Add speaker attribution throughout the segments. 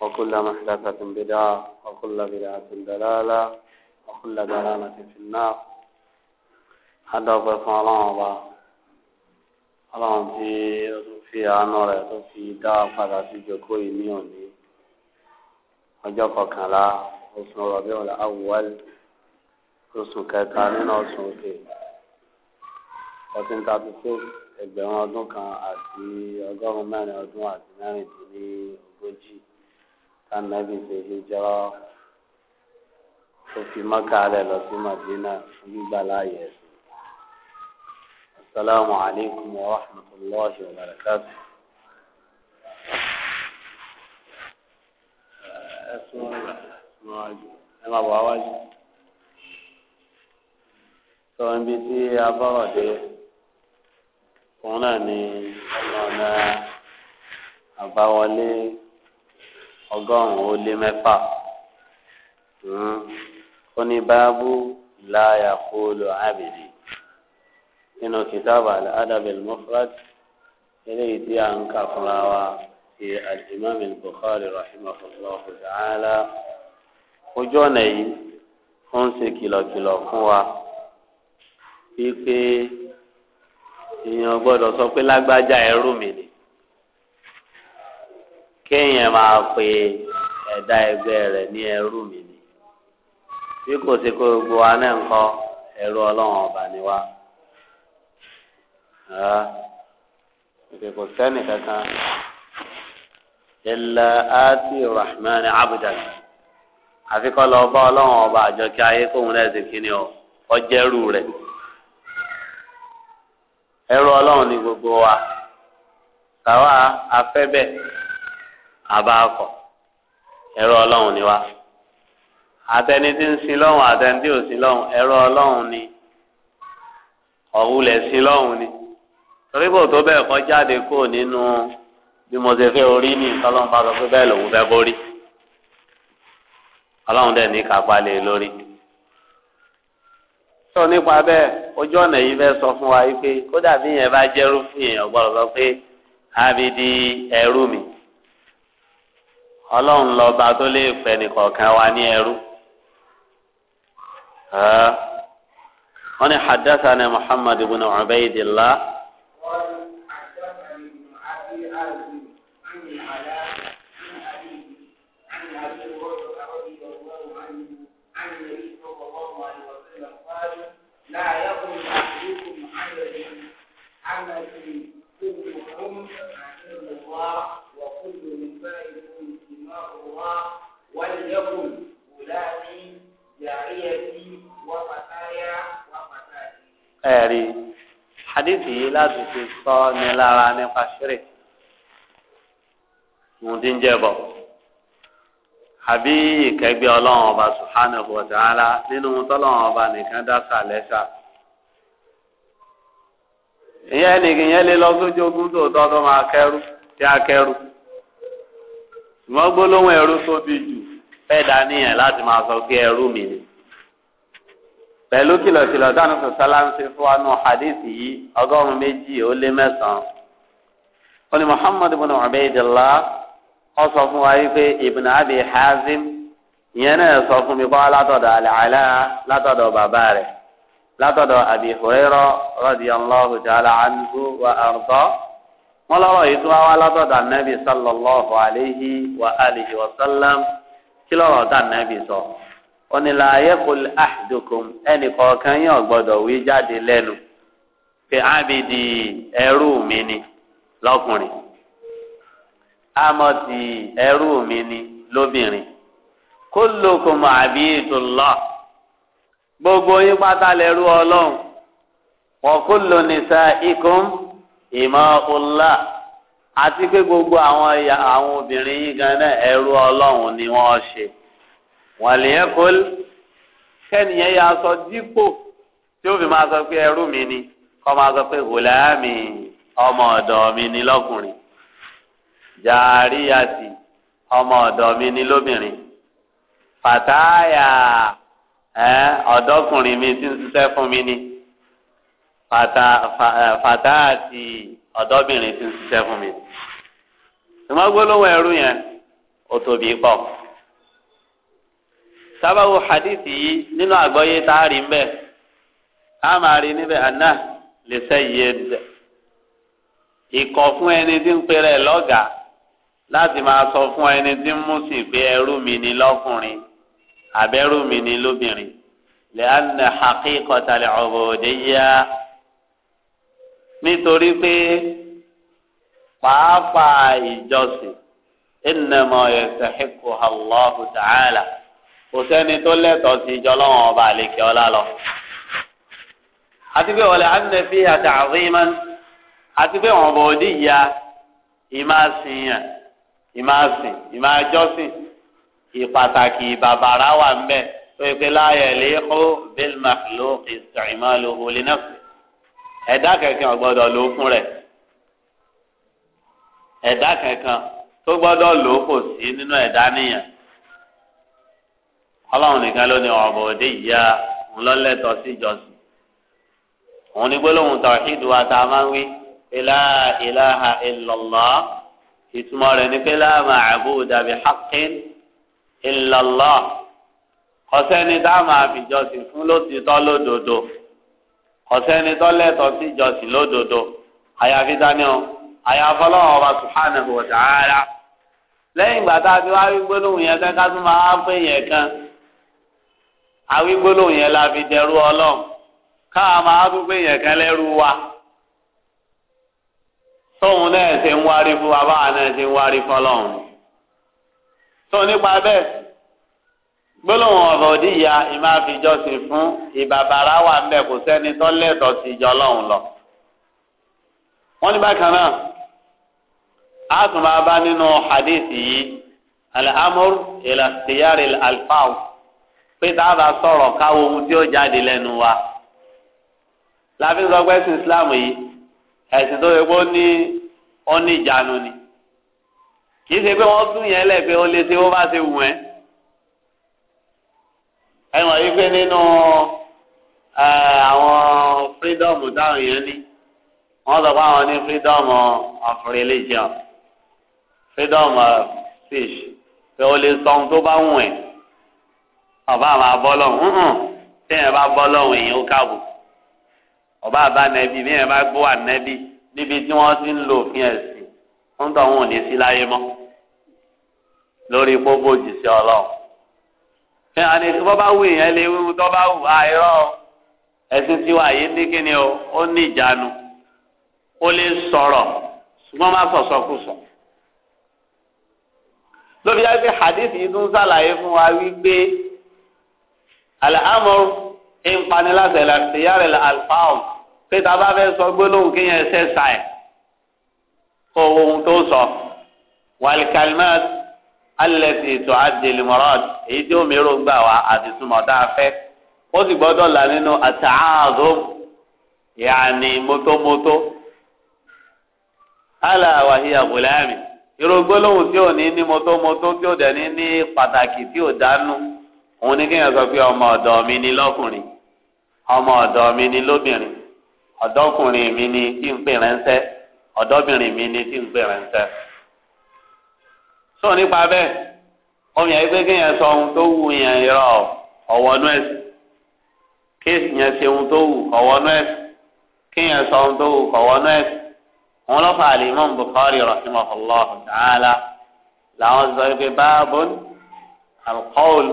Speaker 1: وكل محدثة بدعة وكل بدعة دلالة وكل دلالة في النار هذا هو فعلان الله ọlọ́run tí ó tún fi àánú rẹ̀ tó fi dá padà sí ìjókòó yìí ní òní ọjọ́ kọkànlá oṣù rọ̀bí ọ̀la awùwẹ́l oṣù kẹta nínú oṣù òkè fourteen thirty six ẹgbẹ̀rún ọdún kan àti ọgọ́rùn-ún mẹ́rin ọdún àti mẹ́rìndínlógójì kanabi ṣe hijira tó fi maka rẹ lọ sí madina gbígbà láàyè ẹsìn asalaamu alaykum wa rahmatulahi wa
Speaker 2: barakatu. ẹsùn ọjọ ẹ máa bọ àwájú.
Speaker 1: sọ ibi tí a bọ̀rọ̀ dé òun náà ni ọ̀nà àbáwọlé ọgọ́rùn-ún ó lé mẹ́fà hmm. ó ní báábù láyà kóòlù ábìdì nínú kìtàbà aláàdàbẹ̀ mufrad eléyìí tí a ń kà fúnra wa ti alimami bukhari rahimahullah ta'ala ojú ọ̀nà yìí ó ń ṣe kìlọ̀kìlọ̀ fún wa wípé èèyàn gbọ́dọ̀ sọ pé lágbájá ẹrú mi ni. kéèyàn máa pe ẹ̀dá ẹgbẹ́ rẹ̀ ní ẹrú mi ni bí kò sí kó gbogbo wa náà ń kọ́ ẹrú ọlọ́run ọba ni kò kankan rahman abdan àfi kọ́ lọ bá ọlọ́run ọba àjọ kí ayé kóhun ọlọ́run ni Abaakọ, ẹrọ ọlọrun ni wa àtẹni tí ń sin lọ́hùn àtẹni tí ò sin ẹrọ ni ọ̀húnlẹ̀ sin lọ́hùn ni torí kò tó bẹ́ẹ̀ kọ́ jáde kó nínú bí mo ṣe fẹ orí ní ìtọ́lọ́mùbá sọ pé bẹ́ẹ̀ lòun fẹ́ e sọ nípa bẹ́ẹ̀ ojú ọ̀nà yìí fẹ́ sọ fún wa yìí pé kódà bí yẹn bá jẹ́rú fún mi. ọlọ́run lọ́ba tó lè pẹ́ nìkọ̀ọ̀kan wa ní ẹrú. wọ́n ní hadathana muhammad ibn ubaydillah. لا ẹ̀rí hadithi yìí láti fi sọ ní lára nípa ṣírí mùdíńjẹ́bọ̀ àbí ìkẹgbẹ́ ọlọ́run ọba subhanahu wa nínú tọ́lọ́run ọba nìkan dá sàlẹ́sà
Speaker 2: ìyẹn nìkan yẹn lé lọ
Speaker 1: sójú ogun tó tọ́ tó máa kẹ́rù tí a kẹ́rù ṣùgbọ́n gbólóhùn ẹrú mi pẹ̀lú kìlọ̀kìlọ̀ dáná tó sáláńsì fún wa nù hadith yìí ọgọ́rùn-ún méjì ó lé mẹ́sàn-án. ó ní muhammadu bin ubaydillah ó sọ fún wa wípé ibn abi hazim ìyẹn náà sọ fún mi bọ́ látọ̀dọ̀ àlàálá látọ̀dọ̀ bàbá rẹ̀ látọ̀dọ̀ abi hurayra radiyallahu ta'ala anhu wa arda wọn lọ́rọ̀ yìí tó wá wá látọ̀dọ̀ anabi sallallahu alayhi wa alihi wa sallam kí lọ́rọ̀ tá anabi sọ. So onílà ayẹ́kùn àdùkùn ẹnì kọ̀ọ̀kan yẹn ò gbọ́dọ̀ wí jáde lẹ́nu pé ábìdì ẹrú mi ni lọ́kùnrin ámọ̀tì ẹrú mi ni lóbìnrin kullukum abidullah gbogbo yín pátá lẹ́rú ọlọ́run wa kullu nisaikum ima'ullah àti pé gbogbo àwọn obìnrin yín gan ẹrú ọlọ́run ni wọ́n ṣe wàlíyẹ́kọ́l kẹ́niyẹ́ yà sọ dípò tí ó fi máa sọ pé ẹrú mi ni kọ́ máa sọ pé gòláàmì ọmọ ọ̀dọ̀ mi ni lọ́kùnrin jàríyàtì ọmọ ọ̀dọ̀ mi ni lóbìnrin fàtáyà ọ̀dọ́kùnrin mi ti ń ṣiṣẹ́ fún mi ni fàtáàtì ọ̀dọ́bìnrin ti ń ṣiṣẹ́ fún mi ni. ìmọ̀gbólóhùn ẹrú yẹn ó tóbi pọ̀ sábàwò hadithi yìí nínú àgbọ́yé tá a rí ń bẹ̀ a máa rí níbẹ̀ àná lè sẹ́yìí ẹ̀ ìkọ̀ fún ẹni tí ń pèrè lọ́gàá láti máa sọ fún ẹni tí ń mú sí pé ẹrú mi ni lọ́kùnrin àbẹ́rú mi ni lóbìnrin lẹ́hànà haqiqata al-ubudiyya nítorí pé pàápàá ìjọsìn innama yastahiqquha Allahu ta'ala kò sẹ́ni tó lẹ́tọ̀ọ́ sí ìjọ lọ́wọ́n ọba àlekè ọlá lọ. àti pé wọlé amúnẹ́fì àti àríman àti pé wọn bọ̀ òdì ìyá ìmáàsìn yẹn ìmáàsìn ìmáàjọ́sìn ìpàtàkì ìbàbàrà wà ń bẹ̀ tó yẹ pé láàyè léèkó bíl màkìló ìsìnmáàlú olínàfẹ́ ẹ̀dá kẹ̀kẹ́ ọ̀gbọ́dọ̀ ló fún rẹ̀ ẹ̀dá kẹ̀kan tó gbọ́dọ̀ lò kò sí nínú ẹ̀dá nìyẹn. ọlọ́run nìkan ló ní ọ̀bọ̀ òde ìyá ńlọ́lẹ́tọ̀ sí ìjọsìn òun ní gbólóhùn tawhid ilaha ìtumọ̀ rẹ̀ ní pé la ma'buda bihaqqin illallah ọ̀sẹ́ni tá fi fún lótìtọ́ lódodo ọ̀sẹ́ni sí ìjọsìn lódodo àyàfi lẹ́yìn gbólóhùn yẹn àwí gbólóhùn yẹn la fi dẹrú ọlọ́run káà máa dúpẹ́ yẹn kan lẹ́rú wa tóun náà ṣe ń wárí fún wa báwa náà ṣe ń wárí fún ọlọ́run tó nípa bẹ́ẹ̀ gbólóhùn ọ̀rọ̀ òdìyà ìmáfijọ́sìn fún ìbàbàrà wà ń bẹ̀ kò sẹ́ni tó lẹ́tọ̀ọ́ sí ìjọ ọlọ́run lọ. wọ́n ní bákan náà a tún máa bá nínú hadith yìí al alfaw pé dábà sọ̀rọ̀ káwọ ohun tí ó jáde lẹ́nu wa láfi sọ pé ẹ̀sìn Islam yìí ẹ̀sìn tó yẹ kó ní ó ní ìjánu ni kì í ṣe pé wọ́n tún yẹn lẹ̀ pé ó lè ṣe ó bá ṣe wù ẹ́ ẹ̀wọ̀n yìí pé nínú àwọn freedom táwọn yẹn ní wọ́n sọ pé àwọn ní freedom of religion freedom of speech pé ó lè sọ ohun tó bá wù ẹ́ ọba àmà bọ́lọ́hún hàn téèyàn bá bọ́lọ́hún èèyàn ó káàbò ọba àbá nẹ́bí bí èèyàn bá gbó ànẹ́bí níbi tí wọ́n ti ń lo òfin ẹ̀sìn ń tọ́ wọn ò ní sí láyé mọ́ lórí pópó jìsí ọlọ́run fi hàn ní bọ́ bá wù èèyàn lé wíwú tó bá wù àìrọ́ ẹ̀sìn tiwa yìí ní kíni o ó ní ìjánu ó lè sọ̀rọ̀ ṣùgbọ́n má sọ̀sọ̀kùsọ̀ lóbi yá pé hadith yìí tún sàlàyé fún wa wípé al-amr ìpanilásẹ̀ làtìyàrá al-alfáàm pé tá a bá fẹ́ sọ gbólóhùn kí yẹn ṣe ṣà ẹ̀ kó ohun tó sọ wal-kalimat allati tu'addi al-murad èyí tí ó mìíràn gbà wá àti túmọ̀ tá a fẹ́ ó sì gbọ́dọ̀ là nínú at yàní mótómótó ala wa hiya gulami irú gbólóhùn tí ò ní ní mótómótó tí ò dẹ̀ ní ní pàtàkì tí ò dánú òun ní kéèyàn sọ pé ọmọ ọ̀dọ̀ mi ni lọ́kùnrin ọmọ ọ̀dọ̀ mi ni lóbìnrin ọ̀dọ́kùnrin mi ni tí ń pè rẹ́ńsẹ́ ọ̀dọ́bìnrin mi ni tí ń pè rẹ́ńsẹ́. sọ nípa bẹ́ẹ̀ ọmọ yẹn pé kéèyàn sọ ohun tó wù yẹn yọ ọ̀wọ́ nú ẹ̀sìn kéèsì yẹn ṣe ohun tó wù ọ̀wọ́ nú ẹ̀sìn kéèyàn sọ ohun tó wù ọ̀wọ́ nú ẹ̀sìn wọn lọ́fà àlìmọ́n Bukhari rahimahullah ta'ala làwọn sọ pé báàbò alqawl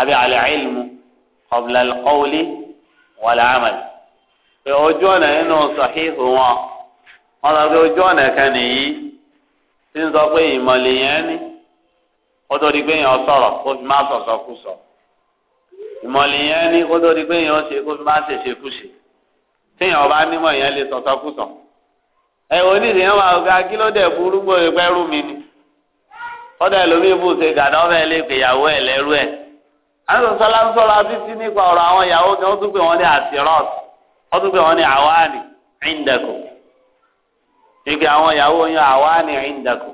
Speaker 1: àbí al-ilmu qabla al-qawli wal-amal pé ojú ọ̀nà nínú sọ̀híhù wọn wọn sọ pé ojú ọ̀nà kan nìyí tí ń sọ pé ìmọ̀lẹ̀ yẹn ní kó tó di pé yẹn sọ̀rọ̀ kó fi má sọ̀sọ̀ kú sọ ìmọ̀lẹ̀ yẹn ní kó tó di pé yẹn ṣe kó fi má ṣèṣe kú ṣe téèyàn ọba nímọ̀ yẹn lè sọ̀sọ̀ kú sọ ẹ onídìí yẹn wà gba kí ló dẹ̀ burú gbòòrò pẹ́rù mi ni kọ́dà ẹlòmíì bù ṣe gàdá lè pèyàwó ẹ̀ lẹ́rú ẹ̀ àwọn sọlá ń sọ̀rọ̀ títí nípa ọ̀rọ̀ àwọn ìyàwó kan ó tún pè wọ́n ní ó tún pè wọ́n ní àwáàní ìndẹ̀kù ìgbà àwọn ìyàwó yan àwáàní ìndẹ̀kù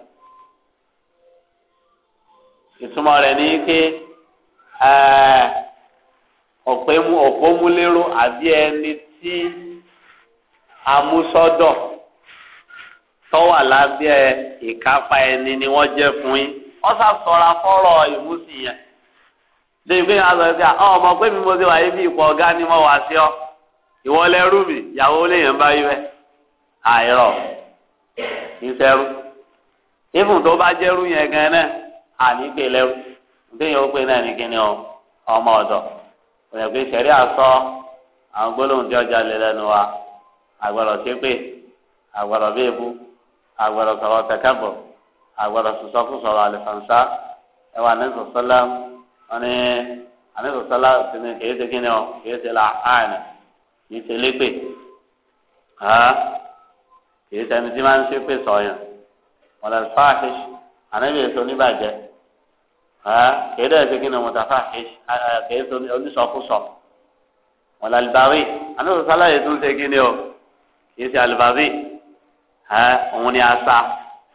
Speaker 1: ìtumọ̀ rẹ̀ ní pé ọ̀pẹ́múlérò àbí ẹni tí amúsọ́dọ̀ tọ́wà lábẹ́ ìkápá ẹni ni wọ́n jẹ́ fún yín ṣe ìgbé yẹn azọ ẹgbẹ ọ ọmọ pé mi mo ti wà bí ipò ọ̀gá ni mo wà sí ọ ìwọ lẹrú mi ìyàwó lèèyàn bá yí bẹ àìrọ ìṣẹrú ìfún tó bá jẹrú yẹn gan náà ànígbè lẹrú ìgbéyàn ó pè náà ní kíni ọ ọmọ ọ̀dọ̀ àsọ àwọn gbólóhùn tí ọjà lè wa àgbàdo ṣépè àgbàdo béèbú àgbàdo àgbàdo ní wọn ni àmẹ́sọ̀ sálá ti ní kìí ṣe kíni ọ kìí ṣe la àìní kìí ṣe ha, kìí ṣe ẹni tí máa ń ṣe pè sọ̀yàn wọn lè fà áṣíṣ ànábì èso oníbàjẹ́ kìí dẹ̀ ṣe kíni mọ̀tàfà áṣíṣ kìí ṣe oníṣọkúṣọ wọn lè alibari àmẹ́sọ̀ sálá yìí tún ṣe kíni ọ kìí ṣe alibari òun ni asa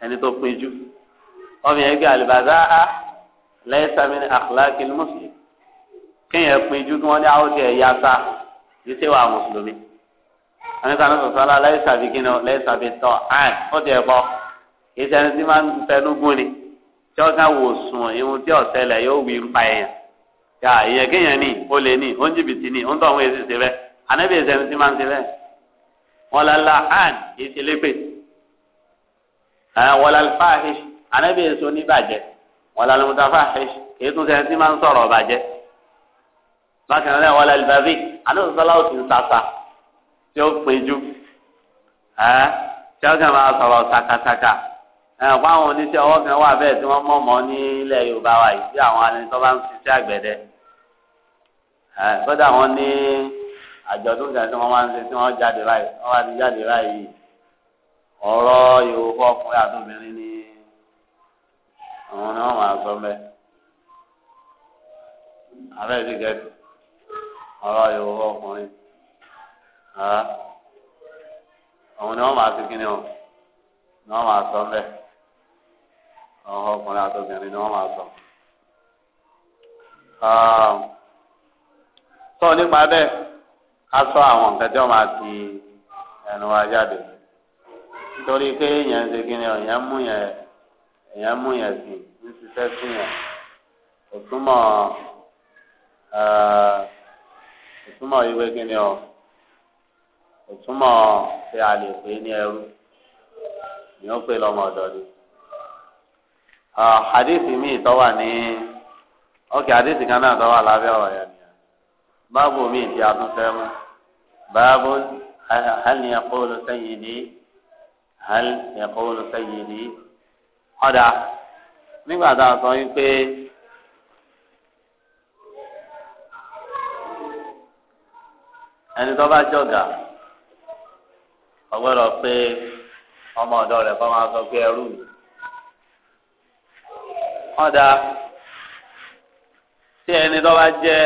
Speaker 1: ẹni tó péjú ọmọ yẹn gbé alibari á laysa min akhlaqil muslim kéèyàn péjú kí wọ́n ní àwọn ti ẹ̀yà sa yìí ṣe wà mùsùlùmí àwọn kan náà sọ̀tọ́ la laysa bí kí ni laysa bí tọ́ àn ó ti ẹ̀ bọ́ ìṣẹ́ni tí máa ń fẹnu gún ni tí ọ̀gá wò sùn ìhun tí ọ̀sẹ̀lẹ̀ yóò wí ń pa èèyàn yà èèyàn kéèyàn ní ó lè ní ó ń jìbìtì ní ó èsì ṣe bẹ́ẹ̀ ànábì ìṣẹ́ni tí máa ń ṣe bẹ́ẹ̀ wọ́n la la àn ìṣẹ́lẹ́pẹ̀ wọ́n la fáhìṣ ànábì èso níbàjẹ́ wọ́n lálẹ́ mọ́tò afáàfẹ́ tún sẹ́yìn tí máa ń sọ̀rọ̀ ọ̀bàjẹ́ bákan náà wọ́n lálẹ́ bàbí anúsọ́lá ò ń sàṣà tí ó péjú tí wọ́n kàn máa sọ̀rọ̀ sàkàsàkà ẹ̀kọ́ àwọn oníṣẹ́ ọwọ́ kan wà bẹ́ẹ̀ tí wọ́n mọ̀ mọ́ nílẹ̀ Yorùbá wa yìí tí àwọn anìtọ́ bá ń ṣiṣẹ́ àgbẹ̀dẹ kódà wọ́n ní àjọ̀dún kan tí wọ́n máa ń ṣe tí wọ́n jáde báyìí wọ́n bá ti jáde báyìí ọ̀rọ̀ Yorùbá ọkùnrin àtòbìnrin ni àwọn ni wọ́n máa sọ mẹ́ abẹ́ ti gẹ̀ẹ́sì ọ̀rọ̀ ìwọ ọkùnrin àwọn ni wọ́n máa o ni sọ ọkùnrin àtọkùnrin ni sọ sọ àwọn nǹkan tí máa ti ẹnu wa jáde pé ń ṣe o mú yẹn. èèyàn mú yẹn sí ń ṣiṣẹ́ sí yẹn òtúmọ̀ òtúmọ̀ ìwé kíni o òtúmọ̀ ṣe a lè ní ẹrú ni ó pè lọ́mọ ọ̀dọ́ ni. hadithi mi tó wà ní ókè hadithi kan náà tó wà lábẹ́ ọ̀rọ̀ yẹn ni báàbò mi ti a tún fẹ́ mú báàbò hal yaqulu sayyidi hal yaqulu sayyidi. ọ̀dà nígbà tá a sọ yín pé ẹni tó bá jọ̀gà ọgbọ́dọ̀ pé ọmọ ọ̀dọ́ rẹ̀ kọ́ máa sọ pé ẹrú mi ọ̀dà tí ẹni tó bá jẹ́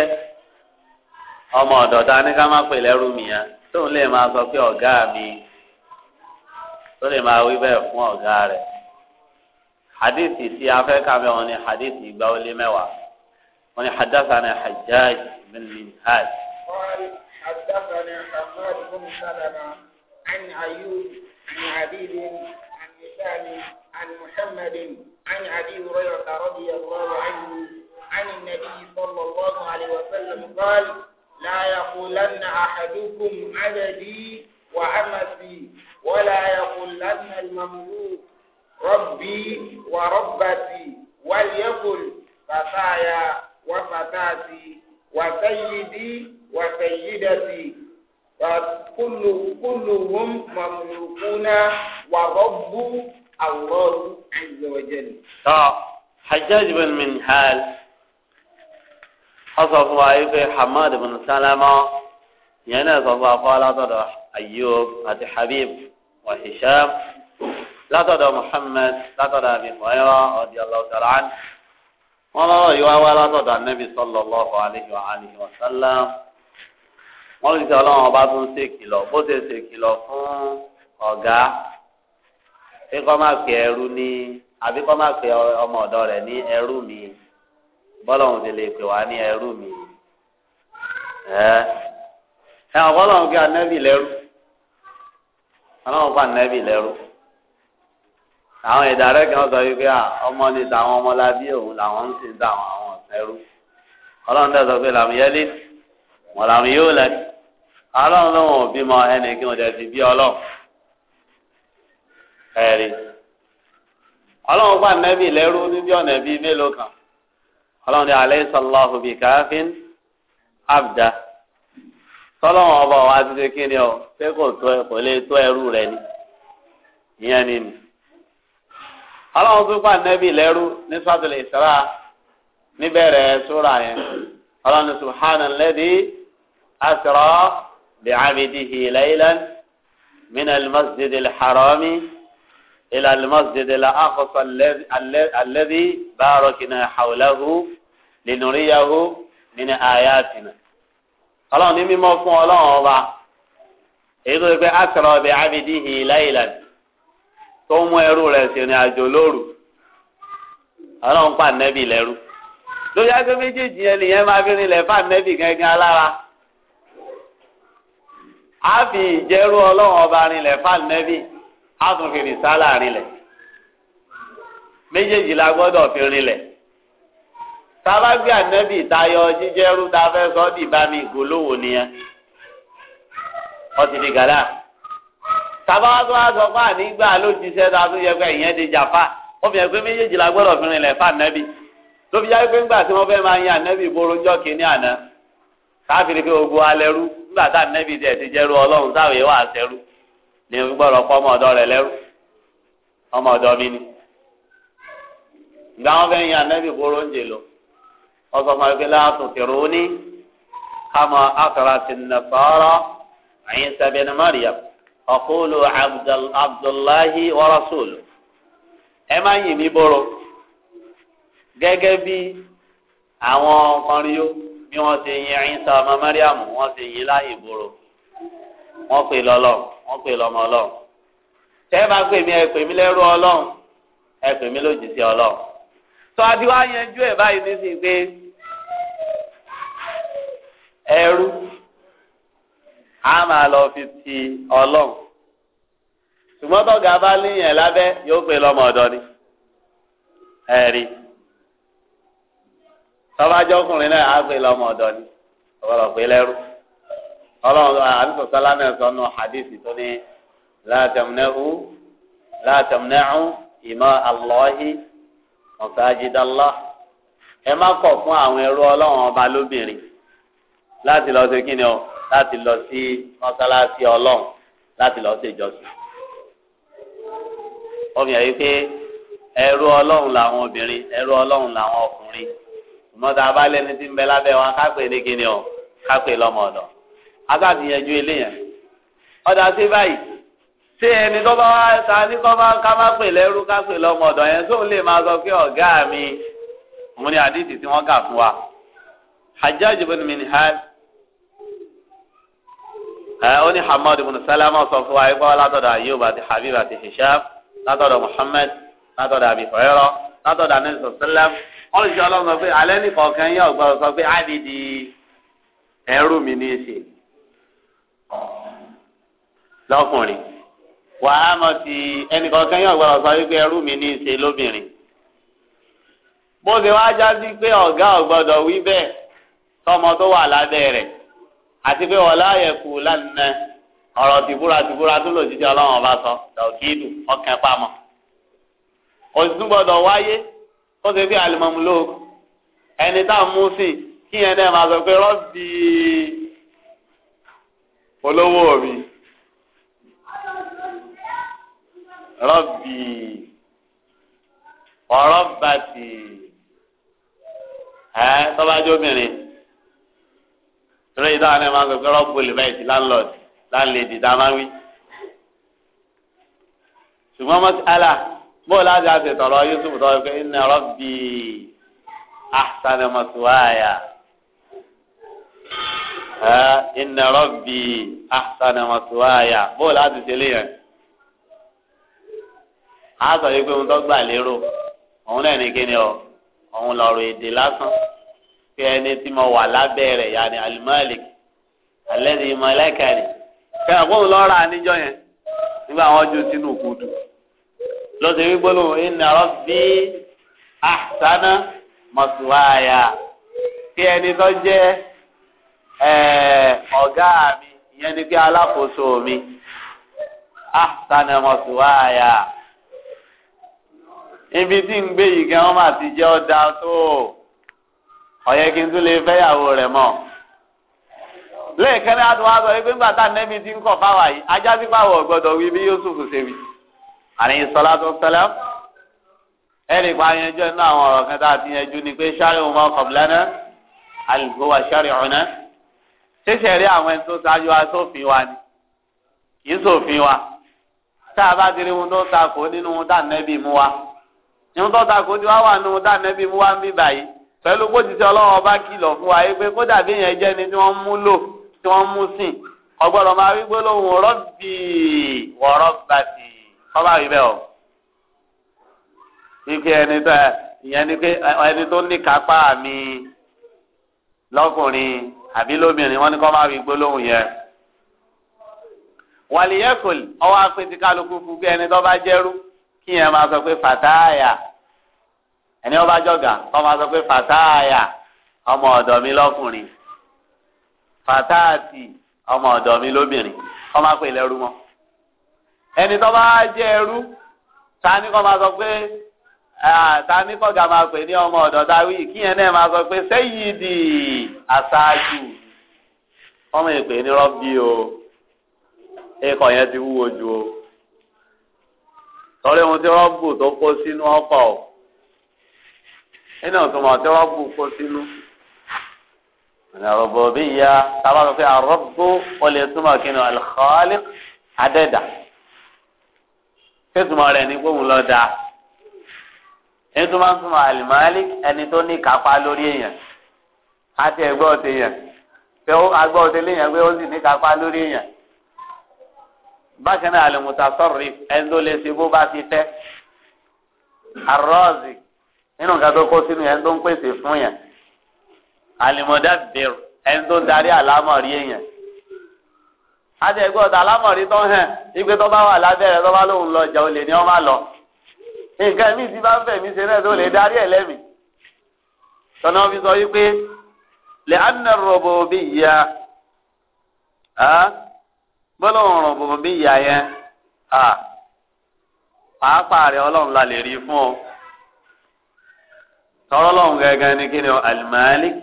Speaker 1: ọmọ ọ̀dọ̀ ta ní ká má pè lẹ́rú mi yẹn tóun lè máa sọ pé ọ̀gá mi tó lè máa wí bẹ́ẹ̀ fún ọ̀gá rẹ̀. hadithi tí a fẹ́ kà bẹ́ẹ̀ wọn ni hadithi ìgbà ó lé mẹ́wàá wọn حدثنا
Speaker 3: حماد بن سلمة عن أيوب بن عبيد عن هشام عن محمد عن أبي هريرة رضي الله عنه عن النبي صلى الله عليه وسلم قال لا يقولن أحدكم عددي وعمتي ولا يقولن المملوك ربي وربتي وليقل فتايا وفتاتي وسيدي وسيدتي فكل كلهم مملوكون ورب الله عز وجل.
Speaker 1: حجاج بن منهال حصل وعيب حماد بن سلمة ينزل الله قال أيوب هذا حبيب وهشام látọ̀dọ̀ Muhammad látọ̀dọ̀ Abi Hurairah radiyallahu ta'ala anhu
Speaker 2: wọn lọ́rọ̀ yìí wá wá
Speaker 1: látọ̀dọ̀ anabi sallallahu alayhi wa alihi wa sallam wọn lè sọ ọlọ́run ọba tó ń ṣe kìlọ̀ bó ṣe ṣe kìlọ̀ fún ọ̀gá pé kọ́ má pè ẹrú ní àbí kọ́ má pè ọmọ ọ̀dọ́ rẹ̀ ní ẹrú mi bọ́lọ̀hún ti lè pè wá ní ẹrú mi ẹ ẹ ọ̀pọ̀lọpọ̀ kí anabi lẹ́rú ọlọ́run kọ́ anabi lẹ́rú àwọn ẹ̀dá rẹ̀ kan sọ wípé ọmọ ni tàwọn ọmọlábí òun làwọn ń sìn táwọn àwọn ọ̀sẹ̀rú ọlọ́run dẹ̀ sọ pé làwọn yẹn lé wọn làwọn yóò lẹ ọlọ́run lóun ò bímọ ẹnì kí wọn dẹ̀ fi bí ọlọ́run ẹ̀rí ọlọ́run gbà nẹ́bì lẹ́rú níbi ọ̀nà bíi mélòó kan ọlọ́run ní alẹ́ sọlọ́hù bíi káfíń abdá sọlọ́run ọba wa ti ṣe kí ni ọ pé kò tó ẹ kò lè tó ẹrú rẹ ni ìyẹn ni ni ọlọ́run tó gbà nẹ́bí lẹ́rú ní sọ́tìlì ìsra níbẹ̀rẹ̀ sóra yẹn ọlọ́run ní subhana alladhi asra bi abidihi laylan min almasjid alharami ila almasjid alaqsa alladhi barakina hawlahu linuriyahu min ayatina ọlọ́run ní mímọ́ fún ọlọ́run ọba èyí tó ṣe pé asra bi abidihi laylan. tó mú ẹrú rẹ̀ sìnrìn àjò lóru ọlọ́run pa nẹ́bì lẹ́rú lórí agbé méjèèjì yẹn nìyẹn máa fi rinlẹ̀ fà nẹ́bì gángan lára á fi ìjẹ́rú ọlọ́run ọba rinlẹ̀ fà nẹ́bì á tún fi rìsálà rinlẹ̀ méjèèjì la a fẹ́ mi sábàbà àgbàpá nígbà anigba alo ṣẹ́ ta tó yẹ pé o di jàpá obìnrin pé méjèèjì la gbọ́dọ̀ fi rinlẹ̀ fún ànábì ló ńgbà tí wọ́n fẹ́ máa yan ànábì ìboro ńjọ́ kínní àná káfíìrì ogun ńgbà tá ti ọlọ́run ni wọ́n gbọ́dọ̀ kọ́ ọmọ ọ̀dọ́ lẹ́rú ọmọ ọ̀dọ́ mi ni ìgbà wọn fẹ́ yan ìboro ọ̀kúlù abdullahi wa rasulu ẹ máa yìn mí bọ́rọ̀ gẹ́gẹ́ bí àwọn ọkùnrin yó bí wọ́n ti yin ẹ̀yìnsá ọmọ mariam wọ́n ti yin láyìn bọ́rọ̀ wọ́n pè lọ́lọ́ wọ́n pè lọ́mọ ọlọ́run tẹ́ ẹ máa pè mí ẹ pè mí lẹ́rú ọlọ́run ẹ pè mí lójijì ọlọ́run tó a ti wá yanjú ẹ̀ báyìí nísìnyí pé ẹrú a máa lọ fi ti ọlọ́run ṣùgbọ́n tọ́gà bá níyàn lábẹ́ yóò pè lọ́mọ ọ̀dọ́ ni ẹ̀rí tọ́bajọ́ ọkùnrin náà á pè lọ́mọ ọ̀dọ́ ni ọ̀rọ̀ pé lẹ́rú ọlọ́run àdìsọ sálámẹ̀ sọnù hadith tó ní látẹ̀mùnẹ́hù látẹ̀mùnẹ́hù ìmọ̀ àlọ́hì ọ̀sájídàlá ẹ má kọ̀ fún àwọn ẹrú ọlọ́run ọba lóbìnrin láti lọ sí kíni o láti lọ sí mọ́sálásí ọlọ́run láti lọ sí ìjọsìn. obìnrin yìí pé ẹrú ọlọ́run làwọn obìnrin ẹrú ọlọ́run làwọn ọkùnrin mọ́tà abálẹ́ni tí ń bẹ lábẹ́ wọn kápẹ́ ní kíni o kápẹ́ lọ́mọ ọ̀dọ̀ agbàdìyànjú ilé yẹn ọ̀dà sí báyìí ṣé ẹni tó bá wá ta ní kọ́ bá ká má pè lẹ́rú ká pè lọ́mọ ọ̀dọ̀ yẹn tó lè máa sọ pé ọ̀gá mi òun ni àdìsí tí wọ́n kà fún wa Hajjaj ibn Minhal ó ní hamad ibn salama sọ fún wa ẹgbẹ́ látọ̀dọ̀ ayub àti habib àti hisham látọ̀dọ̀ muhammed látọ̀dọ̀ abi hurairah látọ̀dọ̀ anabi sallam wọ́n lè ṣe ọlọ́run sọ pé alẹ́ nìkan kan yẹ ọ̀gbọ́n sọ pé àdìdì ẹrú mi ní í ṣe lọ́kùnrin wà á mọ̀ sí ẹnìkan kan yẹ ọ̀gbọ́n sọ pé ẹrú mi ní í ṣe lóbìnrin bó ṣe wá já sí pé ọ̀gá ọ̀gbọ́dọ̀ wí bẹ́ẹ̀ tọmọ tó wà lábẹ́ rẹ̀ àti pé wọ́n láàyè kù lánàá ọ̀rọ̀ tìbúra tìbúra tó lò jíjẹ́ ọlọ́run ọba sọ dọ̀kídù ọkàn pamọ́. òsùn gbọ́dọ̀ wáyé tó ṣe bí alimọ̀mù lóògùn ẹni tá a mú sí kí yẹn náà máa sọ pé rọ́ọ̀bì olówó mi rọ́ọ̀bì ọ̀rọ̀ bàtì ẹ̀ tọ́bajọ́ obìnrin tọ́lá yìí táwọn ẹ̀ máa ń sọ pé rọ́pò lè bá ìtì láńlọ́ọ̀dì láńlẹ́dì tá a máa ń wí. ṣùgbọ́n mọ́sálà bóòlù àti àtẹ̀tọ̀rọ̀ Yusuf tọ́ pé inna rabbi ahsana maswaya inna rabbi ahsana maswaya bóòlù àti tẹ̀lé yẹn. a sọ yìí pé mo tọ́ gbà lérò òun náà ní kíni ọ òun lọ̀rọ̀ èdè lásán. kí ẹni tí mo wà lábẹ́ rẹ̀ ni alimalik alẹ́ni mọ̀lẹ́kẹ̀rì kí ẹ̀kọ́ lọ́ra níjọ́ yẹn nígbà wọn ju sínú kùtù lọ́sẹ̀ wí gbólóhùn inna rabbi àṣánà maswaya kí ẹni tó jẹ́ ọ̀gá mi ìyẹn ni alákòóso mi ibi tí ń gbé yìí gan ti jẹ́ ọ̀dà tó ọ̀yẹ́ kí n tún lè fẹ́yàwó rẹ̀ mọ́ lẹ́ẹ̀kan ní adùn pé nígbà tá nẹ́mi ti ń kọ̀ fáwa yìí ajá sí fáwọ̀ gbọ́dọ̀ wí bí Yusuf ṣe wí àní sọlátù sẹlẹm ẹnì pa yẹnjọ nínú àwọn ọ̀rọ̀ kan tá a ti yẹjú ni pé sáré òun máa kọ̀ àlùkò wà sáré ọ̀nà ṣẹṣẹ rí àwọn ẹni tó ṣáájú wa sófin wa ni kì í sófin wa tá a bá ti rí ohun tó takò nínú nínú ohun tá pẹ̀lú bó ti ṣe ọlọ́run ọba kìlọ̀ fún wa yìí pé kó dàbí yẹn jẹ́ ni tí wọ́n mú lò tí wọ́n mú sìn ọgbọ́dọ̀ máa wí gbólóhùn rọ́bì wọ̀rọ̀ bàtì kọ́bà wí bẹ́ẹ̀ o. ike ẹni tó ìyẹn ni pé ẹni tó ní kápá mi lọ́kùnrin àbí lóbìnrin wọ́n ní kọ́ máa wí gbólóhùn yẹn. wàlíyẹ́kùl ọwọ́ apẹ̀tí kálukú fún bí ẹni tó bá jẹ́rú kí yẹn máa sọ pé fàtáyà ẹni ọba jọ̀gà kọ́ máa sọ pé fàtáàyà ọmọ ọ̀dọ̀ mi lọ́kùnrin fàtáàtì ọmọ ọ̀dọ̀ mi lóbìnrin kọ́ máa pè lẹ́rú mọ́ ẹni tó bá jẹ́ ẹrú ta ni kọ́ máa sọ pé ta ni kọ́gà máa pè ní ọmọ ọ̀dọ̀ dáwì kí yẹn náà máa sọ pé sẹ́yìn di àṣáájú ọmọ ìpè ní rọ́bì o ikọ̀ yẹn ti wúwo ju o torí ohun tí rọ́bù tó kó sínú ọkọ̀ o ẹni ọ̀tún mọ̀ tẹ́wọ́ bù kó sínú. àrọ̀bọ̀ bí ya sábà sọ pé àrọ́bù ó lè túmọ̀ kí ni alxọ́ọ́lì adẹ́dà fẹ́tùmọ̀ rẹ̀ ní gbóhùn lọ dáa ẹni tó máa ń túmọ̀ àlìmọ́lì ẹni tó ní kápá lórí èèyàn àti ẹgbẹ́ ọ̀tẹ̀ yẹn pé agbọ́ ọ̀tẹ̀ léèyàn pé ó sì ní kápá lórí èèyàn bákan náà àlùmùtà sọ̀rọ̀ ẹni tó lè ṣe bó bá ti fẹ́ àrọ́ọ̀zì nínú nǹkan tó si sínú yẹn tó ń pèsè fún yẹn àlìmọ̀dá bẹ̀rù ẹni tó ń darí àlámọ̀rí èèyàn àti ẹgbẹ́ ọ̀tá àlámọ̀rí tó hàn ipe tó bá wà olè ni lọ nǹkan mi ti bá ń ṣe náà tó lè darí tọ́nà fi sọ wípé lè rọ̀bọ̀ bí ìyá gbọ́dọ̀ rọ̀bọ̀ bí ìyá yẹn pàápàá fún tọ́rọ́ lọ́hùn gẹ́gẹ́ ni kí ni ọ alimalik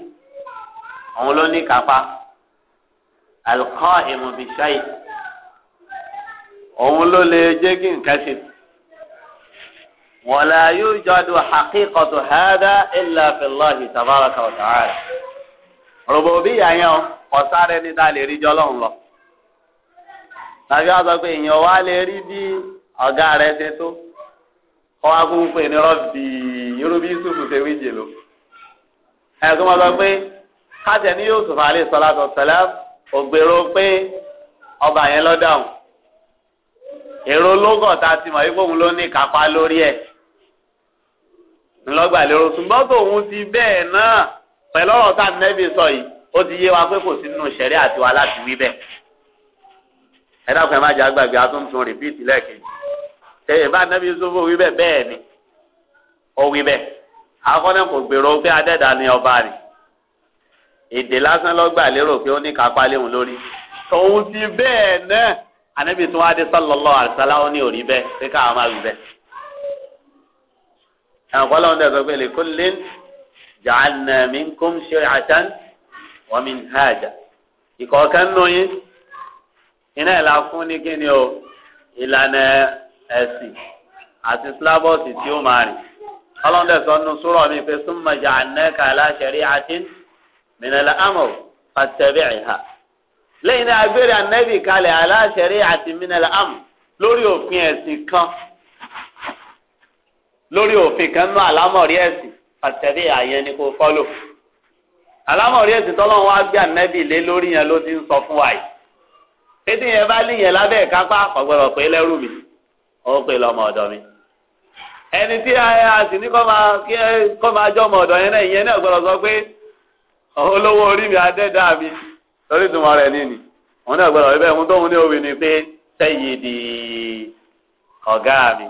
Speaker 1: òun ló ní kápá alqaimu bishai òun ló lè jẹ́ kí nǹkan ṣe. wala yujadu haqiqatu hada illa fillahi tabaraka wa ta'ala. rububiyya yẹn o ọ̀sáré ní ta lè rí jọ lọ́hùn lọ. tàbí wàá sọ pé èèyàn wá lè rí bí kọ́ wá kún pé ní rọ́bì irú bí Yusuf ṣe wí jèlò. ẹ̀sùn wọn sọ pé káṣẹ ní Yusuf alẹ́ sọlá sọ sẹlẹ̀ ògbèrò pé ọba yẹn lọ dáhùn. èrò lógàn tá a ti mọ̀ wípé òun ló ní kápá lórí ẹ̀ ńlọgbà lérò ṣùgbọ́n tòun ti bẹ́ẹ̀ náà pẹ̀lú ọ̀rọ̀ tá nẹ́bí sọ yìí ó ti yé wa pé kò sí nínú ṣẹ̀rí àtiwá láti wí bẹ́ẹ̀. ẹ dákun ẹ má jẹ́ àgbàgbé a rìpíìtì lẹ́ẹ̀kejì ẹ bá anabi yusufu wí bẹ́ẹ̀ bẹ́ẹ̀ ni ó wí bẹ́ẹ̀ akọ́nà kò gbèrò pé adẹ́dà ni ọba ni èdè lásán lọ́gbà lérò pé ó ní kápá léhùn lórí tòun ti bẹ́ẹ̀ náà anabi tún wá dé sallallahu alaihi wasallam ó ní òrí bẹ́ẹ̀ pé káwọn máa wí bẹ́ẹ̀ ẹ̀wọ̀n kọ́lá ń dẹ̀sọ́ pé li kullin ja'alna minkum shir'atan wa minhaja ìkọ̀ọ̀kan nù yín iná ìlà fún ní kíni o ìlànà. esi àti sílábọ̀sì tí ó máa rìn ọlọ́dẹ sọ mi pé súnmọ́ ànẹ́ka aláṣẹ̀rí àti mìnàlá amọ̀ àtẹ̀bẹ̀ ẹ̀hà lẹ́yìn náà ànẹ́bì kalẹ̀ aláṣẹ̀rí àti mìnàlá lórí òfin ẹ̀sìn kan lórí òfin kan nú àlámọ̀rí ẹ̀sìn àtẹ̀bẹ̀ àyẹn ni kò fọ́lò àlámọ̀rí ẹ̀sìn gbé ànẹ́bì lé lórí ó pè lọ́mọ ọdọ mi. ẹni tí a sì ní kọ́ máa kí ẹ kọ́ máa jọ ọmọ ọdọ yẹn ìyẹn náà sọ pé olówó orí mi adẹ́dá mi lórí ìtumọ̀ rẹ̀ náà wípé ohun tóun ní ni pé di ọ̀gá mi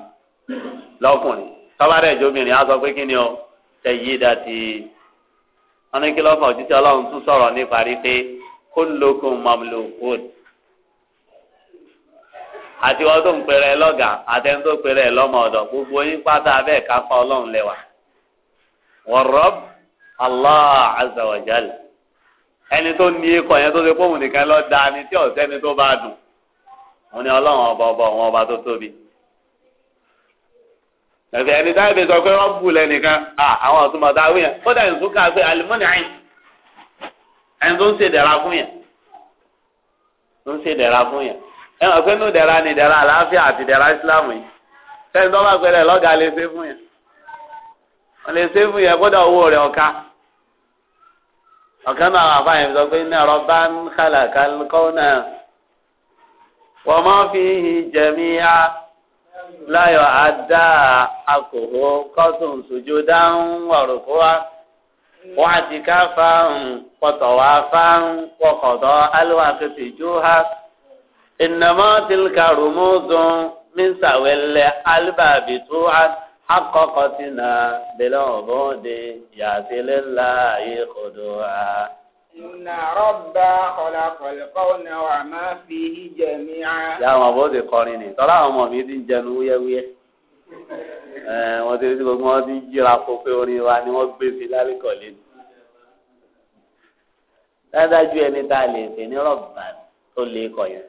Speaker 1: lọ́kùnrin tọ́bárẹ̀ ìjóbìnrin á sọ pé kí ni ọ sẹ́yìí dá ti wọn ní kí ọlọ́run tún sọ̀rọ̀ àti wọn tó ń pèrè lọ́gàá àtẹni tó pèrè lọ́mọ ọ̀dọ̀ gbogbo yín pátá bẹ́ẹ̀ ká fọ́ ọlọ́run lẹ́wà wọ̀rọ̀b Allah azza ẹni tó ní ikọ̀ yẹn tó ṣe fóun nìkan lọ da ni tí ọ̀sẹ́ni tó bá dùn òun ni ọlọ́run ọba ọba òun ọba tó tóbi ẹ̀fẹ̀ ẹni táyà fi sọ pé wọ́n bù lẹ́nìkan àwọn ọ̀túnmọ̀ tá a wí yẹn kódà ìsún ká pé alimọ́nì àyìn ẹni tó ń ṣe fún yẹn tó ń ṣe fún yẹn ẹ hàn pé nù dẹ̀ra ni dẹ̀ra àlàáfíà àti dẹ̀ra ìsìlámù yìí sẹ́ni tó bá gbẹlẹ̀ lọ́gàá lè ṣe fún yẹn wọ́n lè ṣe fún yẹn kódà owó rẹ̀ ọ̀ka ọ̀kan náà àfa yẹn sọ pé náà rọ́bà ń kàlà kọ́ náà wọ́n máa fi jẹ̀mí á láyọ̀ àdá akòhó kọ́tùn sójú dáhùn wọ̀rùkú wa wọ́n àti ká fáwọn pọ̀tọ̀ wá fáwọn pọ̀kọ̀tọ̀ alúwàkẹ́sì jó ha. إنما تلك رموز من سويل الباب توعد حققتنا بالعبود يأتي لله خدوعا
Speaker 3: إن ربا خلق الكون وما فيه جميعا يا ما بودي
Speaker 1: قريني ترى ما ميدين جنو يوي wọ́n ti rí gbogbo wọn ti jíra kó pé orin wa ni wọ́n gbé sí lálẹ́kọ̀ọ́ lẹ́nu. dájú ẹni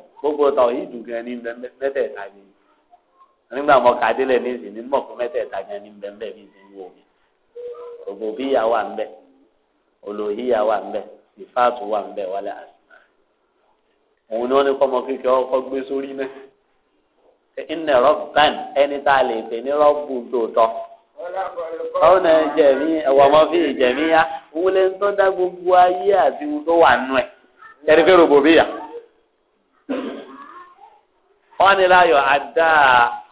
Speaker 1: gbogbo tọ̀ yìí dùn gan ní mẹ́tẹ̀ẹ̀ta ni nígbà mọ kàdélẹ̀ ní ìsìn ní mọ̀kún mẹ́tẹ̀ẹ̀ta gan ní bẹ́ẹ̀ bí ìsìn wò mí gbogbo bíyà wà ń bẹ olóhìyà wà ń bẹ ìfáàtù wà ń bẹ wálé òun ni wọ́n ní kọ́mọ kékeré ọkọ gbé sórí náà ìnà rọ́bàn ẹni tá a lè pè ní rọ́bù tòótọ́
Speaker 3: ọ̀hún náà jẹ̀mí ẹ̀wọ̀n ọmọ fi ìjẹ̀mí yá
Speaker 1: wọlé ń tọ́ dá gbogbo ayé àti ohun tó wà nù ẹ̀
Speaker 2: ẹni fẹ́ rògbòbíyà
Speaker 1: wọ́n ní láyọ̀ àdá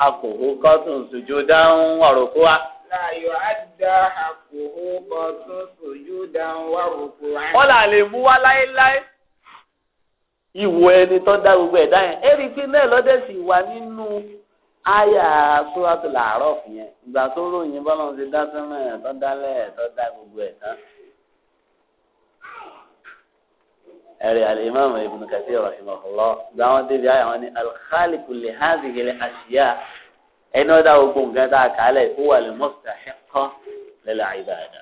Speaker 1: àkòkò kọ́tùn sùjú dáhùn wàrúkú wa.
Speaker 3: láyọ̀ àdá àkòkò kọ́tùn sùjú dáhùn wàrúkú wa. wọ́n là lè mú wá láéláé
Speaker 1: ìwò ẹni tó dá gbogbo ẹ̀dá yẹn
Speaker 3: ẹ̀rí pé náà lọ́dẹ̀ sì wà nínú àyà sóràtò
Speaker 1: làárọ̀ fìyẹn ìgbà tó ròyìn bọ́lá ń ṣe dá sẹ́mẹ̀ tó dálẹ̀ tó dá gbogbo ẹ̀ tán. ẹ̀rẹ̀ alimami ibn kathir rahimahullah gba wọn débi ayé wọn ni alkhaliku li hadhihi al ashiya ẹni ọ̀dà ogun nǹkan tá a kàálẹ̀ huwa al mustahiqqa lil ibada.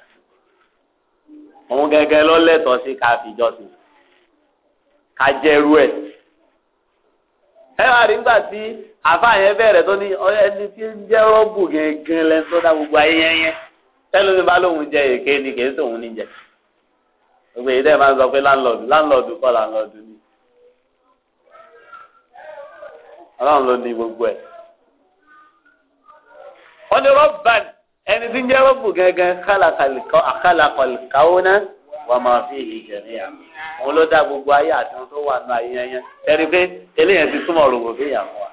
Speaker 1: òun gẹ́gẹ́ ló lẹ́tọ̀ọ́ sí ká fi jọ́sìn ká jẹ́rú ẹ̀. ẹ wá rí nígbà tí àfààyàn bẹ̀rẹ̀ tó ní ẹni tí ń jẹ́ rọ́bù gẹ́gẹ́ lẹ́ńtọ́dá gbogbo ayé yẹn yẹn tẹ́lómi bá lóun jẹ èké ni kì í sóun ní jẹ gbogbo èyí dẹ́ẹ̀ máa ń sọ pé láńlọ́ọ̀dù láńlọ́ọ̀dù kọ́ láńlọ́ọ̀dù ni ọlọ́run ló ní gbogbo ẹ̀. wọ́n ní rọ́bàn ẹni tí ń jẹ́ rọ́bù gángan àkàlàkọ̀lìkàwọ́nà wà máa fi èyí jẹ̀rí àmì òun ló dá gbogbo ayé àti ohun tó wà nù ayé yẹn tẹ́rí pé eléyẹn ti túmọ̀ rògbò fi yàn fún wa.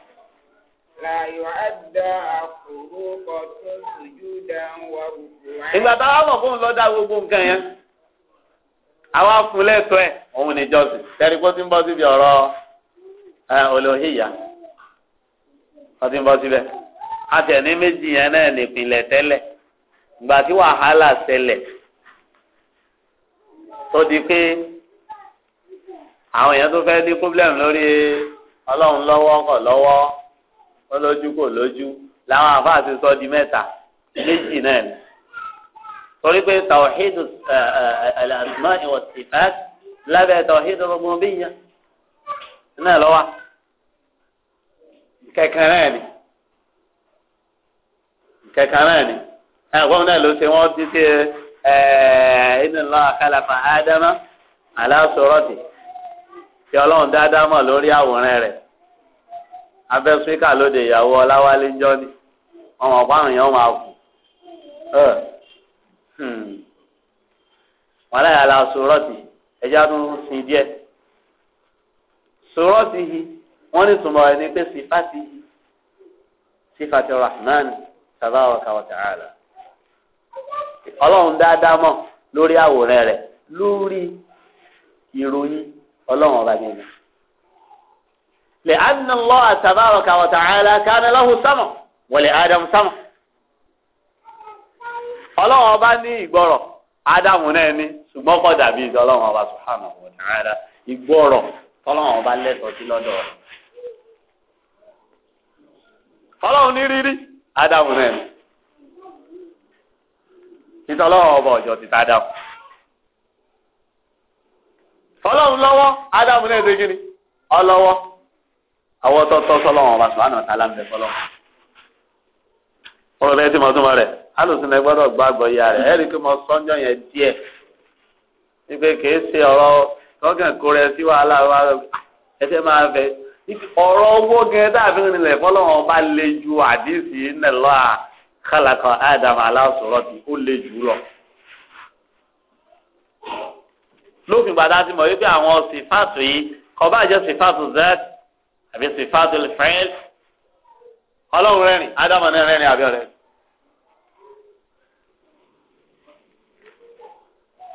Speaker 1: ìgbà táwọn mọ̀ fóun ló dá gbogbo nǹkan yẹn. àwa fún lẹ́tọ́ ẹ̀ òun ni jọ́sìn tẹ́lẹ̀ kó ti ń bọ́ síbi ọ̀rọ̀ olóhìyà wọ́n ti ń bọ́ síbẹ̀ àtẹ̀ní méjì yẹn náà nìpínlẹ̀ tẹ́lẹ̀ ìgbà tí wàhálà ṣẹlẹ̀ tó di pé àwọn èèyàn tó fẹ́ ní pọ́blẹ́mù lórí ọlọ́run lọ́wọ́ kọ̀ lọ́wọ́ olójú kò lójú làwọn àfáà ti sọ di mẹ́ta méjì náà ni. torí pé tawhidu uh, uh, al-asma'i wa sifat lábẹ́ tawhidu al-rububiyya náà lọ́wọ́ kẹkẹrẹ ni kẹkẹrẹ ni ẹ̀gbọ́n náà Allaha ala surati tí ọlọ́run dáadáa mọ̀ lórí àwòrán rẹ̀ abẹ́ spíkà lóde ìyàwó ọláwálé ọmọ máa kù. Hmm. wọn láyà la sọ̀rọ̀ sí ẹjẹ́ àtún sin díẹ̀ sọ̀rọ̀ yìí wọ́n ní tùmọ̀ ẹni pé sífàtì yìí sífàtì rahman tabaraka wa ta'ala ọlọ́run dáadáa mọ̀ lórí àwòrán rẹ̀
Speaker 2: lórí ìròyìn
Speaker 1: ọlọ́run ọba gẹ̀gẹ̀. لأن الله تبارك وتعالى كان له سمع ọlọ́run ọba ní ìgbọ́rọ̀ ádámù náà ní ṣùgbọ́n kọ́ dàbí ìjọ ọlọ́run ọba subhanahu wa ta'ala ìgbọ́rọ̀ tọ́lọ́run ọba lẹ́tọ̀ọ́ sí lọ́dọ̀ rẹ̀ ọlọ́run ní rírí ádámù náà ní títọ́ ọlọ́run ọba ọ̀jọ́ ti tá dáhùn ọlọ́run lọ́wọ́ ádámù náà ṣe kí ọlọ́wọ́ àwọn tọ́tọ́ sọlọ́run ọba subhanahu wa ta'ala ń ọ̀rọ̀ rẹ̀ ti mọ̀ tó rẹ̀ alùsùn lẹ gbọ́dọ̀ gbàgbọ́ ya rẹ̀ ẹ̀rí pé mo sọ́njọ́ yẹn díẹ̀ wípé kìí ṣe ọ̀rọ̀ tọ́gàn kó rẹ sí wàhálà wa ẹsẹ̀ máa fẹ́ ọ̀rọ̀ owó gẹ́gẹ́ dàbí nílẹ̀ fọlọ́wọ́n bá le ju àdìsí nílọ́ à kálàkọ̀ ádámù aláṣọ̀rọ̀ tí ó le jù lọ. lófin gbàdá ti mọ̀ wípé àwọn sífàtù yìí kò bá jẹ́ sífàtù z àbí sífàtù fẹ́ẹ́l ọlọ́run rẹ́rìn ádámù náà rẹ́rìn àbí ọ̀rẹ́rìn.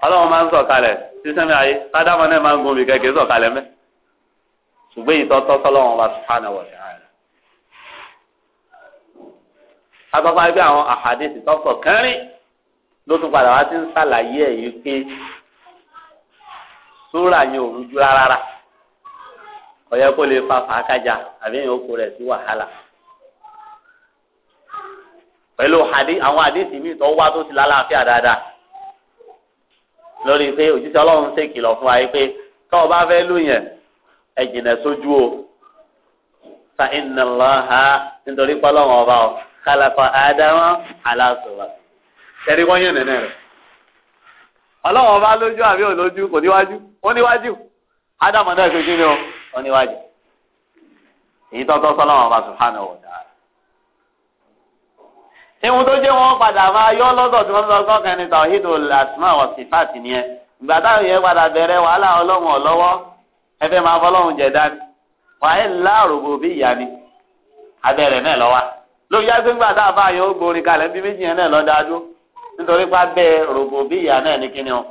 Speaker 1: ọlọ́run máa ń sọ̀kalẹ̀ sísẹ́mi ayé sádámọ́ náà máa ń gun omi kẹ̀kẹ́ sọ̀kalẹ̀ mẹ́ ṣùgbọ́n èyí tọ́tọ́ sọ́lọ́run wa subhanahu wa ta'ala. abọ́pá bí àwọn àhàdìsì tọ́pọ̀ kẹrin ló tún padà wá sí ń ṣàlàyé ẹ̀ yìí pé súrà yẹn ò rújú rárá ọ̀yẹ́ kó lè fa fàákàjà àbí èèyàn ó kó rẹ̀ sí wàhálà pẹ̀lú àwọn àdìsì míì tó tó ti lálàáfíà dáadáa lórí pé òjíṣẹ́ ọlọ́run ṣe kìlọ̀ fún wa yìí pé tọ́ ọ bá fẹ́ lù yẹn ẹ jìnà sójú o fa iná lọ ha nítorí pọ́lọ́run ọba o kálàfà ádámà aláṣọwà tẹ̀rí wọ́n yẹn nẹ̀nẹ̀ rẹ̀ ọlọ́run ọba lójú àbí òlójú kò níwájú ó níwájú ádámù náà ṣojú ni ó níwájú èyí tọ́tọ́ sọ́lọ́run ọba subhanahu wa ta'ala. ewu tó jẹ́ wọn padà máa yọ lọ́dọ̀ tí wọ́n sọ kọ́kàn ní tawhidul asma wa nìyẹn ìgbà táwọn wàhálà ọlọ́run ọ̀lọ́wọ́ ẹfẹ́ máa fọlọ́run jẹ dání wàhálà bí ìyá ni abẹ́rẹ́ náà lọ́wọ́ kalẹ̀ méjì yẹn náà lọ́ dájú nítorí pé abẹ́ rògbò bí ìyá náà ní kíni o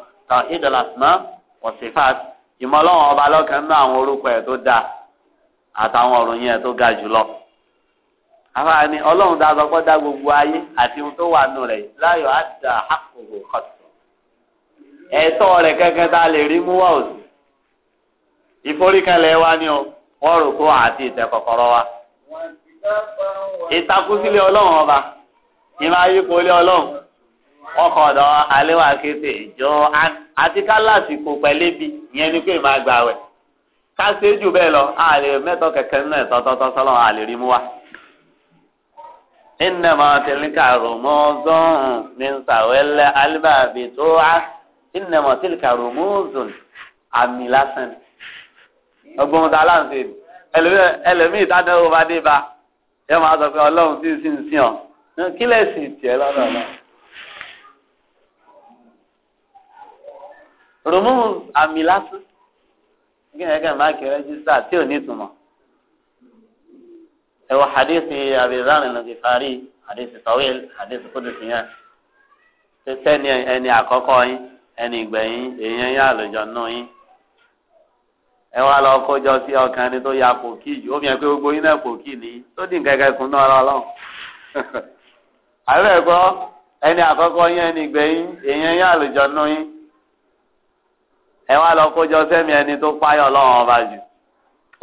Speaker 1: ọba lọ́kàn náà àwọn orúkọ ẹ̀ tó dáa àwọn àmì ọlọ́run dá sọ pé dá gbogbo ayé àti ohun tó wà nù rẹ̀ láyọ̀ á da àkókò kọ̀tọ̀ ẹ̀tọ́ rẹ̀ kẹ́kẹ́ tá a lè rí mú wá òsì ìforíkẹlẹ̀ wa ni o wọ́n rò kó àti ìtẹ̀kọ̀kọ̀rọ̀ wa ìtakùsílẹ̀ ọlọ́run ọba ìmọ̀ ayíkọ̀ọ́lẹ̀ ọlọ́run ọkọ̀ ọ̀dọ̀ alẹ́wà kété ìjọ àti kálàsì kò pẹ̀lẹ́bi ìyẹn ni pé ìmọ̀ àgbà wẹ̀ ká ṣe jù bẹ́ẹ̀ lọ àlè mẹ́tọ̀ kẹ̀kẹ́ nínú ẹ̀tọ́tọ́tọ́ sọ́lọ́ àlè rí mú wa. إنما تلك رموز من سوال الباب توعة إنما تلك رموز àmì lásán ni ọgbọ́n ọ̀dà aláǹsẹ̀ ni ẹlòmíì tánà ó bá dé bá ẹ máa sọ pé ọlọ́run sì ń sìn sí ọ kí lẹ̀ sì tiẹ̀ lọ́dọ̀ náà. rùmú àmì lásán kí ni ẹ̀kẹ́ máa kí rẹ́jísítà tí ò ní ìtumọ̀ ẹwọ hadithi abizarin al-Ghifari hadithi tawil hadithi kudusi yẹn tẹsẹ ni ẹni àkọ́kọ́ yín ẹni ìgbẹ̀yìn èèyàn yín àlùjọ nù yín ẹ wá lọ kójọ sí ọkàn ẹni tó ya pòkì jù ó fi hàn pé gbogbo yín náà pòkì ní tó dín kẹkẹ kún náà lọlọrun àlọ ẹgbọ ẹni àkọ́kọ́ yín ẹni ìgbẹ̀yìn èèyàn yín àlùjọ nù yín ẹ wá lọ kójọ sẹmi ẹni tó páyọ Ọlọ́run ọba jù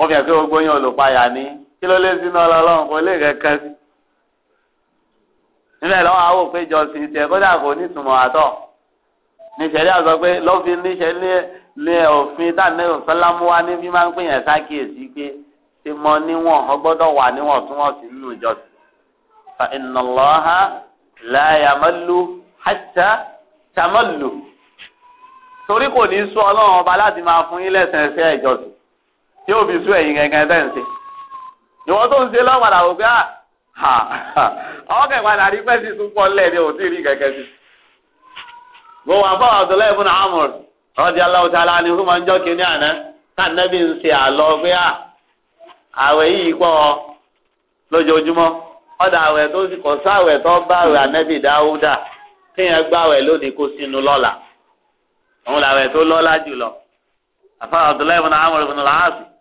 Speaker 1: ó fi hàn pé gbogbo yín olùpáyà ní. kí ló lé sínú ọlọ́run kò lè kẹ́kẹ́ sí nílẹ̀ lọ́wọ́ àwọn òpéjọ sí tiẹ̀ kódà kò ní ìtumọ̀ àtọ̀ níṣẹ́lẹ̀ àzọ pé lọ́fin níṣẹ́lẹ̀ lé òfin dánilẹ́yìn sálámù ní bí máa ń pèyàn sákìyèsí pé ti mọ níwọ̀n ọ gbọ́dọ̀ wà níwọ̀n tún wọ́n sí nínú ìjọsìn. fa inna Allaha la yamallu torí kò ní sún ọlọ́run ọba láti máa fún yín lẹ́sẹ̀ ẹ̀sẹ̀ ìjọsìn tí ó ìwọ tó ń ṣe lọ́wọ́dà wò pé ah, ọkẹ́ padà rí pẹ́sì tún pọ̀ lẹ̀ ní òtí rí kẹ̀kẹ́ sí. mo wà fún Abdullahi ibn Amr radiyallahu ta'ala ni fún wọn jọ́ kínní àná kánẹ́bí ń ṣe àlọ́ ah, àwẹ̀ yìí pọ̀ lójoojúmọ́ ọ̀dà àwẹ̀ tó kọ̀ tó bá àwẹ̀ ànẹ́bí Dáúdà lónìí kó sínú lọ́la òun làwẹ̀ tó wọn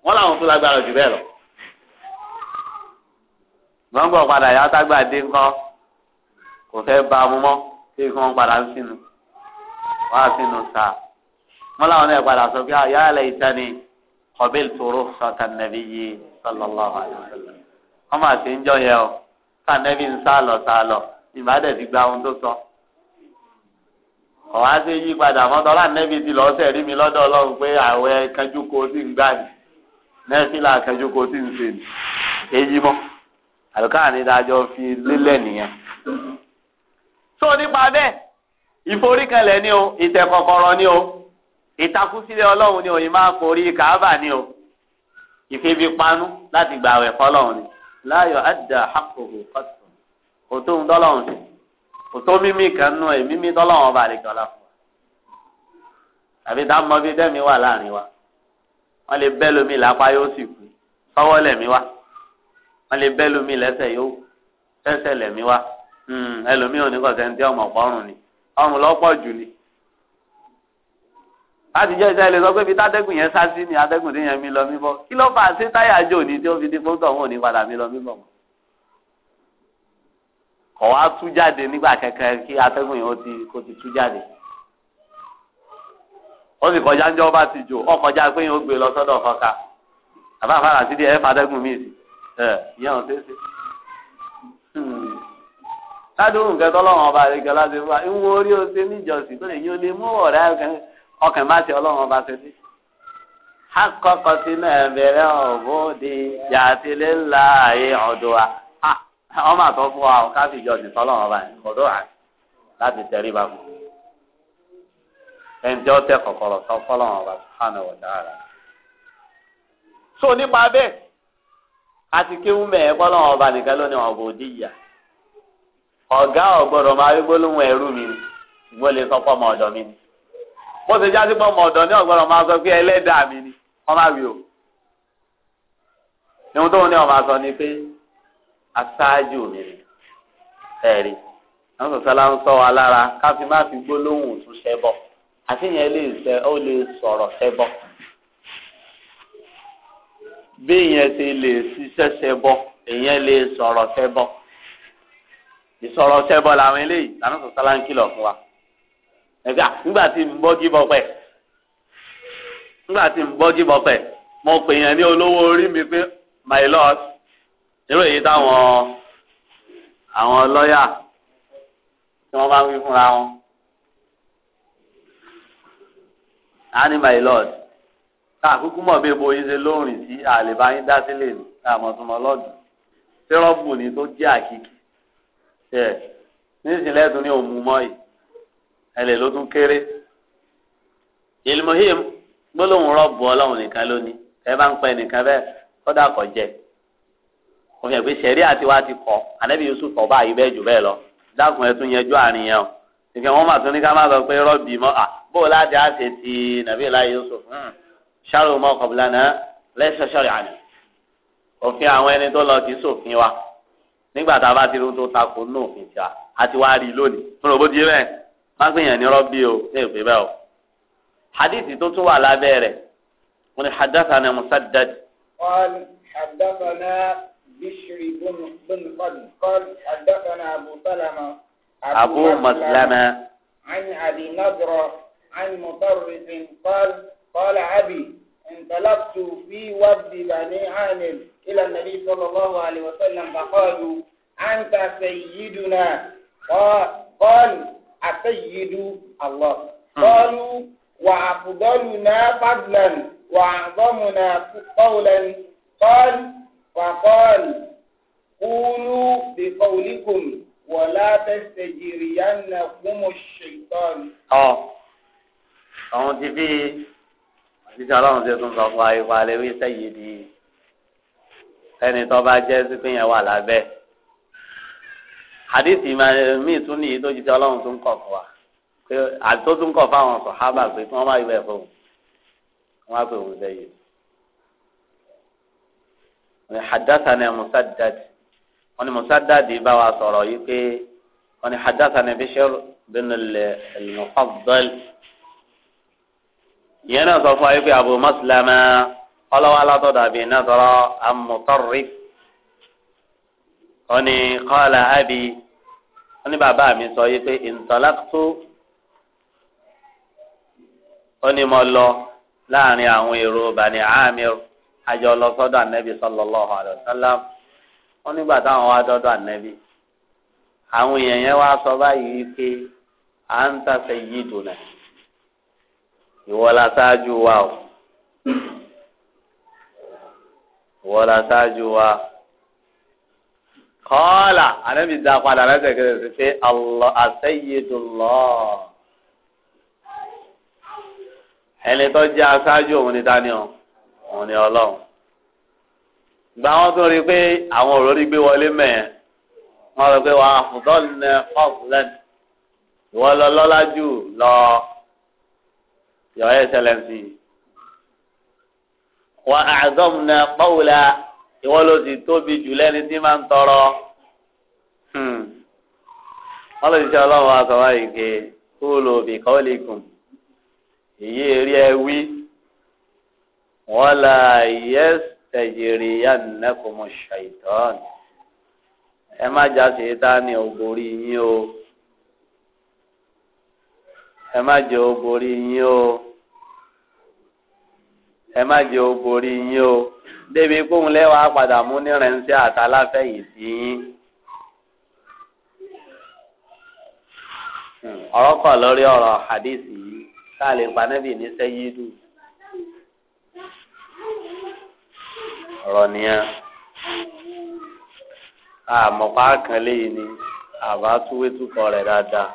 Speaker 1: làwọn tó lágbára gbọ́ngbọ̀n padà yá ságbà dé ńkọ́ kò fẹ́ ba mu mọ́ kí wọ́n padà ń sínú wọ́n á sínú sáà wọ́n láwọn náà padà sọ pé àyà àlẹ́ ìtẹ́ni kọ̀bíl tóró sọ̀tà nàbí yìí sallallahu alaihi wasallam wọ́n máa ti ń jọ yẹ o ká nàbí ń sálọ sálọ ìbádẹ́ ti gba ohun tó sọ. ọ̀hún á ṣe yí padà mọ́tọ́ láti nàbí ti lọ́ọ́ sẹ̀rí mi lọ́dọ̀ ọlọ́run pé àwẹ̀ kanjú kò sí ń gbà ní nẹ́ẹ̀sì là kanjú kò sí ń sè ní èyí mọ́ àlùkáà ní dájọ́ fi lélẹ̀ nìyẹn. tó nípa bẹ́ẹ̀ ìforíkanlẹ̀ ni o ìtẹ̀kọ̀kọ̀rọ̀ ni o ìtakùsílẹ̀ ọlọ́run ni o yìí máa forí kàábà ni o ìfipipanu láti gbà wẹ̀ fọlọ́run ni láyọ̀ àdà àkókò kọ́tù òtó ń dọ́lọ́run sí òtó mímí kan nù ẹ̀ mímí dọ́lọ́run ọba àlejò ọlá fún wa àbí dámọ́ bíi dẹ́mi wà láàrin wa wọ́n lè bẹ́ lómi làpá yóò sì kú sọ́wọ́ lẹ̀mí wa wọ́n lè bẹ́ lómi lẹ́sẹ̀ yóò tẹ́sẹ̀ lẹ̀mí wá hmm, ẹlòmí ò ní kọ̀ sẹ́ńtì ọmọ ọ̀pọ̀rùn ni ọrùn lọ́pọ̀ jù ni. láti jẹ́ ìṣẹ́ ilé sọ pé fi tátẹ́gùn yẹn sá ni atẹ́gùn tí yẹn mi lọ mí bọ́ kí ló fà á sí táyà jò ní tí ó fi di pọ́ńtọ̀ wọn ò ní padà mi lọ mí bọ̀ mọ́. kọ̀ wá tú jáde nígbà kẹ̀kẹ́ kí atẹ́gùn yẹn ó ti kó ti tú jáde. ó sì kọjá ń jọ́ bá ti jò ọkọjá pé yẹn ó gbé lọ sọ́dọ̀ fọ́ka àbáfàrà sí ìyá wọn ṣe é hmm. ṣe. ládùúgbò nǹkan tọ́lọ́wọ́n ọba àlejò láti wá ìwọ orí oṣù níjọsìn tó lè yín ó lè mú ọ̀rẹ́ ọkàn má ti ọlọ́wọ́n ọba ṣe dé. akọkọ tí náà bẹ̀rẹ̀ ọ̀bọ̀dé yàtìlẹ̀ láàyè ọ̀dọ̀ wa wọ́n máa tọ́ fún wa ká fi jọsìn tọ́lọ́wọ́n ọba ọ̀dọ̀ wa láti tẹ̀rí ba fún un. ẹni tí ó tẹ kọ̀kọ̀rọ̀ sọ fọ́lọ́wọ́n ọba sùhánù ọ̀dà rẹ̀. so nípa bẹ́ẹ̀ àti kéwú mẹ́ẹ̀ kọ́lọ́ ọba nìkan lónìí ọ̀bọ òdìyà ọ̀gá ọ̀gbọ́dọ̀ máa rí gbólóhùn mi ìwọ lè sọ pọ́mọ mi ni bó ṣe jásí pọ́mọ ọ̀dọ̀ ní ọ̀gbọ́dọ̀ máa sọ pé ẹlẹ́dàá mi ni wọ́n o tóun ní ni pé aṣáájú mi ni ẹ̀rí wọ́n sọ sọ́lá ń sọ wa lára má fi gbólóhùn tún bí ìyẹn ti lè ṣiṣẹ́ ṣe bọ́ ìyẹn lè sọ̀rọ̀ ṣe bọ́ ìsọ̀rọ̀ ṣe bọ́ làwọn eléyìí lànà tó sálá ń kìlọ̀ fún wa ẹ̀gá nígbà tí ń bọ́gí bọ́ pẹ̀ nígbà tí ń bọ́gí bọ́ pẹ̀ mo pè yẹn ní olówó orí mi pé my lord nírò èyí táwọn àwọn lọ́yà tí wọ́n bá ń wí fúnra wọn á ní my lord káàkúkú mọ̀ bí ebo yín ṣe lóòrìn sí àlèbá yín dá sílẹ̀ ní àmọ̀túnmọ̀ lọ́dún tẹ́rọ̀bù ni tó jẹ́ àkìkì ẹ̀ nísìnyẹ́ tún ní òmù mọ́ yìí ẹlẹ́ ló tún kéré ìlmọ̀hìm gbólóhùn rọ́ọ̀bù ọlọ́run nìkan lónìí ẹ bá ń pẹ́ nìkan bẹ́ẹ̀ kọ́dà kọ́ jẹ òfin ẹ̀gbẹ́ sẹ̀rí àti wá ti kọ́ ànábì Yusuf kọ́ báyìí bẹ́ẹ̀ jù bẹ́ẹ̀ lọ dákun ẹ tún yẹjú àárín yẹn o ìfẹ́ wọn mà tún ní ká má sọ pé rọ́ọ̀bì mọ́ à bóò láti á ṣe ti nàbí ìlà Yusuf hmm ṣáàrò mọ́ kọ̀bùlà náà lẹ́sẹ̀ ṣọ́ọ̀rì àná òfin àwọn ẹni tó lọ kì í ṣòfin wa nígbà tá a bá ti rí tó takò ní òfin tiwa a ti wá rí lónìí fún òbó di má gbìyàn ní rọ́bì o ní ìpè bẹ́ẹ̀ o hadithi tó tún wà lábẹ́ rẹ̀ wọn ni hadathana musaddad.
Speaker 3: قال حدثنا بشر بن بن قد قال حدثنا أبو سلمة أبو مسلمة عن أبي نضرة عن مطرف قال قال أبي انطلقت في وفد بني عامر إلى النبي صلى الله عليه وسلم فقالوا أنت سيدنا قال السيد الله قالوا وأفضلنا فضلا وأعظمنا قولا قال فقال قولوا بقولكم ولا تستجرينكم الشيطان.
Speaker 2: اه.
Speaker 1: àwọn ti fi jíjẹ ọlọ́run ti tún sọ fún ayé wa lè wí sẹ́yìn di ẹni tó bá jẹ́ sí pé yẹn wà lábẹ́ àdìsí míì tún nìyí tó jíjẹ ọlọ́run tún kọ̀ fún wa pé àtó tún kọ̀ fáwọn sọ̀hábà pé kí wọ́n má yọ ẹ̀fọ́ òun wọ́n á pè òun sẹ́yìn. حدثنا مسدد وني مسدد بوا سورو يكي وني حدثنا بشر بن المفضل ìyẹn náà sọ fún ayé pé abu maslama ọlọ́wọ́ alátọ́dọ̀ àbí nàdọ́rọ́ amutarif ọ̀ni kọ́lá àbí ọ̀ni bàbá mi sọ yìí pé ìntọ́láktó ọ̀ni mo lọ láàrin àwọn èrò bani amir àjọ lọ sọ́dọ̀ ànẹ́bí sallallahu alaihi wasallam wọ́n nígbà táwọn wá ànẹ́bí àwọn èèyàn yẹn wá sọ báyìí pé à ń tàṣe yìí dùn náà ìwọ la ṣáájú wa o ìwọ la ṣáájú wa kọ́ọ̀là ànábì dá padà lẹ́sẹ̀kẹsẹ̀ sí pé àlọ́ àṣẹyẹdùlọ́ ẹni tó jẹ́ aṣáájú òun ni dání o òun ni ọlọ́run gba wọn tó rí i pé àwọn òròrí gbé wọlé mẹ́ẹ̀ wọn rò pé wàá fùdọ́ọ̀lù náà fọ́ọ̀fù lẹ́nu ìwọ lọ lọ́lá jù lọ́ọ́. Your Excellency. Wa a'zamna qawla ìwọ ló sì tóbi jù lẹ́ni tí máa ń tọrọ. Hmm. Wọ́n lè ṣe ọlọ́run wa sọ wáyé ke qulu bi qawlikum. Èyí eré ẹ wí. Wala yastajriyannakum ash-shaytan. Ẹ má jà sí ta ògbórí yín o. ẹ má jẹ́ ó yín o ẹ má jẹ́ ó borí yín o débi kóhun lẹ́wàá padà mú nírẹ̀nsẹ́ àtàláfẹ̀yìntì yín. Hmm, ọ̀rọ̀ kọ̀ lórí ọ̀rọ̀ hadith yìí ká lè pa níbi ní sẹ́yídù. ọ̀rọ̀ nìyẹn àmọ̀pá kan léyìí ni àbá túwétúkọ rẹ̀ dáadáa.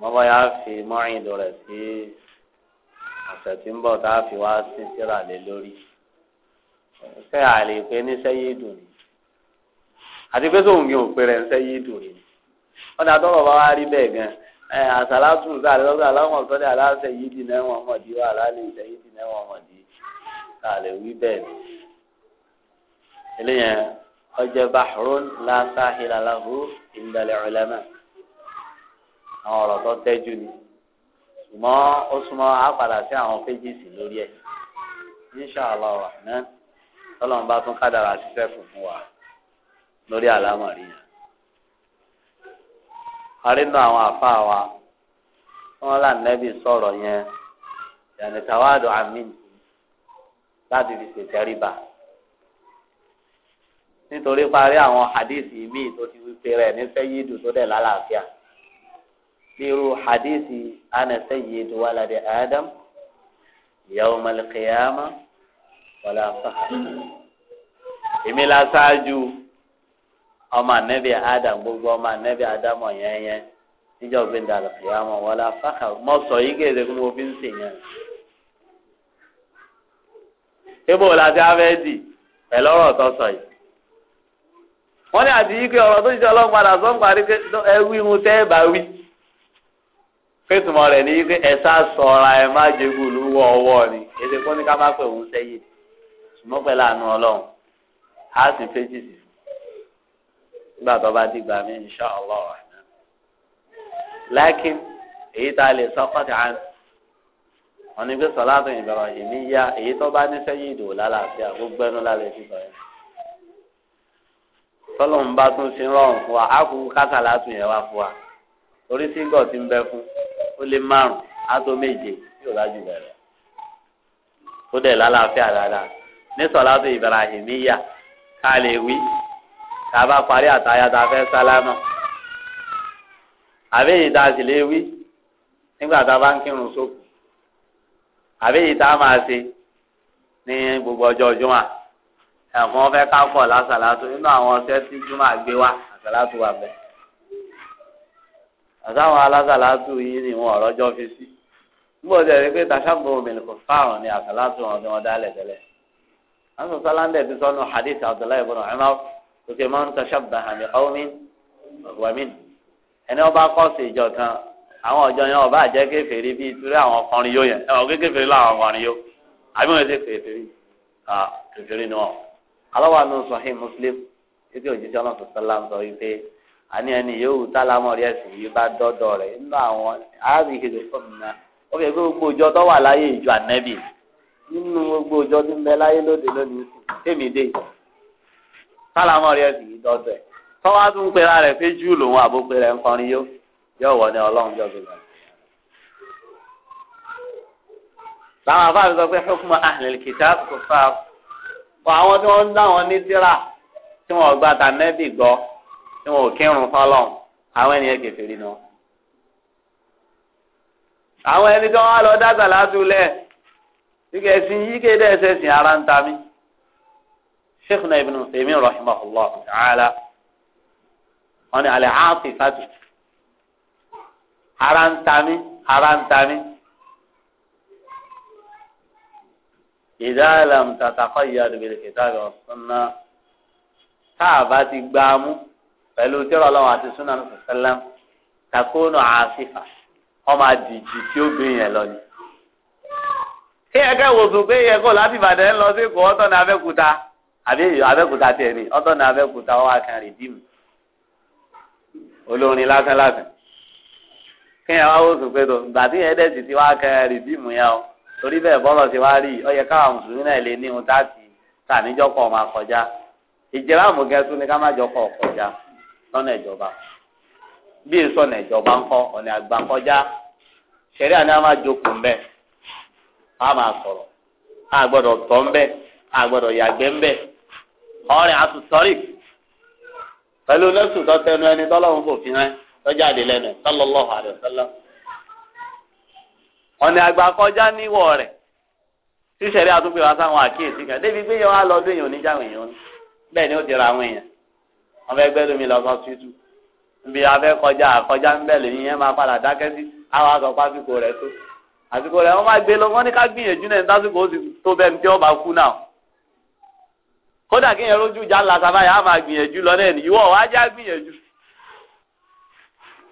Speaker 1: bọ́bá yà á fi mọ́rin lò rẹ̀ sí ọ̀sẹ̀ tí ń bọ̀ tá a fi wá sí síra lé lórí ṣé àlè pé ní sẹ́yìn dùn ni àti pé tóun yóò pè rẹ̀ ń sẹ́yìn dùn ni wọ́n dà tọ́wọ́ bá wá rí bẹ́ẹ̀ gan àṣàlátù sáàlẹ̀ lọ́gbà aláwọ̀ sọ́dẹ̀ aláṣẹ yìí dì náà wọ́n mọ̀ dí wà ìṣẹ́ yìí dì náà wọ́n mọ̀ dí wí bẹ́ẹ̀ ni eléyẹn ọjọ́ bàrún lásàhìlà lahu ìndàlẹ̀ àwọn ọ̀rọ̀ tó tẹ́jú ni ṣùgbọ́n ó súnmọ́ á padà sí àwọn péjìsì lórí ẹ̀ inṣàlá wà náà tọ́lọ́run bá tún kádàrà ṣiṣẹ́ fún fún wa lórí àlámọ̀rí yẹn. arínú àwọn àfáà wa wọn là nẹ́bí sọ̀rọ̀ yẹn yàní tàwádùn àmín láti fi ṣètẹ́ríba nítorí parí àwọn hadith míì tó ti wípé rẹ̀ ní sẹ́yìdù tó dẹ̀ lálàáfíà irú hadithi ana sayyidu waladi adam yawma alqiyama wala fakhar èmi la ṣáájú ọmọ anabi adam gbogbo ọmọ anabi adam ọ̀yẹ́yẹ́ níjọ́ gbẹ̀ndà alqiyama wala fakhar mọ sọ yìí kéde kí mo fi ń sè yẹn. ebo la ti afẹ́ di pẹ̀lú ọ̀rọ̀ tó sọ yìí wọ́n ní àti yìí ọ̀rọ̀ tó ti ọlọ́run padà sọ́n parí ẹrú irun tẹ́ ẹ bá wí fẹ́tùmọ̀ rẹ̀ ní pé ẹ̀sà sọ̀ra ẹ̀ má jẹ́gun olúwọ́ ọwọ́ ni èdè fún ní ká má pè òun sẹ́yìn ṣùgbọ́n pẹ̀lú àánú ọlọ́run á sì fẹ́jì sí nígbà tó bá dìgbà mí insha Allah lákìn èyí tá a lè sọ pàtàkì àná wọn ni pé sọlá tó ìbẹ̀rọ̀ yìí ní yá èyí tó bá ní sẹ́yìn ìdòwò lálàáfíà gbogbo ẹnu lálẹ́ fi sọ yẹn tọ́lọ́mùbá tún ṣe rọrùn fún wa á kú kásà látùn yẹn wá fún wa orí sí gọ̀ọ́ ti ń bẹ fún ó lé márùn átó méje tí ò bá jù bẹ̀rẹ̀ ó dẹ̀ lálàáfíà dáadáa ní sọ̀látò Ibrahimiyya ká lè wí ká bá parí àtàyà tá a fẹ́ sálámà àbẹ́yìí tá a sì lè wí nígbà tá a bá ń kírun sókù àbẹ́yìí tá a máa ṣe ní gbogbo ọjọ́ jùmọ̀ ẹ̀fọn fẹ́ ká pọ̀ lásàlátò nínú àwọn ọ̀sẹ̀ tí jùmọ̀ àgbé wa àsàlátò wà bẹ́ẹ̀ àtàwọn alágàlátù yìí ni wọn ọ̀rọ̀ jọ fi sí níbo tẹ̀ rí pé tàṣàbò mìlìkù fáwọn ni àgàlátù wọn ni wọn dálẹ̀ tẹ́lẹ̀ àwọn sọ́láńdẹ̀ ti sọ́nu hadith abdullahi ibn umar òkè máa ń tashabbaha bi qawmin wa min ẹni ọba kọ́ọ̀sì ìjọ kan àwọn ọjọ́ yẹn ọba àjẹ́ kèfèrí bíi turu àwọn ọkùnrin yóò yẹn ẹ̀wọ̀n kékeré làwọn ọkùnrin yóò àbí wọn ti kèfèrí kèfèrí ni wọn. aláwa nù sahih muslim ibi òjijì ọlọ́sọ̀tàn láǹtọ̀ yìí pé àní ẹni yòówù tálámọ rẹ sì yí bá dọdọ rẹ nínú àwọn àárín ìṣèlú fún mi náà ó fi gbogbo ìjọ tó wà láyé ìjọ ànẹ́bì nínú gbogbo ìjọ tó ń bẹ láyé lóde lónìí sùn tèmi dé tálámọ rẹ sì yí dọdọ ẹ tọ́wá tún pera rẹ̀ pé jù lòun àbó pera ẹ̀ ń kọrin yó yóò wọ ní ọlọ́run jọ gbogbo. làwọn afáàlú sọ pé hukumu ahlil kitab kò fà á àwọn tí wọ́n ń dá wọn ní tí wọn ò kírun fọlọ́n àwọn ènìyàn kèfèrí náà. àwọn ẹni tí wọn wá lọ dáta látúlẹ̀ ike sin yíké dẹ́ ẹsẹ̀ sin ara ń ta mí. Sheikhuna Ibn Taymiyyah rahimahullah ta'ala wọn ni alẹ́ áàtì fatu ara ń ta mí ara ń ta mí. ìdá lam yíyá dùbìlì kìtàbí ọ̀sán náà tá a bá ti gbá a mú. pẹ̀lú tíra ọlọ́run àti sunan sẹlẹm takónù àásìfà ọmọ dìjì tí ó gbé yẹn lọ ni. kí ẹgẹ wòsàn pé yẹ kó láti Ìbàdàn lọ sí ìkọ́ ọ̀tọ̀ ní àbí Abẹ́òkúta tiẹ̀ ní ọwọ́ olórin lásán lásán kí ẹ wá pé tó tí ti wá ọ yẹ mùsùlùmí náà lè ní ohun tá a ti tà níjọ́kọ̀ ọmọ ni ká má lọ́nà ìjọba bí èso ọ̀nà ìjọba ńkọ́ ọ̀nà àgbà kọjá ṣẹ̀rí àná máa jókòó a máa sọ̀rọ̀ a gbọ́dọ̀ tọ́ ńbẹ́ a gbọ́dọ̀ yàgbẹ́ ńbẹ́ ọ̀rìn àtúntọ́rì pẹ̀lú lẹ́sùn tó tẹnu ẹni tọ́lọ́run kò fi hàn tọ́jà àdé lẹ́nu sallallahu ọ̀nà àgbà kọjá níwọ̀ rẹ̀ wá sáwọn àkíyèsí kan débi gbé wọn fẹ́ gbẹ́dùn mi lọ́sọ̀ tútù nbí afẹ́ kọjá àkọjá ńbẹ̀ lèyìn yẹn máa padà dákẹ́ sí àwọn àgbà pásíkò rẹ̀ tó àsìkò rẹ̀ wọ́n máa gbé lọ wọ́n ní ká gbìyànjú náà sásìkò ó sì tó bẹ́ẹ̀ tí wọ́n bá kú náà kódà kí yẹn rójú ìjà ńlá sábà yà á máa gbìyànjú lọ náà nìyí wọ́n wáá já gbìyànjú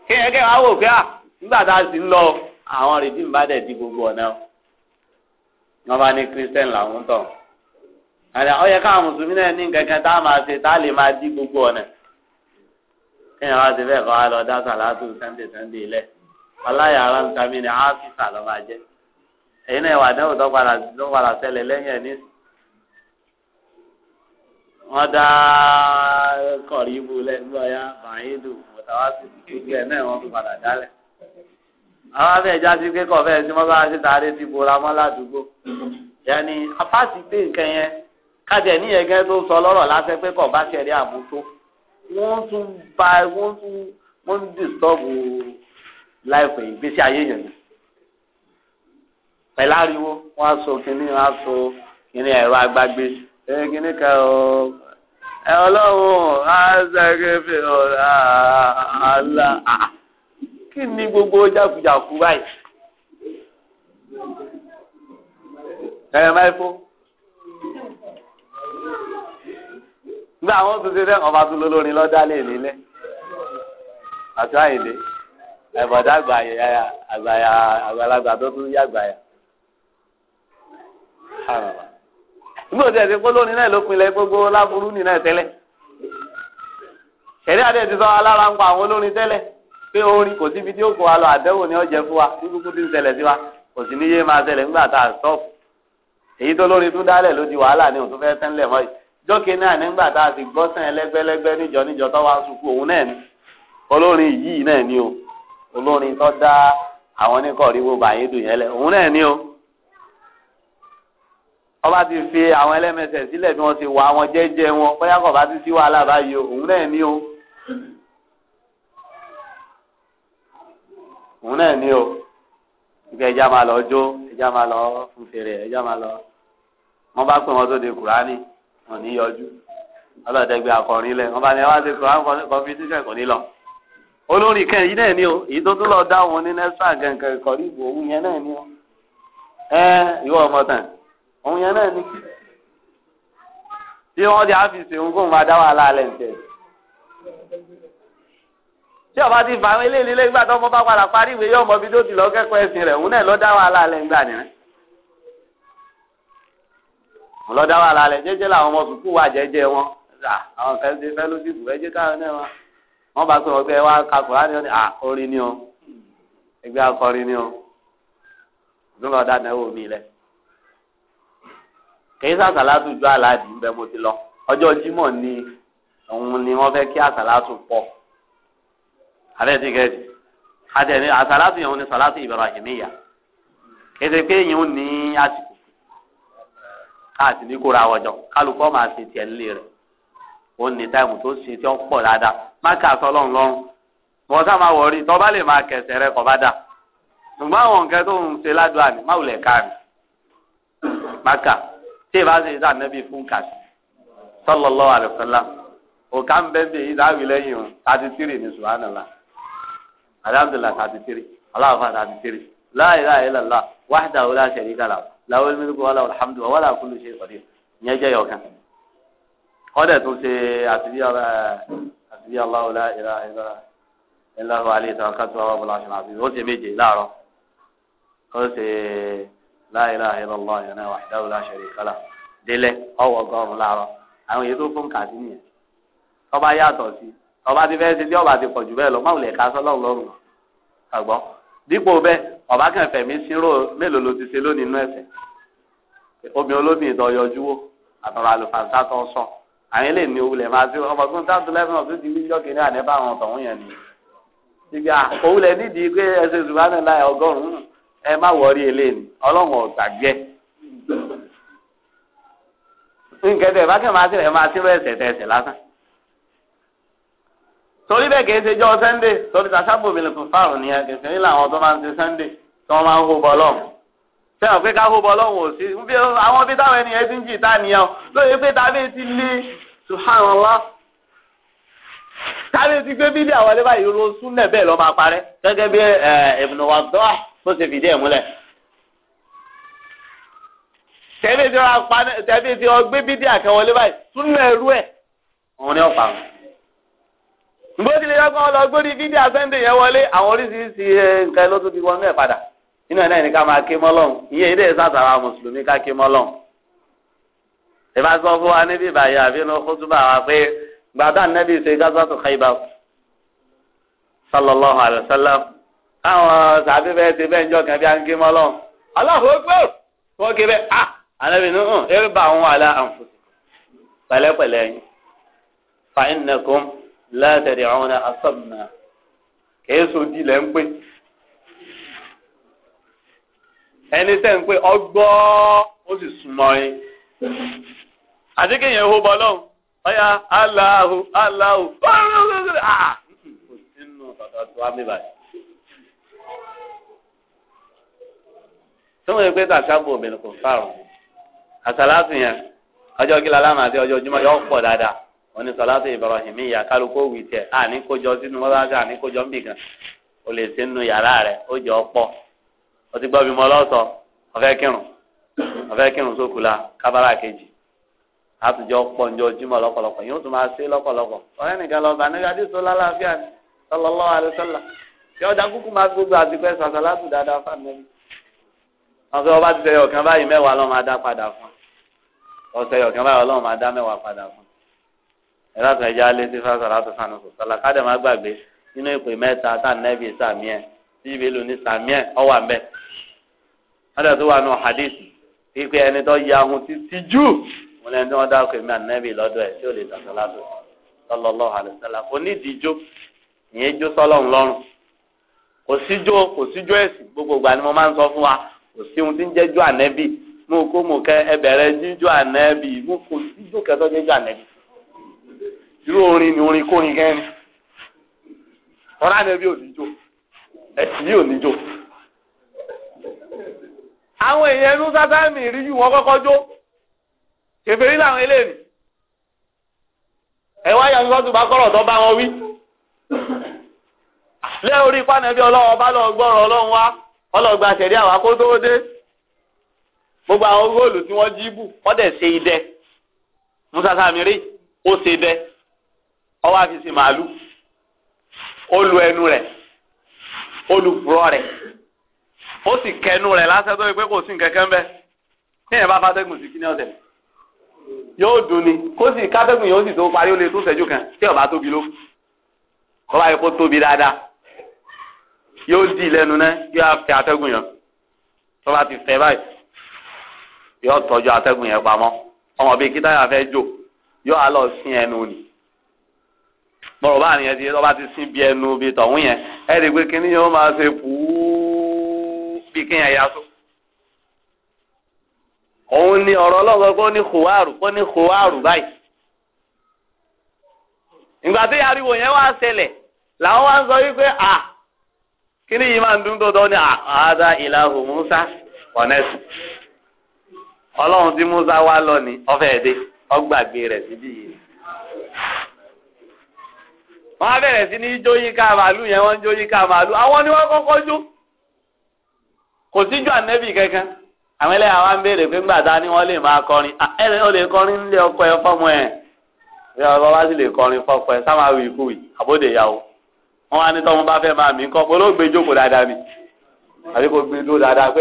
Speaker 1: kí yẹn kẹ́ wá wò pé à nígbà tá a sì ń lọ àwọn rìdíìmù bá dẹ̀ di gbogbo ọ̀nà wọn bá ní kírísítẹ́nì làwọn tán àlẹ ọ yẹ káwọn náà ní kankan a máa ṣe tá ma gbogbo ọ̀nà kéèyàn wá ti bẹ́ẹ̀ kọ́ wa lọ dá sàlátù sànńdé sànńdé lẹ̀
Speaker 2: ọláyàrá nǹkan
Speaker 1: mi ni gbogbo padà kájẹ níyẹn gẹ́gẹ́ tó sọ lọ́rọ̀ lásán pé kò bá ṣẹlẹ̀ àbútó wọ́n tún ba wọ́n tún wọ́n ń dìstọ́bù láìpẹ́ ìgbésí ayé yẹn ni ariwo wọ́n á so kínní wọ́n á so kínní ẹ̀rọ agbágbé ẹ̀ kínní kan ọ̀ ẹ
Speaker 2: ọlọ́run àzẹ́gẹ́fẹ́ ọ̀rá
Speaker 1: àlá kí ni gbogbo jákujàku báyìí. ẹ̀rọ máa ń fún. nígbà àwọn tó ṣe fẹ́ ọba tó lólórin lọ́dá lè nílẹ̀ àti àyèlé ẹ̀bọ̀dá àgbàyà àgbàyà àgbàlagbà tó tún yá àgbàyà. nígbà tó ẹ̀sìn polórin náà ló pinlẹ̀ gbogbo láburú nínú ẹ̀ tẹ́lẹ̀ ṣẹ̀rí àdé ti sọ alára ń pa àwọn olórin tẹ́lẹ̀ pé orin kò síbi tí ó kó wa lọ àdẹ́wò ni ó jẹ fún wa kúkú tí ń ṣẹlẹ̀ sí wa kò sí ní yé máa ṣẹlẹ̀ nígbà tá a sọ́ọ̀fù èyí tó lórin tún dálẹ̀ ló wàhálà ni òun tún fẹ́ tẹ́ńlẹ̀ mọ́ yìí jókè náà nígbà tá a ti gbọ́ sẹ́yìn lẹ́gbẹ́lẹ́gbẹ́ níjọ níjọ tó wá sùkú òun náà ni olórin yìí náà ni o olórin tó dá àwọn oníkọ̀ọ́ríwó bàyẹn dùn yẹn lẹ òun náà ni o ọba ti fi àwọn ẹlẹ́mẹsẹ̀ sílẹ̀ bí wọ́n ti wà wọn jẹ́jẹ́ wọn bóyá kò bá ti sí wàhálà báyìí o òun náà ni o òun náà ni o ìgbà ẹja máa lọ jó ẹja máa lọ fún fèrè ẹja máa lọ wọn bá pè wọn tó de Kùránì wọn ní yọjú ọlọ́dẹ̀gbẹ́ akọrin lẹ̀ wọn bá ní wá sí kọ́ kọ́mpítíṣẹ̀ kò ní lọ. olórin kan yìí náà ni o èyí tó tún lọ dá wọn ní nẹ́sà gẹ̀ǹkẹ̀ kọ́rí ìbò òun yẹn náà ni o ẹ ìwọ ọmọ tán òun yẹn náà ni. bí wọ́n di áfíìsì òun kóun máa dá wàhálà alẹ́ ń tí ọba ti fà á eléyìí lẹ́gbàá tó ọmọ bá padà parí ìwé yọ̀ọ̀mọ́ bí tó ti lọ kẹ́kọ̀ọ́ ẹ̀sìn rẹ̀ òun náà lọ dá wàhálà alẹ́ ń nìyẹn lọ́dá wà lálẹ́ jẹ́jẹ́ làwọn ọmọ sùkúù wà jẹ́jẹ́ wọn àwọn fẹ́ ṣe fẹ́ lóṣìṣù ẹ káwọn náà wọn wọn bá pé ọgbẹ́ wa ka kùránì ọ ní ni o ẹgbẹ́ akọrin ni o lórí ọ̀dà náwó mi lẹ. kèé sàṣàlátù ju aláàdì ń mo ti lọ ọjọ́ Jímọ̀ ni òun ni wọ́n fẹ́ kí àṣàlátù pọ̀ àbẹ́tìkẹ́tì àtẹ̀ní àṣàlátù yẹn ni sàlátù Ibrahimiyya kéde pé káàsì ní kóra wọjọ kálukọ máa ṣe tiẹ̀ nílé rẹ̀ ó ní táìmù tó ṣe tí ó pọ̀ dáadáa má kà sọ lọ́run lọ́run wọn sá máa wọrí tọ́ bá lè máa kẹsẹ̀ rẹ kọ́ bá dà ṣùgbọ́n àwọn nǹkan tó ń ṣe ládùá ni má wulẹ̀ ká má kà tí ì bá ṣe ìdá nẹ́bí fún kàṣí sallallahu alaihi wasallam òkà ń bẹ́ẹ̀ bẹ́ẹ̀ ìdáwì lẹ́yìn o thirty three ní subhanallah alhamdulilah thirty three aláwọ̀ fà thirty three la ilaha illallah wahdahu la sharika làwọn mílíkù wàhálà alhamdu wàhálà kúlù ṣe kọ̀dé ìyẹn jẹ́ yọ̀ọ̀kan ọ̀dẹ̀ tó ṣe àtibí aláwọ̀lá ìlà ìlà ìlà wàhálà ìtàn kátó àwọn ọ̀bọ̀lá ṣe máa fi ó ṣe méje láàárọ̀ ó ṣe láìlà ìlà ọ̀lá ìyànà wahdahu la sharika lah délẹ̀ ọwọ́ gọ́ọ̀rùn láàárọ̀ àwọn èyí tó fún kàdí nìyẹn ọba yàtọ̀ sí ọba ti fẹ́ẹ́ ṣe tí ọba ti pọ̀ jù bẹ́ẹ̀ lọ máa wùlẹ̀ ká sọ́lọ́ lọ́rùn àgbọ̀ dípò bẹ́ẹ̀ ọba kàn fẹ̀mí sírò mélòó ló ti ṣe lónìí inú ẹ̀sẹ̀ omi olómi ìdọ̀yọjú wo àtọ̀rọ̀ àlùfàǹsá tó ń sọ àwọn eléyìí ni òwúlẹ̀ máa ti ọmọ tó ń sáàtú lẹ́fún ọ̀tún ti wí jọ́kì ní àná bá àwọn ọ̀tọ̀hún yẹn ni. ìgbà òwúlẹ̀ nídìí pé ẹsẹ̀ ṣùgbọ́n náà láyà ọgọ́rùn-ún ẹ má wọrí eléyìí ọlọ́run ọ̀gbàgbẹ́. nǹkan tẹ̀ bá kẹ́ máa sílẹ̀ máa sílẹ̀ ẹsẹ̀ tẹ̀sẹ̀ lásán. torí bẹ́ẹ̀ kì í ṣe jọ́ sẹ́ńdẹ̀ torí tàṣàbòmìnir sẹ́wọ̀n pé káfó bọ́ lọ́wọ́ òsì àwọn bí táwọn ènìyàn ti ń jì tá nìyẹn lóye pé tábí ti lé subhanallah tábí ti gbé bídí àwọn ẹlẹ́bàá yìí ló sún náà bẹ́ẹ̀ lọ́ máa parẹ́ gẹ́gẹ́ bí Ibn Waddah tó ṣe fìdí ẹ̀ múlẹ̀. tẹ́bí ti gbé bídí àkẹwọlé báyìí sún náà ẹrú ẹ̀ òun ni ọ̀pá wọn gbódìlẹ̀ yọgbọ́n lọ gbódì fídíò àfẹ́ǹdè yẹn wọlé àwọn oríṣiríṣi nǹkan ló tún ti wọnú ẹ̀ padà inú ẹ̀ náà ní ká máa ké mọ́lọ́hún ìyẹn ilé ìsàtàrà mùsùlùmí ká ké mọ́lọ́hún. ìbá sọ fún wa níbi ìbàyè àbínú kótóbà wa pé gbàdá nẹ́bí ṣe gázọ́tò Khaybar sallallahu alayhi wa sallam káwọn sàbí bẹ́ẹ̀ ti bẹ́ẹ̀ ń jọ kan bí a ń ké mọ́lọ́hún. Allahu akbar wọ́n ké bẹ́ẹ̀ ah ànábì ní hàn ẹ̀rí bá àwọn àlà àǹfò pẹ̀lẹ́pẹ̀lẹ́ yín fa ẹni tẹ́ ń pé ọgbọ́ ó sì súnmọ́ yín àti kéèyàn hó bọ́ lọ́hùn ọ̀yà aláhu aláhu ah,
Speaker 2: kò sínú bàbá tó wá báyìí.
Speaker 1: sọ́wọ́n yẹn pé obìnrin kò fárùn àṣàlátù yẹn ọjọ́ kí àti ọjọ́ ojúmọ́ yọ pọ̀ dáadáa wọ́n ní ìyá kálukó lè sínú yàrá rẹ̀ ó jọ pọ̀. ó ti gbọ́ bímọ lọ́sọ̀ ọ̀fẹ́ kírun ọ̀fẹ́ kírun la kábàrà kejì àtijọ́ pọ̀njọ́ jímọ̀ lọ́pọ̀lọpọ̀ yóò tún máa ṣe lọ́pọ̀lọpọ̀ ọ̀rẹ́ nìkan lọ́ba nígbàdí tó lálàáfíà ni sọlọ́lọ́ àlùsọ́là tí ọjà kúkú máa gbogbo àsìkò ẹ̀ sàṣà látù dáadáa fáàmì wọn fẹ́ ọba ti sẹ́yọ̀ kan báyìí mẹ́wàá lọ́wọ́ máa dá padà fún ọ̀sẹ̀ yọ̀ kan báyìí ọlọ́wọ́ máa dá mẹ́wàá padà fún ẹ̀ látọ̀ ẹja lé sí fásitì látọ̀ sànù sọ̀sọ̀lá kádẹ̀ má gbàgbé nínú ìpè mẹ́ta tá nẹ́bì sàmíẹ̀ tí ìbílù ní sàmíẹ̀ ọ̀wà mẹ́ẹ̀ ọ̀dọ̀ tó wà nù hadithi wípé ẹni tó ya ohun títí jù wọn lẹni tí wọn dáko èmi ànábì lọ́dọ̀ ẹ tí o lè dàgbà ládùn sọlọlọ àlùsálà kò ní ìdíjọ ìyẹn kò kò mo máa ń sọ fún wa kò sí ohun tí ń orin ni orin kórin kẹrin ò ní jó yìí ò
Speaker 3: àwọn èèyàn ẹnu sátámì rí ju wọn kọ́kọ́ jó kèfèrí
Speaker 1: làwọn eléyìí ẹ wá yàtọ̀ sọ́tù bá kọ́rọ̀ tó bá wọn wí. lé orí pánẹ́bí ọlọ́wọ́ bá lọ gbọ́rọ̀ ọlọ́run wá gbogbo àwọn góòlù tí wọ́n jí bù ṣe idẹ musa ó ṣe idẹ màálù ó ó sì kẹnu rẹ̀ lásán tó yẹ pé kò sí kẹ̀kẹ́ mbẹ́ tí bá fàtẹ́gùn sí kíní ọ̀sẹ̀ yóò dùn ni kó sì kátẹ́gùn yóò sì tó parí ó lè tún ṣẹ́jú kan tí ó tóbi ló kó bá kó tóbi dáadáa yóò di lẹ́nu náà yóò fẹ́ atẹ́gùn yẹn tó bá ti fẹ́ báyìí yóò tọ́jú atẹ́gùn yẹn pamọ́ ọmọ bíi kí táyà fẹ́ jò yóò á lọ sin ẹnu ni bọ́rọ̀ bá nìyẹn ti tọ́ bá ti sin bí ẹnu bíi tọ̀hún yẹn ẹ̀ kíní yóò máa ṣe fùú bíi kéèyàn ya sùn. òun ni ọ̀rọ̀ ọlọ́gbọ́n kó ní kòwárù kó ní kòwárù báyìí. ìgbà tí ariwo yẹn wá ṣẹlẹ̀ làwọn wá ń sọ wípé à kí ni yìí máa ń dún tó tọ́ ní àádá ìlàhù Musa ọ̀nẹ́sì. ọlọ́run tí Musa wá lọ ni ọfẹ́ ẹ̀dẹ́ ọgbàgbé rẹ̀ síbí yìí wọ́n á bẹ̀rẹ̀ sí ní jó yíká màálù yẹn wọ́n jó yíká màálù àwọn ni wọ́n kọ́kọ́ jó kò síjú ànẹ́bì kankan àwọn ẹlẹ́yà wa ń béèrè pé ńgbà ta ni wọ́n lè máa kọrin ẹ̀rẹ́ o lè kọrin nílé ọkọ ẹ fọ́mọ ẹ bí ọkọ bá sì lè kọrin fọ́kọ ẹ sáwọn awì ikú yìí àbóde ìyàwó wọn wá ní bá máa mí pé olóògbé jókòó dáadáa mi àbí kò gbé dúró dáadáa pé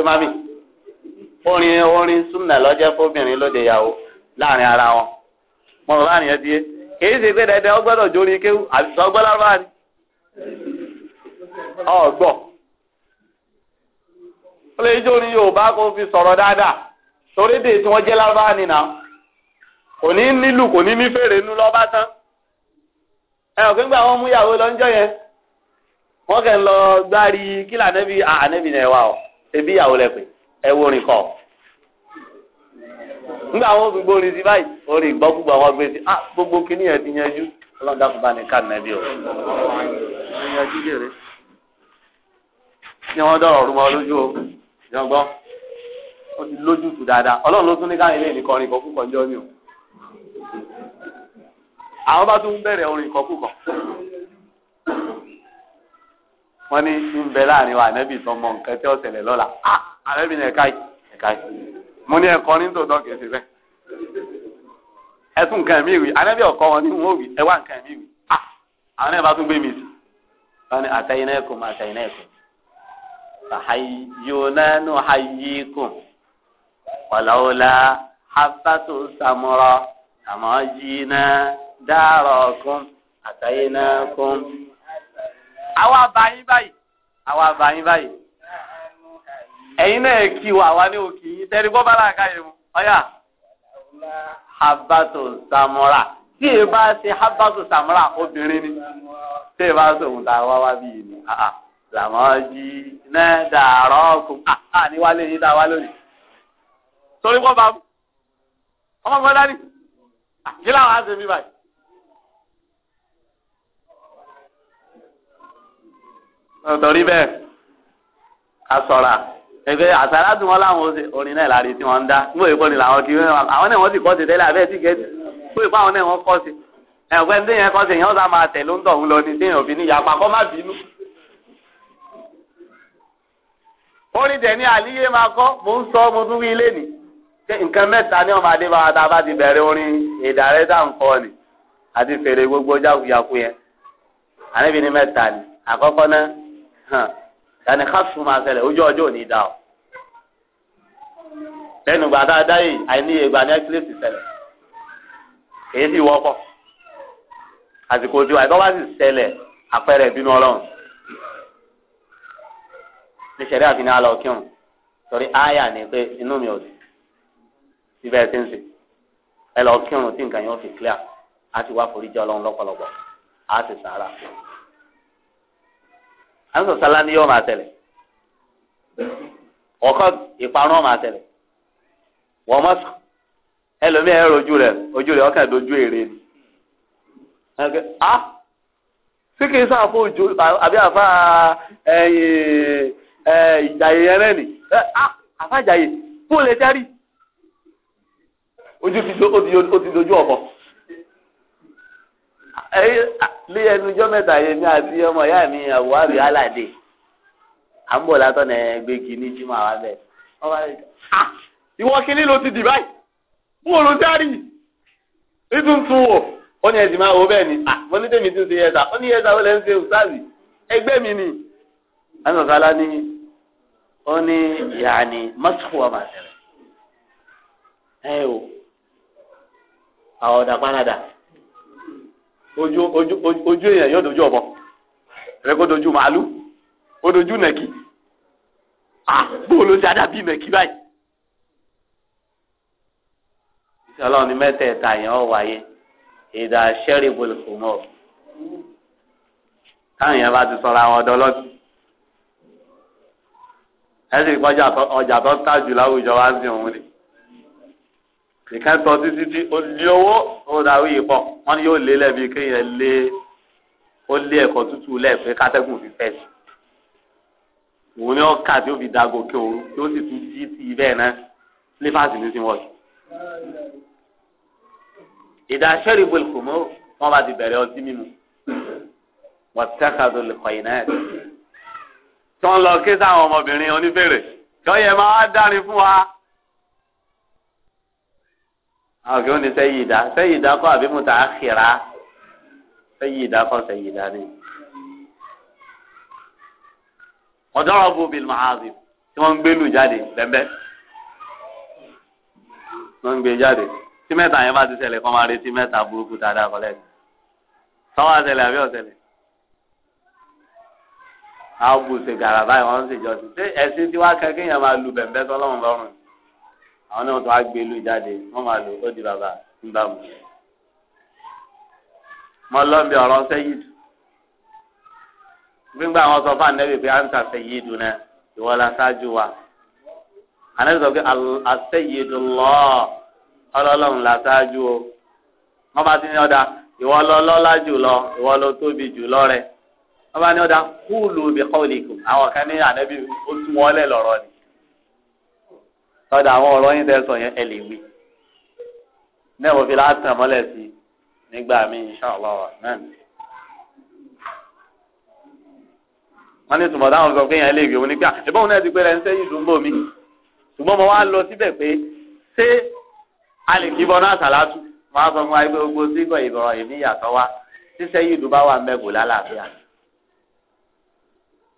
Speaker 1: ó lè jó ní yorùbá kó fi sọ̀rọ̀ dáadáa torí dè tí wọ́n jẹ́ lárúbáwá nìyà kò ní nílù kò ní ní fèrè nú lọ́ba tán ẹ ò kí ń gbà wọ́n mú ìyàwó lọ́njọ́ yẹn wọ́n kẹ́ ń lọ gbárí kílà nẹ́bí ànẹ́bí náà wà ọ́ ebi ìyàwó lẹ pé ẹ wo orin kọ́ nígbà wọn fi gbórin sí báyìí orin ìgbọ́kúgbà wọn gbé sí ah gbogbo kíní yẹn ti yanjú ọlọ́dà fún bá ní ká nẹ́bí o yanjú lè rí ni wọ́n dọ̀rọ̀ ọ̀rùn mọ́ lójú o. Jọgbọ ó ti lójútùú dáadáa ọlọ́run ló tún ní káyọ̀ lẹ́yìn kọrin kọkúkọ jọ ni o àwọn bá tún bẹ̀rẹ̀ orin kọkúkọ ní ń bẹ láàrin wa mọ nǹkan tí ó ṣẹlẹ̀ lọ́la ànábì ẹ̀ka ẹ̀ka mo ní ẹ̀kọ́ ní tòótọ́ bẹ́ẹ̀ ẹ̀sùn nǹkan mi wì ọ̀kọ́ wọn ní wọ́n wì ẹ̀wà nǹkan mi wì àwọn bá tún mọ àtẹ̀yìn náà fàhàyónánu hayíkùn wàláwòlá habatu samura àmọ́jìnà dárọ̀kùn àtàyínákùn.
Speaker 3: àwa àbáyín báyìí
Speaker 1: àwa àbáyín báyìí ẹ̀yin náà kí wa àwa ní òkè yín tẹ́rí bọ́ bára àkáyé mu ọ̀yà habatu samura tí èyí bá ṣe habatu samura obìnrin ni tí èyí bá ṣe òun tá a wá wá bí yìí ni. Ah, ah làmọ́jì náà dàrọ́ kù àá ah, ah, ní wálé yìí dá wá lónìí. torí wọ́n bá mu ọmọ mi dání ah, kí làwọn á ṣe mí báyìí. torí bẹ́ẹ̀ a sọ̀ra ẹgbẹ́ àsàrà dùn wọ́n láwọn orin náà láre tí wọ́n ń dá ní òye kọ́ni làwọn kì í àwọn náà wọ́n sì kọ́ sí tẹ́lẹ̀ abẹ́ẹ̀ sì gẹ́tì fún ìpá àwọn náà wọ́n kọ́ sí ẹ̀wẹ́ ní kọ́ sí yẹn ó sá máa tẹ̀ ló ń tọ̀hún lọ ní tí èèyàn fi ní ìyapa kọ́ má bínú. ó dẹ̀ ni ní àlíyé máa kọ́ mò ń sọ mo tún ilé ni nǹkan mẹ́ta ní ọmọ adé bá bá ti bẹ̀rẹ̀ orin ìdàrẹ́ tá ń kọ́ ni àti fèrè gbogbo jákuyaku yẹn àníbi ní mẹ́ta ni àkọ́kọ́ náà dani kásù máa ojú ọjọ́ ò ní dá o lẹ́nu yìí àìníye ní ẹ́kílẹ́sì èyí sì wọ́pọ̀ àsìkò bá sì àpẹẹrẹ ìbínú ọlọ́run. ní sẹ̀rí àfi ní alọ́ kírun torí àyà ni pé inú mi ò sí síbẹ̀ ṣe ń sè ẹ lọ kírun tí nǹkan yẹn ó fi clear á ti wá foríjì ọlọ́run lọ́pọ̀lọpọ̀ á ti sàárà. àwọn sọ̀sálá ni yóò máa tẹ̀lé ọkọ ìparun máa tẹ̀lé wọ́n mọ̀ sàn ẹlòmíì ẹ̀rọ ojú rẹ̀ ojú rẹ̀ ọkàn dojú èrè ni. a ah! sí kì í sáà fún ojú àbí àfa ẹ̀yìn ìjàyè yẹn rẹ̀ ni àfàjàyè kó lè tẹ́rì ojú ti dojú ọ̀fọ̀ lé ẹnujọ́ mẹ́ta yẹn ní àti ọmọ ìyá mi àwòrán aládé à ń bọ̀ látọ̀ nà ẹgbẹ́gi ní jimá wa bẹ́ẹ̀ ọba rẹ̀ ah, ìwọ kínní ló ti dì báyìí mú òun tẹ́rì ìtúntún wò ó ní ẹ̀sìn máa wo bẹ́ẹ̀ ni ah, mo ní tèmi tún ṣe yẹta ó ní yẹta ó lẹ́ ń ṣe òṣàlì ẹgbẹ́ mi ni ẹnu sálá ní ó ní yàní mọ́sùkùwà máa tẹ̀lé ẹ o àwọ̀dà pánádà ojú ojú ojú èèyàn yóò dojú ọ̀bọ rẹ kó dojú màálù ó dojú nàkì àgbóòló ti àdàbí nàkì báyìí. ọlọ́run ní mẹ́tẹ̀ẹ̀ta yẹn ọ̀ wáyé ìdá sẹ́rìbùlù kò táwọn yẹn bá ti sọ̀rọ̀ àwọn ọ̀dọ́ lọ́sùn ẹsì kọjá ọjà tó ta jù láwùjọ wa ń sin òun ni nìkan sọ títí tí ó lé owó ó darí ìpọ wọn ni yóò lé lẹbi kéèyàn lé ó lé ẹ̀kọ́ tútù lẹẹfẹ kátẹgùn fi fẹ sí òun ni ó kà tí ó fi da gòkè òru tí ó sì tún jí sí ibẹ̀ náà sílífàsì ní sí wọọsì. ìdáṣẹ́rì bọ̀lùkùmọ́ wọn bá ti bẹ̀rẹ̀ ọtí mímu wọ́n ti tẹ́ka tó lè kọ́ yìí náà tó ń lọ ké sáwọn ọmọbìnrin oníbèrè tó yẹ máa dárin fún wa. àwọn kìí ó ní sẹ́yìn ìdá sẹ́yìn ìdá kọ́ àbí mùtà á kìrà sẹ́yìn ìdá kọ́ sẹ́yìn ìdá ni. ọ̀dọ́ ọ̀bù bíi mahazim tí wọ́n ń gbé lù jáde bẹ́ẹ̀ wọ́n ń gbé jáde tí mẹ́ta yẹn bá ti ṣẹlẹ̀ kọ́ máa retí mẹ́ta burúkú tá a dá kọ́lẹ́ sọ́wọ́ àṣẹlẹ̀ àbí ọ̀ṣẹlẹ̀. àwọn gbèsè gàrà báyìí wọn sì jọ sí ẹsìn tí wàá kẹkẹ yẹn máa lu bẹ̀m̀bẹ̀ sọlọ́run lọ́rùn àwọn náà tó wá gbé lu jáde wọn máa lò ó di bàbá nígbà mu. mo lọ bí ọ̀rọ̀ sẹ́yìd gbígbà àwọn sọ fún anẹ́bí pé àǹtà sẹ́yìd náà ìwọ la ṣáájú lọ ọlọ́lọ́run la ṣáájú o wọ́n bá ti ní ọ̀dà ìwọ lọ lọ́lá jù lọ wọ́n bá ní ọ̀dà kúlù bí kọ́ọ̀lìkù àwọn kan ní ànábì ó tún wọn lẹ̀ lọ́rọ̀ ni ọ̀dà àwọn ọ̀rọ̀ yín tẹ́ sọ yẹn ẹ lè wí náà mo fi látàn mọ́lẹ̀ sí nígbà míì inṣàlá náà wọ́n ní tùmọ̀ táwọn sọ pé yẹn lè wí òun ní pé àṣìbọ́n ah, náà ti pé rẹ̀ ń sẹ́yìn ìdúgbò mi ṣùgbọ́n mo wá lọ síbẹ̀ pé ṣé a lè kí bọ́nà àṣàlátù máa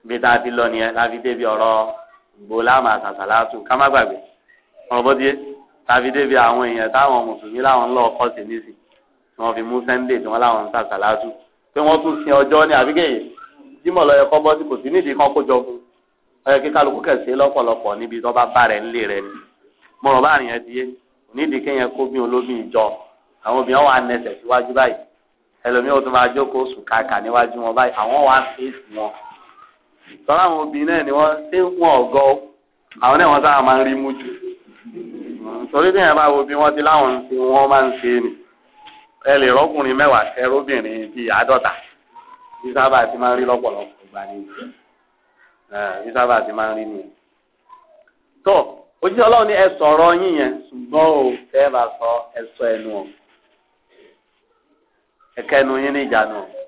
Speaker 1: bí tá a ti lọ nìyẹn láfi débi ọ̀rọ̀ gbòlámà àtàtàlátù ká má gbàgbé ọ̀rọ̀ bó díẹ̀ láfi débi àwọn èèyàn táwọn mùsùlùmí láwọn ńlọ ọkọ sí nísì tí wọ́n fi mú sẹ́ńdé tí wọ́n láwọn ń tàtàlátù pé wọ́n tún sin ọjọ́ ní àbíkẹ́yẹ jímọ̀ lọ́yẹ kọ́ bọ́ sí kò sí nídìí kan kó jọ fún ọyẹ kí kálukú kẹsì lọ́pọ̀lọpọ̀ níbi tó bá bá rẹ̀ ńlé rẹ̀ ni mo rọ̀ bá rìn ẹ́ di yé nídìí kéèyàn kó bí olómi ìjọ àwọn obìnrin wà nẹsẹ̀ síwájú báyìí ẹlòmíràn tó máa jókòó sùn káàkà níwájú wọn báyìí àwọn wà ń fèsì wọn sọ́ra àwọn obìnrin náà ni wọ́n ṣé wọn ọ̀gọ́ àwọn náà wọ́n sábà máa ń rí mú jù torí bí yẹn bá wo bí wọ́n ti láwọn ti wọ́n máa ń ṣe ni ẹ lè rọ́kùnrin mẹ́wàá kẹrọ obìnrin bíi àádọ́ta bí sábà ti máa ń rí lọ́pọ̀lọpọ̀ ìgbà ni bí sábà ti máa ń rí nìyẹn. tó òjíṣẹ́ ọlọ́run ní ẹ sọ̀rọ̀ yín yẹn ṣùgbọ́n o fẹ́ bá sọ ẹ ẹnu o ẹ̀kẹ́nu yín ní ìjánu o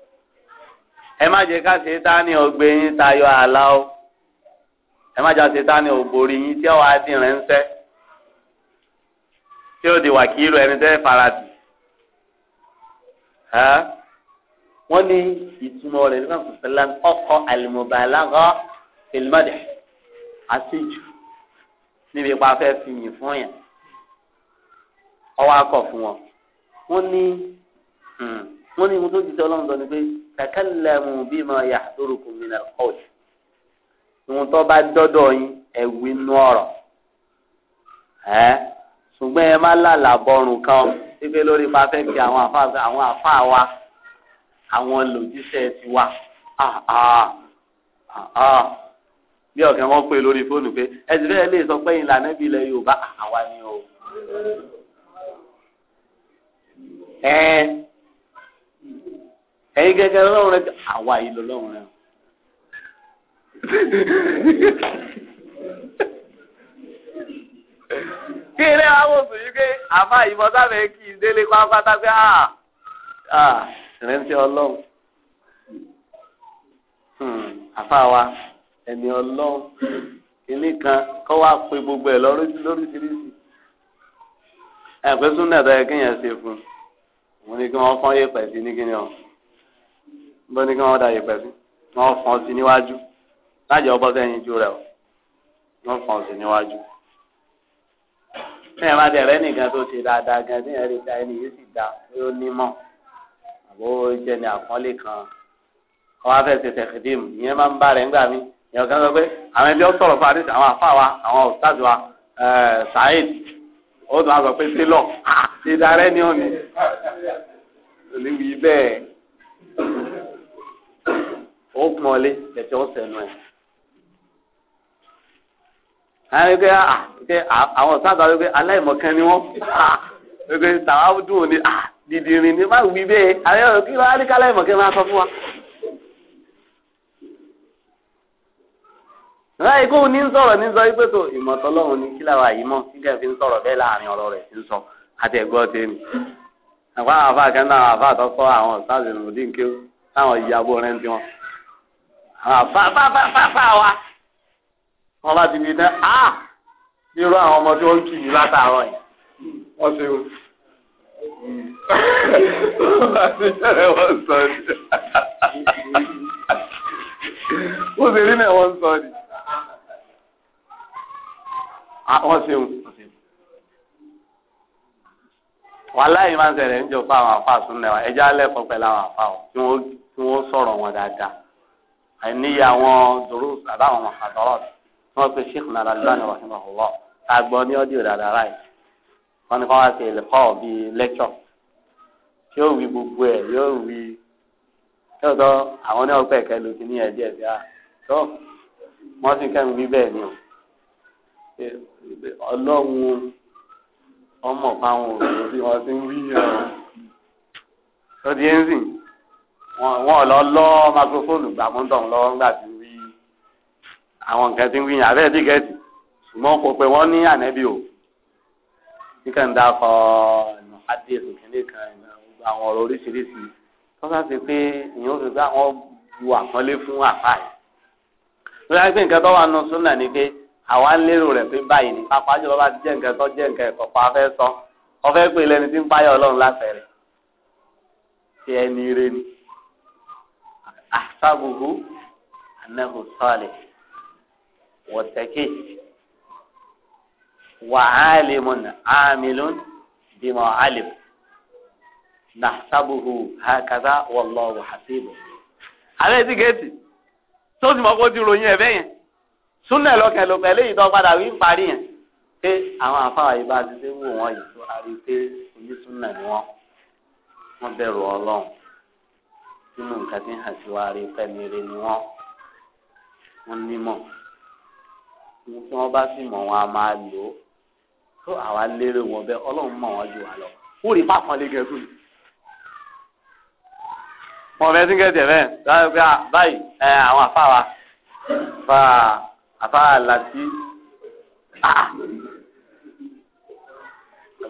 Speaker 1: ẹ má jẹ́ ká ṣètánì ọgbẹ́ yín tayọ àlá o ẹ má jẹ́ ṣètánì ògbórí yín tí ọwọ́ adìrẹ ń sẹ́ tí ó di wàkìlù ẹni tẹ́ farati wọ́n ní ìtumọ̀ rẹ̀ nígbà tó sẹ́lá ọkọ̀ àlùmọ̀bàlágọ́ fìlmọ́dẹ̀ àṣejù níbi ipa fẹ́ fi yìn fún yẹn ọwọ́ akọ̀ fún wọn wọ́n ní hmm, wọ́n ní ohun tó ti tẹ́ ọlọ́run sọ ni pé takallamu bima yahdurukum min al-qawl ìwọ̀n tó bá dọ́dọ̀ yín ẹ̀wí nú ọ̀rọ̀ ẹ́ ṣùgbọ́n ẹ má lálàbọ̀rùn kan pípé lórí máa fẹ́ fi àwọn àfa àwọn àfa wa àwọn lòjíṣẹ́ ti wa ah, ah, ah, bí ọ̀kẹ́ wọn pè lórí fóònù pé ẹ ti lè sọ pé ìlànà ìbílẹ̀ Yorùbá àwa ni o ẹ̀yin gẹ́gẹ́ lọ́rùn rẹ àwa yìí lọ́rùn rẹ. kí ilé wa wò sùn yìí pé àfa ìbọn sábẹ́ kì í délé pátápátá pé à ah, ah, ìrántí ọlọ́run hmm, àfa wa ẹni ọlọ́run ilé kan kọ́ wa pe gbogbo ẹ̀ lóríṣiríṣi ẹ̀ pé súnà tó yẹ kéèyàn ṣe fún un òun ni kí wọ́n fọ́n yé pẹ̀sì ní kíni ọ̀hún bó ní kí wọ́n da yẹ̀pẹ̀ sí wọ́n fọ́n sí níwájú lájẹ́ ọbọ̀ sẹ́yìn ju rẹ̀ o wọ́n fọ́n sí níwájú. sẹ́yìn bá tẹ̀rẹ́ nìkan tó ṣe dáadáa gan tí yẹn ta ẹni yìí sì dá ó nímọ̀ àbó jẹ́ ni àpọ́nlé kan ọba fẹ́ ṣe tẹ̀kídìm ìyẹn máa ń bá rẹ̀ ńgbà mí ìyẹn kan sọ pé àwọn ẹbí ó sọ̀rọ̀ fún àdìsí àwọn àfa wa àwọn òṣìṣàjò wa Saheed ó tún á sọ pé sílọ̀ ṣe darẹ́ ni ó ní. òní wí bẹ́ẹ̀ ó pọn ọ lé kẹ̀kẹ́ ó sẹnu àwọn ah, ah, ah, sábà wípé aláìmọ̀kan ni wọ́n wípé tàwa dùn ún ni dìdìrín ni má wí bẹ́ẹ̀ àwọn kí wọ́n á rí kálá ìmọ̀kan máa sọ fún wa. láì kóhun ní sọ̀rọ̀ ní sọ wípé tó ìmọ̀tọ́lọ́hún ni kíláwá yìí mọ̀ kíkẹ́ fi ń sọ̀rọ̀ bẹ́ẹ̀ láàrin ọ̀rọ̀ rẹ̀ ti ń sọ àti ẹ̀gbọ́n tèmi àwọn àfa kan náà àfa àtọ́kọ́ àwọn ọ̀sáàsì lòdì ń Ah, fáfáfáfáwa wọn bá ti ní dán á irú àwọn ọmọ tí wọn kì í látàárọ̀ yìí wọn ṣe o.
Speaker 2: Ó ṣe rí náà wọ́n sọ ni.
Speaker 1: Ah, wọ́n ṣe o wàláyé máa ń ṣẹlẹ̀ ń jọ fún àwọn àfa súnlẹ̀ wa ẹja lẹ́kọ̀ọ́ pẹ̀lú àwọn àfa wọn tí wọ́n sọ̀rọ̀ wọn dáadáa níyà àwọn dùrú àbáwọn muhadarat wọn pe sheikh Al-Albani rahimahullah àgbọn ní ọdí òdàdà ráì wọn ni wọn wá sí ẹlẹkọ bíi lẹkṣọ tí yóò wí gbogbo ẹ yóò wí yóò tọ àwọn ní ọgbẹ kẹlẹ ti ní ẹdí ẹdí à tó wọn sì kẹrin wí bẹ́ẹ̀ ni o Ọlọ́run ọmọ fáwọn òbí wọn ti ń wí ọ tó di ẹ ń sìn wọn lọ lọ makrofóònù gbàmúntàn lọ́wọ́ ńgbà tí wí àwọn nǹkan tí ń wí yàn abẹ́ẹ̀ tíkẹ́ẹ̀tì ṣùgbọ́n kò pé wọ́n ní ànẹ́bí o níkàn dá kọ ìmọ̀ adéṣù kìnní kan àwọn ọ̀rọ̀ oríṣiríṣi tó bá ti pé ìyẹn ó fi pé àwọn ju àpọ́nlé fún àpá yìí lórí àgbẹ̀ nǹkan tó wà nù súnà ni pé àwa ń lérò rẹ̀ pé báyìí ní pápá jùlọ bá jẹ́ nǹkan tó jẹ́ nǹkan ẹ̀kọ́ pa afẹ́ sọ ọfẹ́ pé lẹni tí ń páyọ̀ ọlọ́run láfẹ̀ẹ́ rẹ̀ ṣe ẹni ire ni àfàbùhù anahu sọ́ọ̀lì wọ̀tẹ́kì wàhálìmùn àmìlùn bímọ àlìm nàṣàbùhù hàkàdá wọlọ́wọ́ hàṣìbù. àbẹ́ ti géètì tó ti mọ̀ kó ti ròyìn ẹ̀ bẹ́yẹn súnlẹ̀ lọ́kẹ̀ ló pẹ̀lú ìtọ́ padà wí ń parí yẹn pé àwọn àfáà yìí bá ti ṣe wò wọ́n yìí tó a rí i pé onísúnlẹ̀ ni wọ́n wọ́n bẹ̀rù ọlọ́run nínú nǹkan tí ń hàn sí wa rí fẹ́mire ni wọ́n wọ́n nímọ̀ ní tí wọ́n bá sì mọ̀ wọn a máa lò ó tó àwa lérò wọn bẹ́ẹ̀ ọlọ́run mọ̀ wọ́n jù wá lọ ó rí pápán lé gẹ̀ẹ́sù ni. wọn fẹ́ sí gẹ̀ẹ́sì ẹ̀fẹ́ láti pé báyìí àwọn àfa wa fa àfa àlàtí àti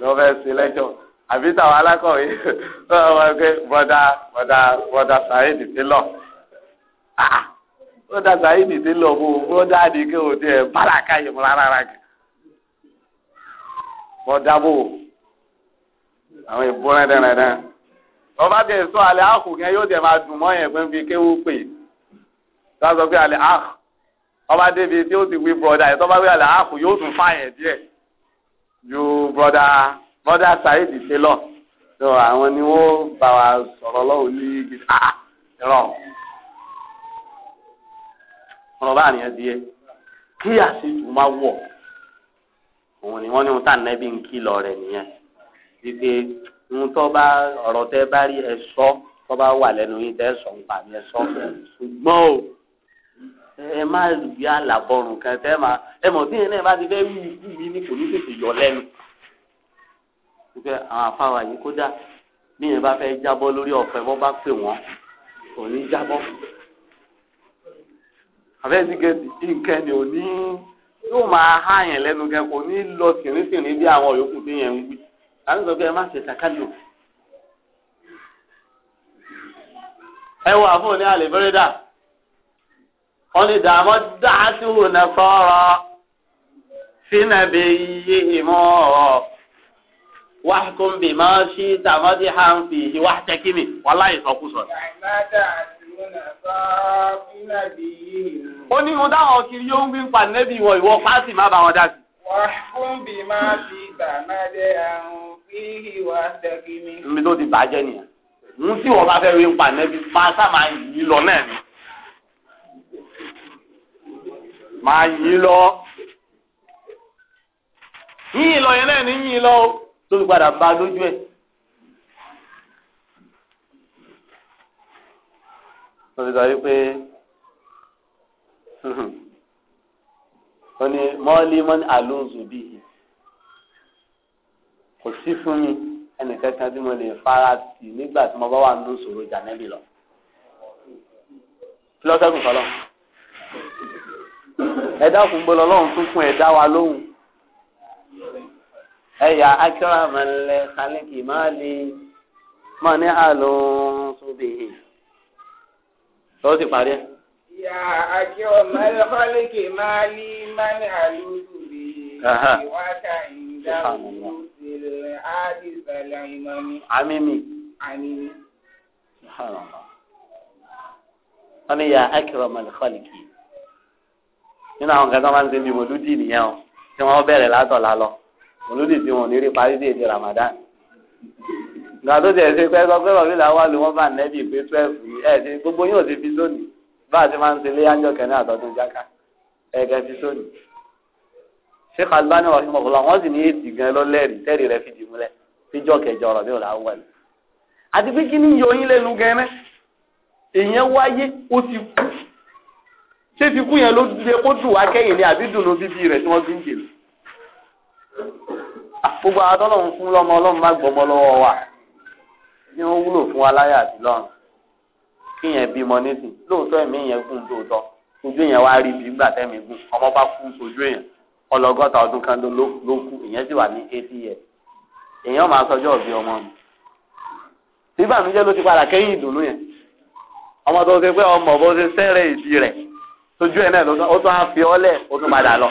Speaker 1: wọ́n fẹ́ ṣe lẹ́jọ́ àbí táwọn alákọ̀wé wọ́n pé bọ́dà bọ́dà bọ́dà Saheed ti lọ. Ah, bọ́dà Saheed ti lọ bó bọ́dà ni kí o ti ẹ̀ bára káyé mu rárá rà kì. bọ́dà bò àwọn ìbú rẹ́dẹ̀rẹ́dẹ́. bọ́bá tiẹ̀ sọ àlẹ́ àkù yẹn yóò tẹ̀ máa dùn mọ́ yẹn pé fi kéwú pè. sọ́sọ pé àlẹ́ àkù ọba débi tí ó ti wí bọ́dà yẹn tọ́ba wí àlẹ́ àkù yóò tún fà yẹn díẹ̀ ju bọ́dà mọ́dà Saheed ṣe lọ tó àwọn ni wọ́n bá wa sọ̀rọ̀ lọ́wọ́ ní gidi ah, ah rọ ọ̀rọ̀ bá nìyẹn di yẹ kí àṣejù máa wọ̀ òun ni wọ́n ní ohun tá nẹ́bí ń kí lọ rẹ̀ nìyẹn wípé ohun tó bá ọ̀rọ̀ tẹ́ bá rí ẹ sọ tó bá wà lẹ́nu yín tẹ́ sọ nípa mi ẹ sọ ṣùgbọ́n o ẹ má rí àlàbọ̀rùn kan tẹ́ ẹ mọ̀ tí yẹn náà bá ti fẹ́ wí ikú mi ní kò ní tètè yọ lẹ́nu wípé àwọn afáwa yìí kódà bí yẹn bá fẹ́ jábọ́ lórí ọ̀pẹ bọ́ bá pè wọ́n kò ní jábọ́ àfẹ́sí gẹ̀ẹ́sì tí nǹkan ni ò ní yóò máa há yẹn lẹ́nu gan kò ní lọ sìnrìnsìnrìn bí àwọn yòókù tí yẹn ń wí láti sọ pé ẹ má ṣe sàkálò. ẹ wọ àfọ̀n ní alẹ́ bẹ́rẹ̀ dà wọ́n lè dààmú dáhàtì wò ná sọ̀rọ̀ sínú ẹ̀bẹ̀ iye ìmọ̀ ọ̀ wàhùkùn bí máa ṣí tàmádì hàn fi ìwà tẹkínì wàlá ìsọkúsọ. ó ní mo dáhùn kiri yóò ń gbé pa nẹ́bí ìwọ ìwọ pàṣẹ má bàa wọn dá sí.
Speaker 3: wàhùkùn bí máa ṣí tàmádì hàn fi ìwà tẹkínì. mi ló ti
Speaker 1: bàjẹ́ nìyẹn mo sì wọ́n bá fẹ́ wí pa nẹ́bí máa sá yí lọ náà ni.
Speaker 2: máa yí lọ.
Speaker 3: yín lọ yẹn náà ní yín lọ o
Speaker 1: tó fi padà bá lójú ẹ̀. wọ́n ti sọ wípé wọ́n ní mọ́ọ́lí mọ́ọ́lí àlóńzù bíi kò sí fún mi ẹnìkankan tí mo lè fara tì nígbà tí mo bá wà nínú ìṣòro jàǹdẹ́bì lọ.
Speaker 2: filọ́sẹ́kùn fọlọ́ ẹ̀dá òkùnkùn
Speaker 1: lọ́lọ́run tún fún ẹ̀dá wa lóhùn ẹ̀yà akérèmọ́lẹ̀ kálíkì máa lè mọ́ ní àlùsùn bìhì tó ti parí ẹ̀.
Speaker 3: ìyá akérèmọ́lẹ̀ kálíkì máa lè mọ́ ní àlùsùn bìhì ìwádà ìdáhùn ìṣẹ̀lẹ̀ àdìsẹ̀lẹ̀ ìmọ̀ni. àmìmì. àmìmì.
Speaker 2: wọ́n ní ìyá
Speaker 1: akérèmọ́lẹ̀ kálíkì nínú àwọn kan tó máa ń ṣe bí nìyẹn o tí wọ́n bẹ̀rẹ̀ látọ̀ lálọ́ olódì tí wọn lérí parí dé ti Ramadan gbà tó tẹ̀ ṣe pẹ́ẹ́sọ pé rọ̀bì làwọn àlè wọn bá nẹ́bì pé twelve ni ẹ̀ ṣe gbogbo yóò ti fi sóni bá a ti máa ń ṣe léyàjọ kẹ́ni àtọ́dún jáká ẹ̀ẹ́dẹ́ fi sóni. ṣé kalibani wà fún ọ̀pọ̀lọpọ̀ wọ́n sì ní èsì gan lọ́lẹ́rìí tẹ́rì rẹ fìdí múlẹ̀ síjọ́ kẹjọ ọ̀rọ̀ bí ò láwọ̀ ẹ̀. àti pé kí ni yọyín lẹ́nu gẹ́rẹ́ èèyàn wáyé ó ti kú ṣé ti kú yẹn ló dúró kó dùn wá kẹ́yìn ni àbí dùn ló bíbí rẹ̀ tí wọ́n fi ń jèrè gbogbo àtọ́lọ́run fún lọ́mọ ọlọ́run má gbọ́mọ lọ́wọ́ wa ni wọ́n wúlò fún wa láyà àti lọ́run kí yẹn bímọ nísìn lóòótọ́ ẹ̀mí yẹn gùn lóòótọ́ ojú yẹn wá rí bí gbà tẹ́mi gùn ọmọ bá kú ojú yẹn ọlọ́gọ́ta ọdún kan ló kú ìyẹn sì wà ní eighty years èèyàn máa sọjọ́ ọ̀bí ọmọ mi síbànújẹ́ ló ti padà kẹ́yìn ìdùnnú yẹn ọmọ tó ṣe pé ọmọ bó ṣe sẹ́rẹ̀ ìdí rẹ̀ tójú ẹ̀ náà ó tún á fi ọ́lẹ̀ ó tún padà lọ.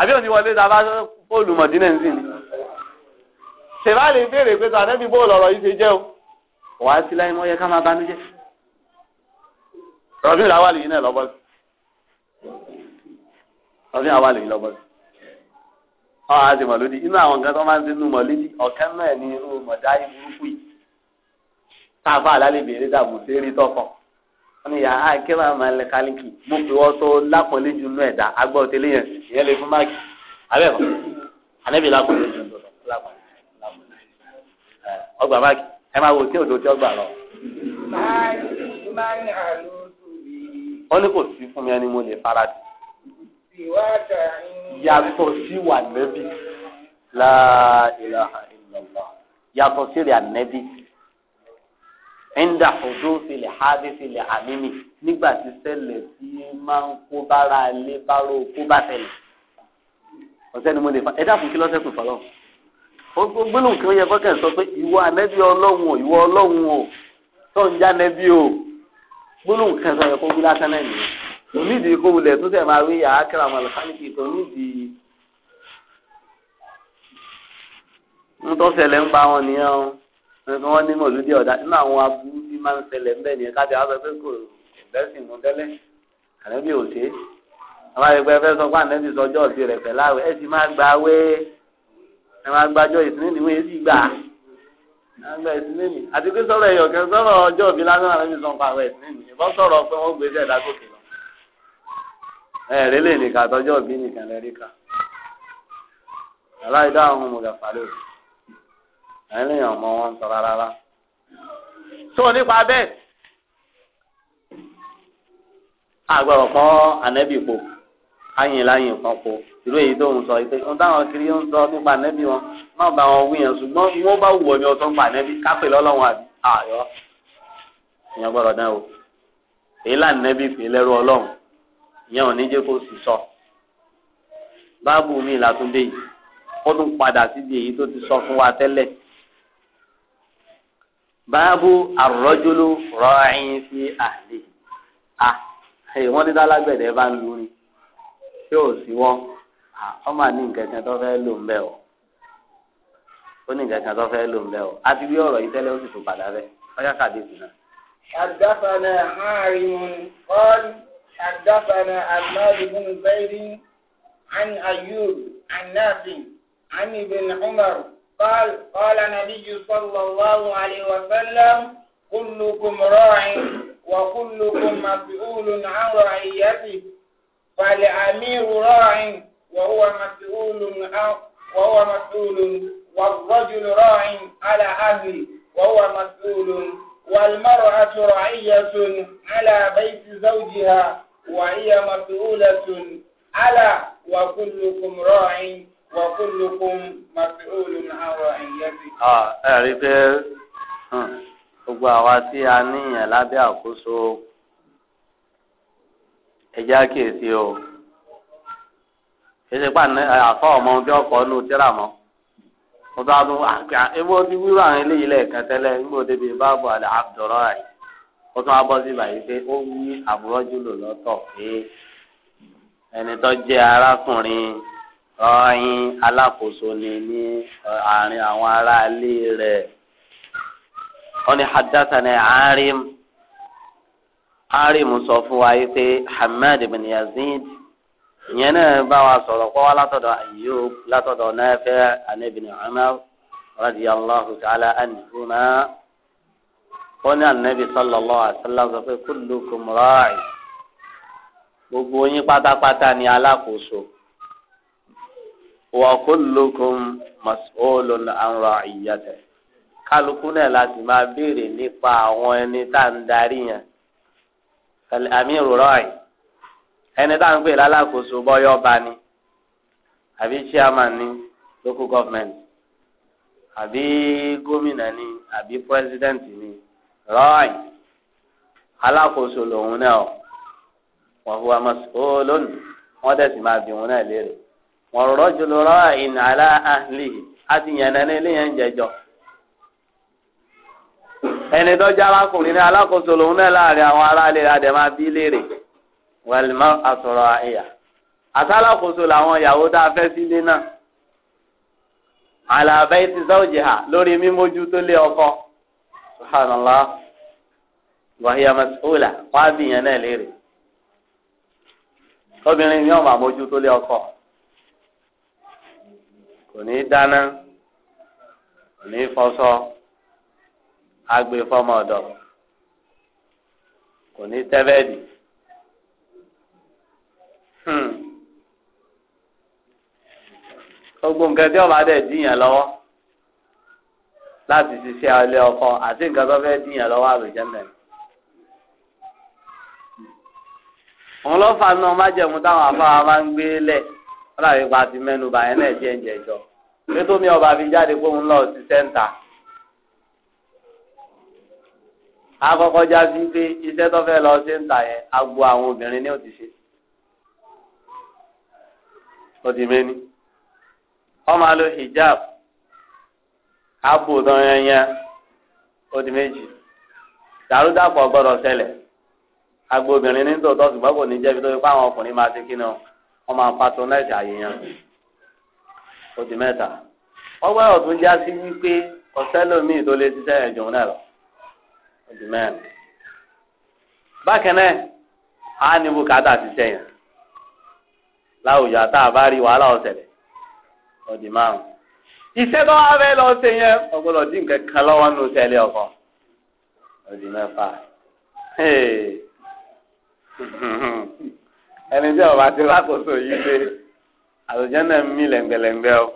Speaker 1: àbí òní wọlé ta bá bóòlù mọ̀dínà ń sìn ni ṣèbá lè béèrè pé tàbí bí bóòlù ọ̀rọ̀ yìí ṣe jẹ́ o wàá sí láyé wọ́n yẹ ká máa banújẹ́ rọ̀bí làwọn àlè yìí náà lọ́bọ̀ rọ̀bí àwọn àlè yìí lọ́bọ̀ ọ̀ àti mọ̀lódì inú àwọn nǹkan tó máa ń sinú mọ̀lódì ọ̀kan náà ni irú mọ̀dá ìburúkú yìí táàfà àlálẹ̀ béèrè dàbò sí eré tọkàn ní a á kíra máa lẹ kálíkì mo fi wọ́n tó lápọ̀lé ju nú ẹ̀dá agbọ́ tẹ́lẹ̀ yẹn ìyẹn lè fún máàkì abẹ́ kọ́
Speaker 2: ànábì lápọ̀lé ju nú lápọ̀lé
Speaker 1: ọgbà máàkì ẹ máa wò sí òdo tí ọgbà lọ. ó ní kò sí fún mi ẹni mo lè fara
Speaker 3: dì. yàtọ̀
Speaker 1: sí wà nẹ́bí la ilaha illallah yàtọ̀ sí rẹ̀ ànẹ́bí ẹ̀ńdà ọdún filẹ̀ hábí filẹ̀ àmìmì nígbà tí ṣẹlẹ̀ tí máa ń kó bára lé báró kó bá tẹ̀lé ọ̀sẹ̀ ni mo lè fa ẹ dákun kí lọ́sẹ̀ kù fọlọ́ gbólóhùn kí wọ́n yẹ fọ́kàn sọ pé ìwọ ànẹ́bí ọlọ́run o ìwọ ọlọ́run o tó ń já nẹ́bí o gbólóhùn kan sọ yẹ kó wúlá sánà nìyẹn onídìí kó wulẹ̀ tó tẹ̀ máa rí àákàrà àwọn àlùfáàlìkì tó nídìí ń tọ́ ṣẹlẹ̀ ń pa wọn nìyẹn o pé wọ́n ní mọ̀lúdí ọ̀dà nínú àwọn aburú tí máa ń ṣẹlẹ̀ ń bẹ̀ ní káàdì àwọn pé kò ìbẹ́sìn mú tẹ́lẹ̀ ànábì ò ṣe é àwọn àgbẹ̀ fẹ́ sọ pé ànábì sọjọ́ ọ̀sì rẹ̀ pẹ̀lú àwẹ̀ ẹ ti máa gba awẹ́ ẹ máa gbàjọ ìsinmi ni wọ́n sì gbà àgbà ìsinmi ni àti pé sọ̀rọ̀ ẹ̀yọ̀ kẹ́ sọ̀rọ̀ ọjọ́ òbí lásán ànábì sọ pa àwẹ̀ ìsinmi ni ìbọn sọ̀rọ̀ pé wọ́n gbé sẹ́ẹ̀dá gòkè lọ ẹ̀ẹ́rẹ́ lè nìkan àtọ́jọ́ òbí nìkan lẹ́ríkà
Speaker 2: aláìdá àwọn
Speaker 1: ọmọ ẹni ọmọ wọn ń sọ rárá tó nípa bẹ́ẹ̀ agbọrọ kan anabi po ayin láyìn kan po ìlú èyí tó ń sọ ìpè ohun táwọn kiri ń sọ nípa anabi wọn má bá wọn wí yẹn ṣùgbọ́n wọn bá wù ọ ní ọtọ́ nípa anabi kápẹ́ lọ́lọ́wọ́n àbí àyọ́ ìyẹn gbọ́dọ̀ dán o èyí là nẹ́bí pè lẹ́rú ọlọ́run ìyẹn ò ní jẹ́ kó sì sọ báàbù mi làtúndé yìí ó tún padà síbi èyí tó ti sọ fún wa tẹ́lẹ̀ báàbù àrọ́júlù rọ́ọ̀yìn sí àlè à wọ́n ní dálágbẹ̀dẹ bá ń lu ni ṣé ò sí wọ́n ọmọ àní nǹkan kan tó fẹ́ lò ń bẹ̀ ọ́ ó ní nǹkan kan tó fẹ́ lò ń bẹ̀ ọ́ àti bí ọ̀rọ̀ yìí tẹ́lẹ̀ ó sì tún padà bẹ́ẹ̀ ọjà kàdé sí náà.
Speaker 3: حدثنا حارم قال حدثنا عماد بن زيد عن أيوب عن نافع عن ابن عمر قال قال النبي صلى الله عليه وسلم كلكم راع وكلكم مسؤول عن رعيته فالأمير راع وهو مسؤول وهو مسؤول والرجل راع على أهله وهو مسؤول والمرأة رعية على بيت زوجها وهي مسؤولة على وكلكم راع wà kullukum mas'ulun àwọn ìyẹ́sì.
Speaker 1: ẹ rí i pé hmm, gbogbo àwa tí a níyàn lábẹ́ àkóso ẹja kíyèsí o èsì pa àfọ ọmọ bí ọkọ nù tíra mọ mo bá bọ àgbà ebo ti wíwọ àwọn eléyìí lẹ́ẹ̀kan tẹ́lẹ̀ nígbà òde bíi báàbò àlẹ àbùdọrọ ẹ ó tún wá bọ sí báyìí pé ó wí àbúrọjú lò lọ́tọ̀ pé ẹni tó jẹ́ arákùnrin ọ̀yin alákòóso ni ní àárín àwọn aráalé rẹ̀ wọ́n ní hadathani arim arim sọ fún wa yìí pé hamad bin yazid ìyẹn náà bá wa sọ̀rọ̀ pọ́ wá látọ̀dọ̀ ayub látọ̀dọ̀ nafi' ani bin umar radiyallahu ta'ala anhuma wọ́n ní anabi sallallahu alaihi wasallam sọ pé kullukum ra'i gbogbo yín pátápátá ni alákòóso wa kullukum mas'ulun an ra'iyatihi kálukú náà láti máa béèrè nípa àwọn ẹni tá à ń darí yẹn al-amiru ra'i ẹni tá à ń pè lálákòóso bọ́yọ̀ ni àbí chairman ni local government àbí gómìnà ni àbí president ni ra'i alákòóso lòun náà wa huwa mas'ulun wọ́n dẹ̀ sì máa bí náà léèrè. wọ̀rọ̀rọ̀ jùlọ rọ ìnàlá àhìlì àti yànnà ní ilé yẹn jẹjọ. ẹni láàrin àwọn aráàlú adẹ̀ máa bí léèrè wẹ̀lìmọ́ àsọ̀rọ̀ àìyà. àtàlákòóso làwọn ìyàwó tá a fẹ́ sílé ọkọ. subhanallah na obìnrin le ọkọ. kò ní dáná kò ní fọṣọ agbe fọmọ ọ̀dọ̀ kò ní tẹbẹẹdì hmm. gbogbo nǹkan tí ọba dẹ̀ dìyàn lọ́wọ́ láti ṣiṣẹ́ ilé ọkọ àti nǹkan tó fẹ́ dìyàn lọ́wọ́ àbẹ̀jẹ̀ mẹ́rin. òun ló fa náà májẹ̀mú táwọn afárá máa ń gbé lẹ̀ wọn àbí pa ti mẹ́nu bà yẹn náà jẹ́ ǹjẹ́ jọ pétó ọba fi jáde kó ń lọ sí sẹ́ńtà akọ́kọ́ já sí pé tó lọ yẹn agbo àwọn obìnrin ní òtí hijab abo òtí méjì dàrúdàpọ̀ agbo obìnrin ní tòótọ́ ṣùgbọ́n kò ní jẹ́ bí tó fi pa àwọn ọkùnrin máa ṣe wọ́n máa patronize àyè yẹn ó di mẹ́ta wọ́n gbọ́dọ̀ tún já sí wípé ọ̀sẹ́lómi tó lè ṣiṣẹ́ ẹ̀jọ̀ náà lọ ó di mẹ́rin bákan náà á ní bùkátà ṣiṣẹ́ yẹn láwùjọ àtà àbárí wàhálà ọ̀sẹ̀lẹ̀ ó di márùn iṣẹ́ tó wá fẹ́ lọ ṣe yẹn ọgbọ́dọ̀ dín nǹkan kan lọ́wọ́ nù sẹ́lẹ̀ ọkọ ó di ẹni tí ọba ti lákòóso yìí pé àlùjànnà ń mí lẹ́ngbẹ̀lẹ́ngbẹ́ o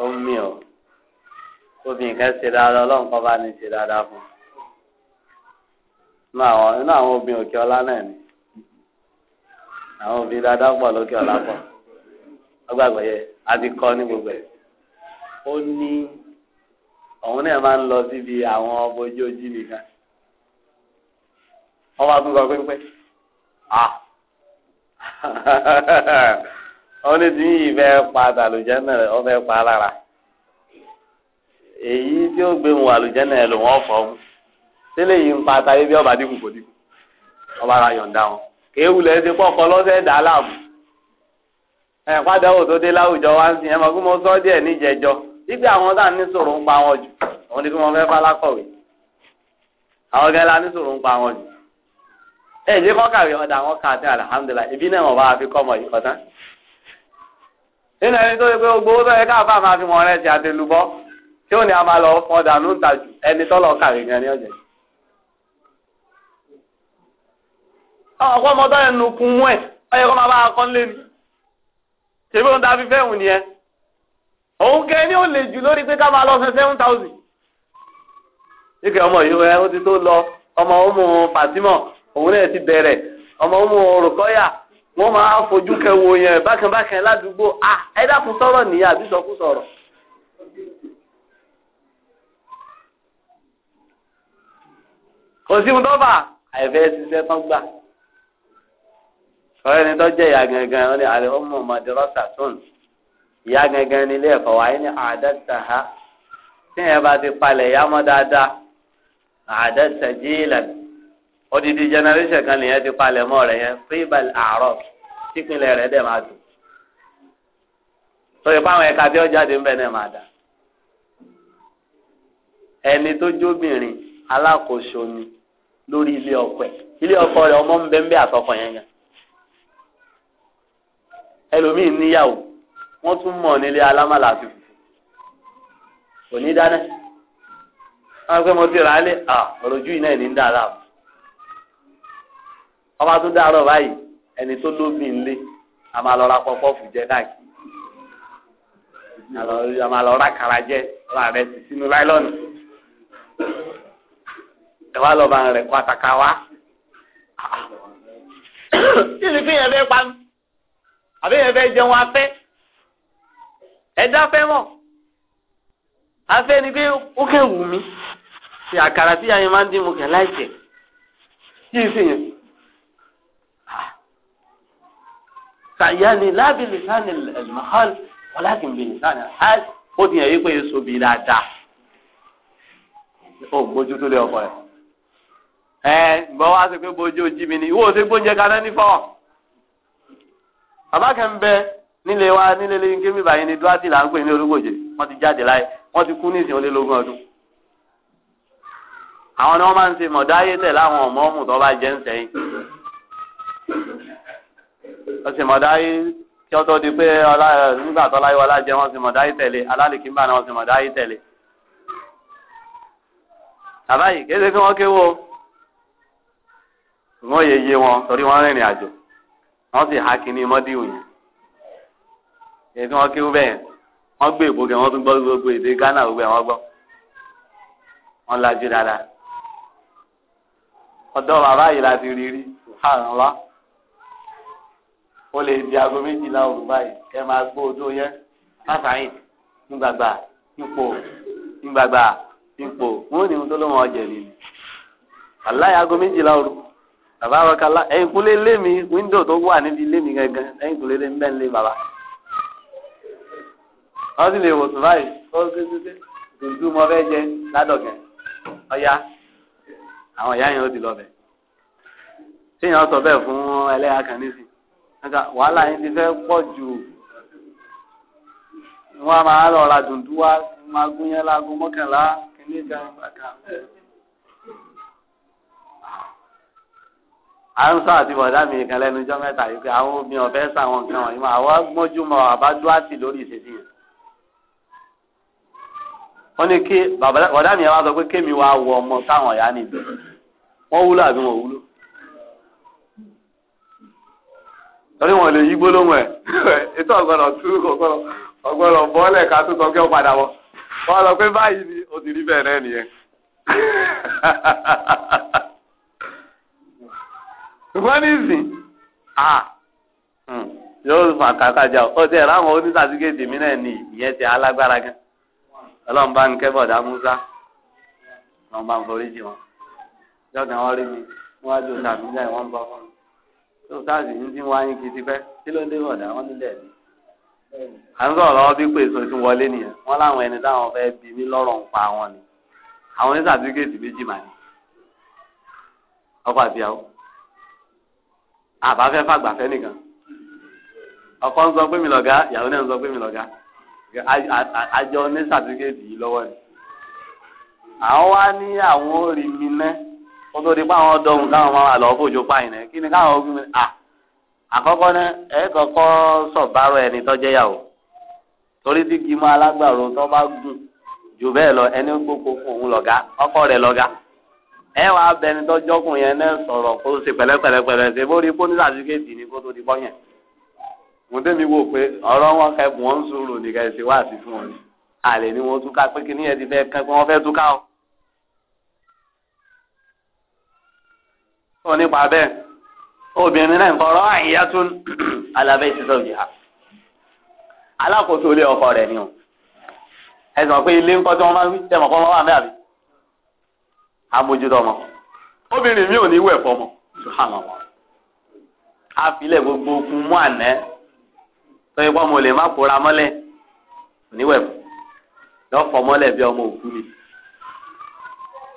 Speaker 1: ó ń mí o obìnrin kan ṣe dáadáa ọlọ́run kan bá ní ṣe dáadáa fún un inú àwọn obìnrin òkè ọlá náà ni àwọn obìnrin dáadáa pọ̀ lókè ọlá pọ̀ ọgbàgbọ́ yẹ a ti kọ́ ní gbogbo ẹ̀ ó ní òun náà máa ń lọ síbi àwọn ọmọ ojú ojú nìkan wọ́n bá tún sọ pé pé. wọ́n ah. ní tí yìí fẹ́ pa àlùjẹ́nà fẹ́ pa lára èyí tí ó gbé wọn àlùjẹ́nà rẹ̀ ló wọ́n fọ́ mu sílẹ̀ yìí ń pa ọba dínkù kò dínkù ọba ara yọ̀ǹda wọn kéwù lẹ́ ti kọ́kọ́ lọ́sẹ̀ dà láàmú ẹ̀ tó dé láwùjọ wá ń sìn ẹ̀ mo sọ díẹ̀ àwọn tá ní ń pa wọn jù àwọn ni wọ́n fẹ́ àwọn ní ń pa ẹ jẹ́ kọ́ kàwé ọ̀dà àwọn kà sí alihamudulila ibi náà wọ́n bá fi kọ́ mọ̀ yìí kọ́tán. nínú ẹni tó yẹ pé gbogbo owó tó yẹ káfá máa fi mọ ọrẹ ti àtẹlúbọ tí ò ní a máa lọ fọ dànù ń tàjù ẹni tọ́lọ̀ kàwé gan ni ọ̀jẹ̀. ọ̀pọ̀ ọmọdé ẹnu kun mú ẹ̀ ọyẹ kó máa bá akọ́ nílé mi. ṣèbí òun ta fi fẹ́hùn nìyẹn. òun kẹ́ ni ó lè jù lórí pé ká máa lọ sẹ́ seven thousand. ìkẹ́ ọmọ òun náà ti bẹ̀rẹ̀ ọmọ ọmọ òrùkọ́yà wọ́n máa fojú kẹwo yẹn bákẹ́bákẹ́ ládùúgbò à sọ̀rọ̀ nìyà àbí sọkún sọ̀rọ̀. kò sí àìfẹ́ ṣiṣẹ́ tán gbà. ẹni tó jẹ́ ìyá gangan ó ní àlẹ́ odidi generation kan nìyẹn ti palẹ̀ mọ́ rẹ̀ yẹn tribal àárọ̀ típínlẹ̀ rẹ̀ dẹ̀ máa dùn sọ yìí fáwọn ẹ̀ka tí ó jáde ń bẹ̀ náà máa dà ẹni tó jóbìnrin alákòóso ni lórí ilé ọkọ ẹ̀ ilé ọkọ rẹ̀ ọmọ ń bẹ ń bẹ àtọkọ yẹn yẹn ẹlòmíì níyàwó wọ́n tún mọ̀ nílé alámàlà àti fùfú kò ní dáná wọ́n pẹ́ mo ti rà á lé à ojú iná ẹ̀ ní dáadáa ọba tó dàrọ báyìí ẹni tó lóbi ńlé a máa lọ ra pọpọfù jẹ káàkiri a máa lọ ra kàrà jẹ ra rẹ sí sínú láìlọ́nù ẹ wá lọ bá rẹ kó àtàkà wá. kí ni fi yẹn fẹ́ pa mí àbí yẹn fẹ́ jẹun afẹ́ ẹ̀dá fẹ́ mọ̀ afẹ́ ni pé ó kẹ́ wù mí ṣe àkàrà tí yàrá máa ń dín mu kẹ́ láìsẹ̀ kí n sì yẹn. يعني لا sáni المخال ولكن bìlì sáni ẹ̀hán ó ti yẹ wípé èso bìí dáadáa ó gbójú tó lé ọkọ rẹ̀ ẹ bọ́ wá sí pé bójú ojí mi ni ìwọ òsè gbóúnjẹ kaná ní fọ́ bàbá kan bẹ nílé wa nílé lẹ́yìn kémi báyìí ni dúrátì là ń pè ní olúgbòjè wọ́n ti jáde láyé wọ́n ti kú ní ìsìn olélógún ọdún àwọn ni wọ́n máa ń ṣe mọ̀dáyé tẹ̀ láwọn ọmọ ọmọ tó bá jẹ́ ń sẹ́yìn wọ́n sì mọ̀dá yìí kí wọ́n tó di pé nígbà tó láyé wọlá jẹ wọ́n sì mọ̀dá yìí tẹ̀lé alálìkí ń bà náà wọ́n sì mọ̀dá yìí tẹ̀lé. bàbá yìí kéde kí wọ́n kéwò wọ́n yẹ yé wọn torí wọ́n rìnrìn àjò wọ́n sì há kínní mọ́díwù yẹn kéde kí wọ́n kéwò bẹ́ẹ̀ wọ́n gbé ìbò kẹ́ wọ́n tún gbọ́ gbogbo èdè Ghana gbogbo ẹ̀ gbọ́ wọ́n lajú dáadáa ọ̀dọ́ bàbá yìí láti rí rí subhanallah o lè di aago méjìlá òru báyìí kẹ máa gbó odó yẹn láfàáyìn nígbàgbà ipò nígbàgbà ipò wọn ò ní ohun tó ló wọn ọjẹ nìyí aláya aago méjìlá òru bàbá àwọkálá ẹ̀yin kúlé lé mi wíńdò tó wà níbi lé mi gangan ẹ̀yin kúlé lé mi bẹ́ẹ̀ lé bàbá
Speaker 2: wọn sì lè wò sùn báyìí ó kékeré
Speaker 1: tuntun mọ fẹ́ jẹ ládọ̀gẹ́ ọ̀ya àwọn ìyá yẹn ó ti lọ bẹ̀ ṣé yẹn sọ bẹ́ẹ̀ fún ẹlẹ́yà kan nísìn wàhálà yín ti fẹ́ pọ̀ jù wọ́n á máa lọ ra dùndú wá máa gún yẹn láago mọ́kànlá kìíní ìjà bàtà. à ń sọ àti bọ̀dá mi kan lẹ́nu ijọ́ mẹ́ta yìí pé àwọn obìnrin ọ̀fẹ́ sàwọn nǹkan wọ̀nyí máa wá gbọ́njú mọ́ àbájú àti lórí ìṣesí yẹn. wọ́n ní kí bọ̀dá mi yẹn wá sọ pé kémi wá wọ ọmọ táwọn ọ̀yá nìbí wọ́n wúlò àbí wọn wúlò. torí wọn lè yí gbólóhùn ẹ̀ ètò ọ̀gbọ́dọ̀ tú ọ̀gbọ́dọ̀ bọ́ọ̀lẹ̀ ká tó sọ kí ó padà wọ wọn lọ pé báyìí ni ó ti rí bẹ́ẹ̀ náà nìyẹn. ṣùgbọ́n nísìn hmm, yóò fà kàkàjà ó ti ẹ̀rọ àwọn onísàtìkéjì mi náà ní ìyẹn ti alágbára gan ọlọ́run bá ń kẹ́ bọ̀dá Musa wọn bá ń forí jì wọn jọ́gàn wọn rí mi níwájú tàbí jáì wọn bọ́ fún mi tó sáàsì ń dín wáyé kí ti fẹ́ kí ló ń dé ọ̀dà wọn
Speaker 3: nílẹ̀ ni. à ń sọ̀rọ̀ lọ́wọ́ bí pèsè ti wọlé
Speaker 1: nìyẹn wọ́n láwọn ẹni táwọn fẹ́ bí mí lọ́rọ̀ ń pa wọn ni àwọn ní sàtífíkèsì méjì mà ní ọkọ àbíyáwó àbáfẹ́ fàgbàfẹ́ nìkan ọkọ ń sọ pé mi lọ̀gá ìyàwó náà ń sọ pé mi lọ̀gá àjọ ní sàtífíkèsì yìí lọ́wọ́ ni àwọn wá ní àwọn orí mi náà wọn tó di pé àwọn dọ̀hún káwọn máa wà lọ́wọ́ bójú pa ìnẹ́ kí ni káwọn ogun mi à àkọ́kọ́ náà ẹ kọ́kọ́ sọ̀bárò ẹni tọ́jẹ́ yàwó torí tí gímọ̀ alágbàro tó bá gùn jù bẹ́ẹ̀ lọ ẹni gbogbo fún òun lọ́gá ọkọ rẹ̀ lọ́gá ẹ wàá bẹni tọ́jọ́kùn yẹn náà sọ̀rọ̀ kó o ṣe pẹ̀lẹ́pẹ̀lẹ́pẹ̀lẹ́ ṣe bórí kó ní sàtífíkẹ́tì ni kó tó di bọ́yẹn mo débi wò pé ọ̀rọ̀ wọn kẹ́ bùn wọn ń sùúrù nìkan ẹ̀ ṣe wá àti fún wọn ni àlè ni wọn túká pé kí ni ẹ ti fẹ́ kẹ́ pé wọ́n fẹ́ túká o. ó nípa bẹ́ẹ̀ obìnrin náà nǹkan ọ̀rọ̀ àyíyá tún alábẹ́ ìṣiṣẹ́ òjì ha alákòóso ilé ọkọ rẹ̀ ni o ẹ̀sìn pé ilé ńkọ́ tí wọ́n máa ń wí tẹ̀mọ̀ kọ́ wà ní àbí amójútó ọmọ obìnrin mi ò ní wẹ̀ fọmọ gbogbo okun mú àná tó má kóra mọ́lẹ̀ níwẹ̀ bí ọmọ òkú mi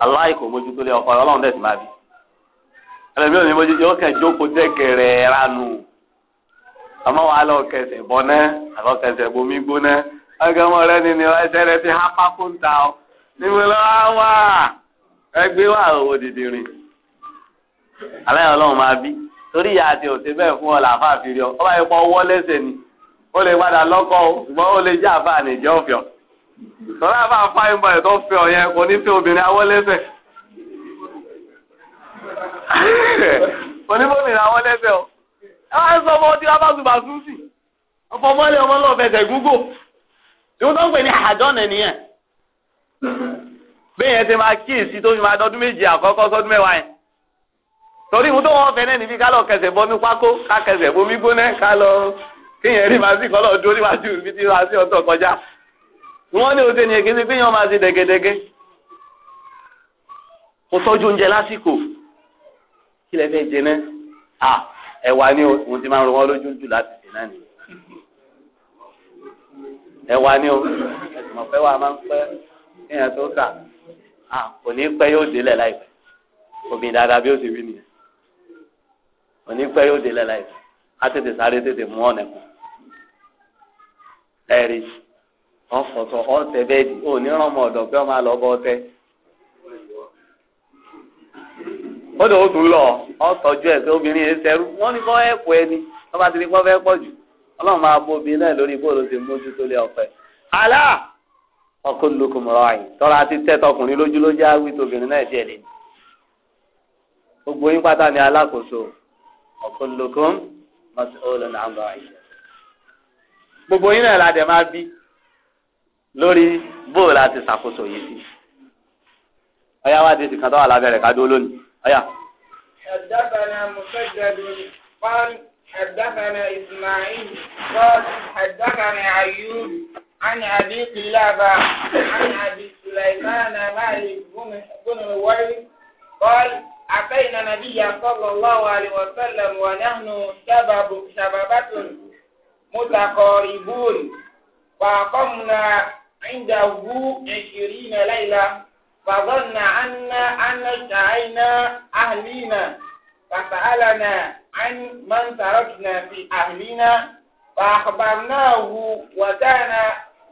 Speaker 1: aláìkò ẹlẹ́mi òní mojú yóò kẹ́ jókòó tẹ́kẹ̀rẹ́ ranu àmọ́ wàá lọ kẹsẹ̀ bọ́ náà àlọ́ kẹsẹ̀ bomi gbóná agẹmọ rẹ ni ni ẹsẹ̀ rẹ ti há pákó ń ta ọ níbo lọ wá ẹgbẹ́ wà owó dìde rìn alẹ́ ọlọ́run máa bí torí ìyá àti òsè bẹ́ẹ̀ fún ọ làáfà àfihàn ọ ọba ìpọ̀ ọwọ́ lẹ́sẹ̀ ni ó lè padà lọ́kọ̀ o ṣùgbọ́n ó lè jẹ́ àfa àníjẹ́ ọ̀fíọ́ tọ́lá àfa fáyín bọ̀ ẹ̀ tó fẹ́ ọ yẹn kò ní fẹ́ obìnrin awọ́ oníbòmìnira wọn lẹ́sẹ̀ o ẹ wá sọ ọmọ ọdí wàá bá sí ọ̀pọ̀ mọ́lẹ̀ ọmọ náà fẹsẹ̀ gúgò ìwọ tó ń pè ní àjọ́nà nìyẹn bẹ́ẹ̀ yẹn ti máa kíyèsí tó fi máa dọ́dún méje àkọ́kọ́ sọ́dún mẹ́wàá yẹn torí ìwọ tó wọ́n fẹ́ náà níbi ká kẹsẹ̀ bọ́ mi pákó ká bomi gbóná ká kéèyàn rí màá sì kọ́ kí lẹ fẹ́ jẹ náà à ẹ̀wà ni mo ti máa ń ro lójú jù láti sè náà nìyẹn ẹ̀wà ni o ẹ̀sìn ọ̀fẹ́ wa máa ń pẹ́ èèyàn tó kà à kò ní pẹ́ yóò délẹ̀ láìpẹ́ omi dáadáa bí ó ti wí nìyẹn kò ní pẹ́ yóò délẹ̀ láìpẹ́ á tètè sáré tètè mú ọ̀nà kù ẹ̀rí ọ̀fọ̀tọ̀ ọ̀tẹ̀ bẹ́ẹ̀dì ò ní rán ọmọ ọ̀dọ̀ pé ọmọ àlọ́ bọ́ ọtẹ́ ó lè oṣù lọ ọ tọjú pé obìnrin yẹn ṣẹrú wọn ní kọ́ ẹ̀kọ́ ẹni wọn bá ti ní kọ́ fẹ́ pọ̀ jù ọlọ́run máa bó obìnrin náà lórí bóòlù ti mójú tó lé ọ̀fẹ́. ọkọ lóko mọ̀rọ̀ àyìn tọ́ra ti tẹ́ tọkùnrin lójú ló já wí tóbìnrin náà gbogbo yín pátá la máa bí lórí bóòlù àti ṣàkóso yìí sí. wa di wà أيا
Speaker 3: حدثنا مسدد قال حدثنا إسماعيل قال حدثنا أيوب عن أبي قلابة عن أبي سليمان مالك بن الويل قال أتينا النبي صلى الله عليه وسلم ونحن شباب شبابة متقاربون فأقمنا عنده عشرين ليلة فظن عنا أن اشتعينا أهلينا فسألنا عن من تركنا في أهلنا فأخبرناه وكان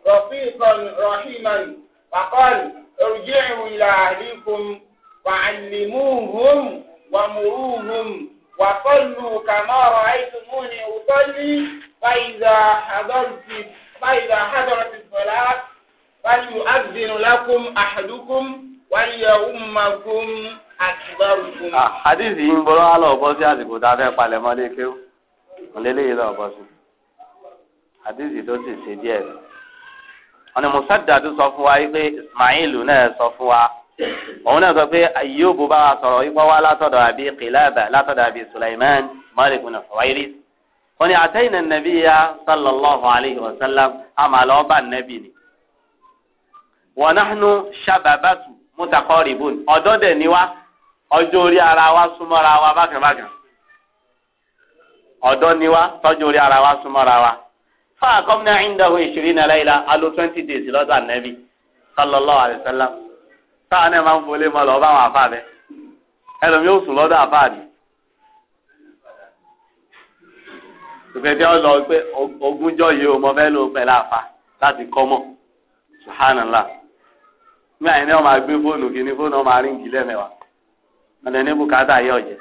Speaker 3: رفيقا رحيما فقال ارجعوا إلى أهلكم وعلموهم ومروهم وصلوا كما رأيتموني أصلي فإذا حضرت فإذا حضرت الصلاة fáyọ azinu lakum ahadukum wáyọ umakum akibarukum. àdìsí
Speaker 1: yìí ń bọ́lá lọ́wọ́ bọ́ sí àsìkò tá a fẹ́ palẹ̀ mọ́lé kéwù lélẹ́yìí lọ́wọ́ bọ́ sí àdìsí tó sì ṣe díẹ̀ rẹ̀ ọ̀nà musaddadu sọ fún wa pé ismail náà sọ fún wa òun náà sọ pé ayélujára bá wa sọ̀rọ̀ ipá wa látọ̀dọ̀ àbí qilaba látọ̀dọ̀ àbí sulaiman malik bin fawairis wọ́n ní àtẹ́yìn nàbí ya sallallahu alayhi wa sallam àmà lọ́ọ́ bá ni wọnahunu sábàbàtù mutakọrìbùn ọ̀dọ́ dẹ ni wa orí ara wa súnmọ́ra wa bákàbákà ọ̀dọ́ ni wa orí ara wa súnmọ́ra wa fún àkọmínà ìdáhùn ìṣirí nàlẹ alo twenty days lọ́dọ̀ ànẹbí sallallahu alaihi máa ń folé bá àfa rẹ ẹlòmí sùn lọ́dọ̀ àfa rẹ pé ogúnjọ́ yìí mọ pẹ̀lú àfa láti kọ́ ní àyìn náà máa gbé fóònù kí ni fóònù ọmọ àríǹkì lẹ́mẹ̀wá ọ̀dẹ̀ ní bùkátà yẹ ọ̀jẹ̀.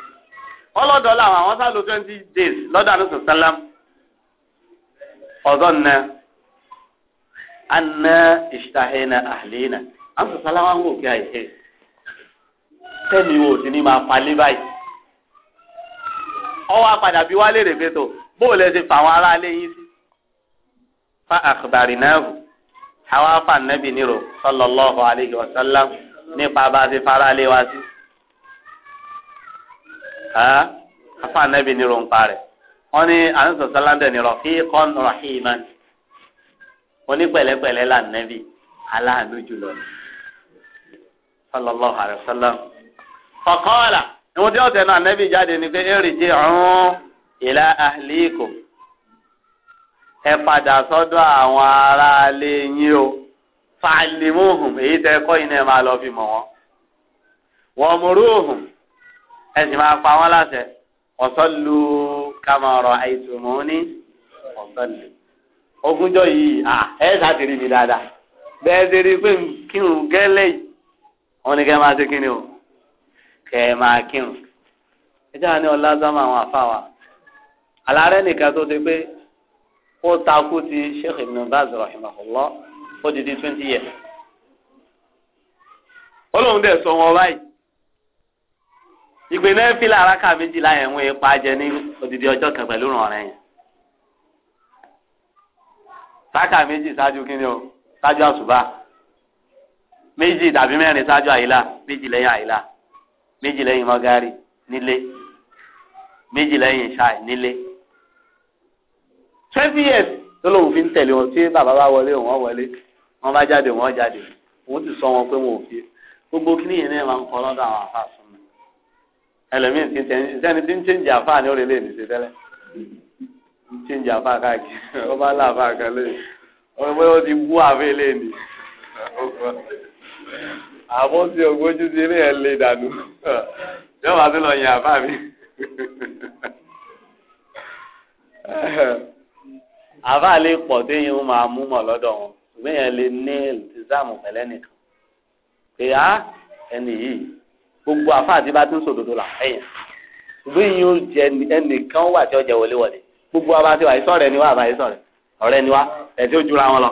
Speaker 1: wọ́n lọ́dọ̀ làwọn àwọn sá lo twenty days lọ́dọ̀ àdúgbò sálám ọ̀dọ́ nà anna ìṣàhẹ́nà àhìlẹ́nà àdúgbò sálám wà ń wò kí àyè tẹ́mi wo sí ni máa palẹ́ báyìí. ọwọ́ apàdà bí wálé rèé bóòlù ẹ̀ ti fà àwọn aráalé yín sí. fa àkùbàrì náà hù àwọn afa nẹ́bì nírò sallallahu alaihi wasallam nípa bá a ti fara lé wa sí. afa nẹ́bì nírò ń parẹ́ wọ́n ní àníṣe sọ́láńdẹ̀ nírò fi kọ́n rahiman onípẹ̀lẹ́pẹ̀lẹ́ là nẹ́bì aláàánú jùlọ ni sallallahu alaihi ìwọ́n tí wọ́n tẹ̀ náà nẹ́bì jáde ni pé jẹ́ ẹ padà sọ́dọ̀ àwọn aráalé yín o fàlìmùhùn èyí tẹ kọ́ iná ẹ máa lọ fi mọ̀ wọ́n wọ́n múrùhùn ẹ sì máa pa wọ́n láṣẹ ọ̀sọ́lù kàmọ̀rọ̀ àìtùmọ́ni ọ̀sọ́lù ogúnjọ́ yìí ẹ mi dáadáa bẹ́ẹ̀ ṣe rí i pé gẹ́lẹ́ yìí wọ́n ní kẹ́ máa ṣe o kẹ́ ẹ máa ẹ ọlá àwọn wa nìkan ó takú ti sheikh ibn baz rahimahullah ó di di twenty years. olóhùn dẹ̀ sọ wọn báyìí ìgbè náà fi lára ká méjìlá yẹn wọ́n ipa jẹ ní odidi ọjọ́ kan pẹ̀lú ìrànrẹ́ yẹn. sáka méjì ṣáájú kínní o ṣáájú àṣùbà méjì tàbí mẹ́rin ṣáájú àyílà méjì lẹ́yìn àyílà méjì lẹ́yìn mọ́gárì nílé méjì lẹ́yìn ṣáì nílé twenty years tó lóun fi ń tẹ̀lé wọn tí bàbá bá wọlé wọn wọlé wọn bá jáde wọn jáde wọn ti sọ wọn pé wọn ò fi gbogbo kí nìyẹn náà máa ń kọ lọ́dọ̀ àwọn afa sùn mi ẹlẹ́mìí ti tẹ̀ ní sẹ́ni tí ń ṣe ń jà fáà ní orí ilé ṣe tẹ́lẹ̀ ń ṣe ń káàkiri ó bá là fáà kan lé ọmọ bóyá ti wú àfẹ́ ilé ni àmọ́ tí ògbójú ti ilé ẹ̀ lè dànù
Speaker 2: yọ̀wá tó
Speaker 1: lọ yàn àfáà mi. àbá lè pọ̀ déyìn ó máa mú mọ̀ lọ́dọ̀ wọn ṣùgbọ́n yẹn lè ní ìlùtìsáàmù pẹ̀lẹ́ nìkan pé á ẹnì yìí gbogbo àfa àti bá tún sòdodo là ẹ̀yìn ṣùgbọ́n yìí ó jẹ ẹnìkan wà tí ó jẹ wọléwọlé gbogbo àbá ti wà yìí sọ̀rọ̀ ẹni wá àbá yìí sọ̀rọ̀ ọ̀rẹ́ ni wá ẹ̀tí ó jura wọn lọ.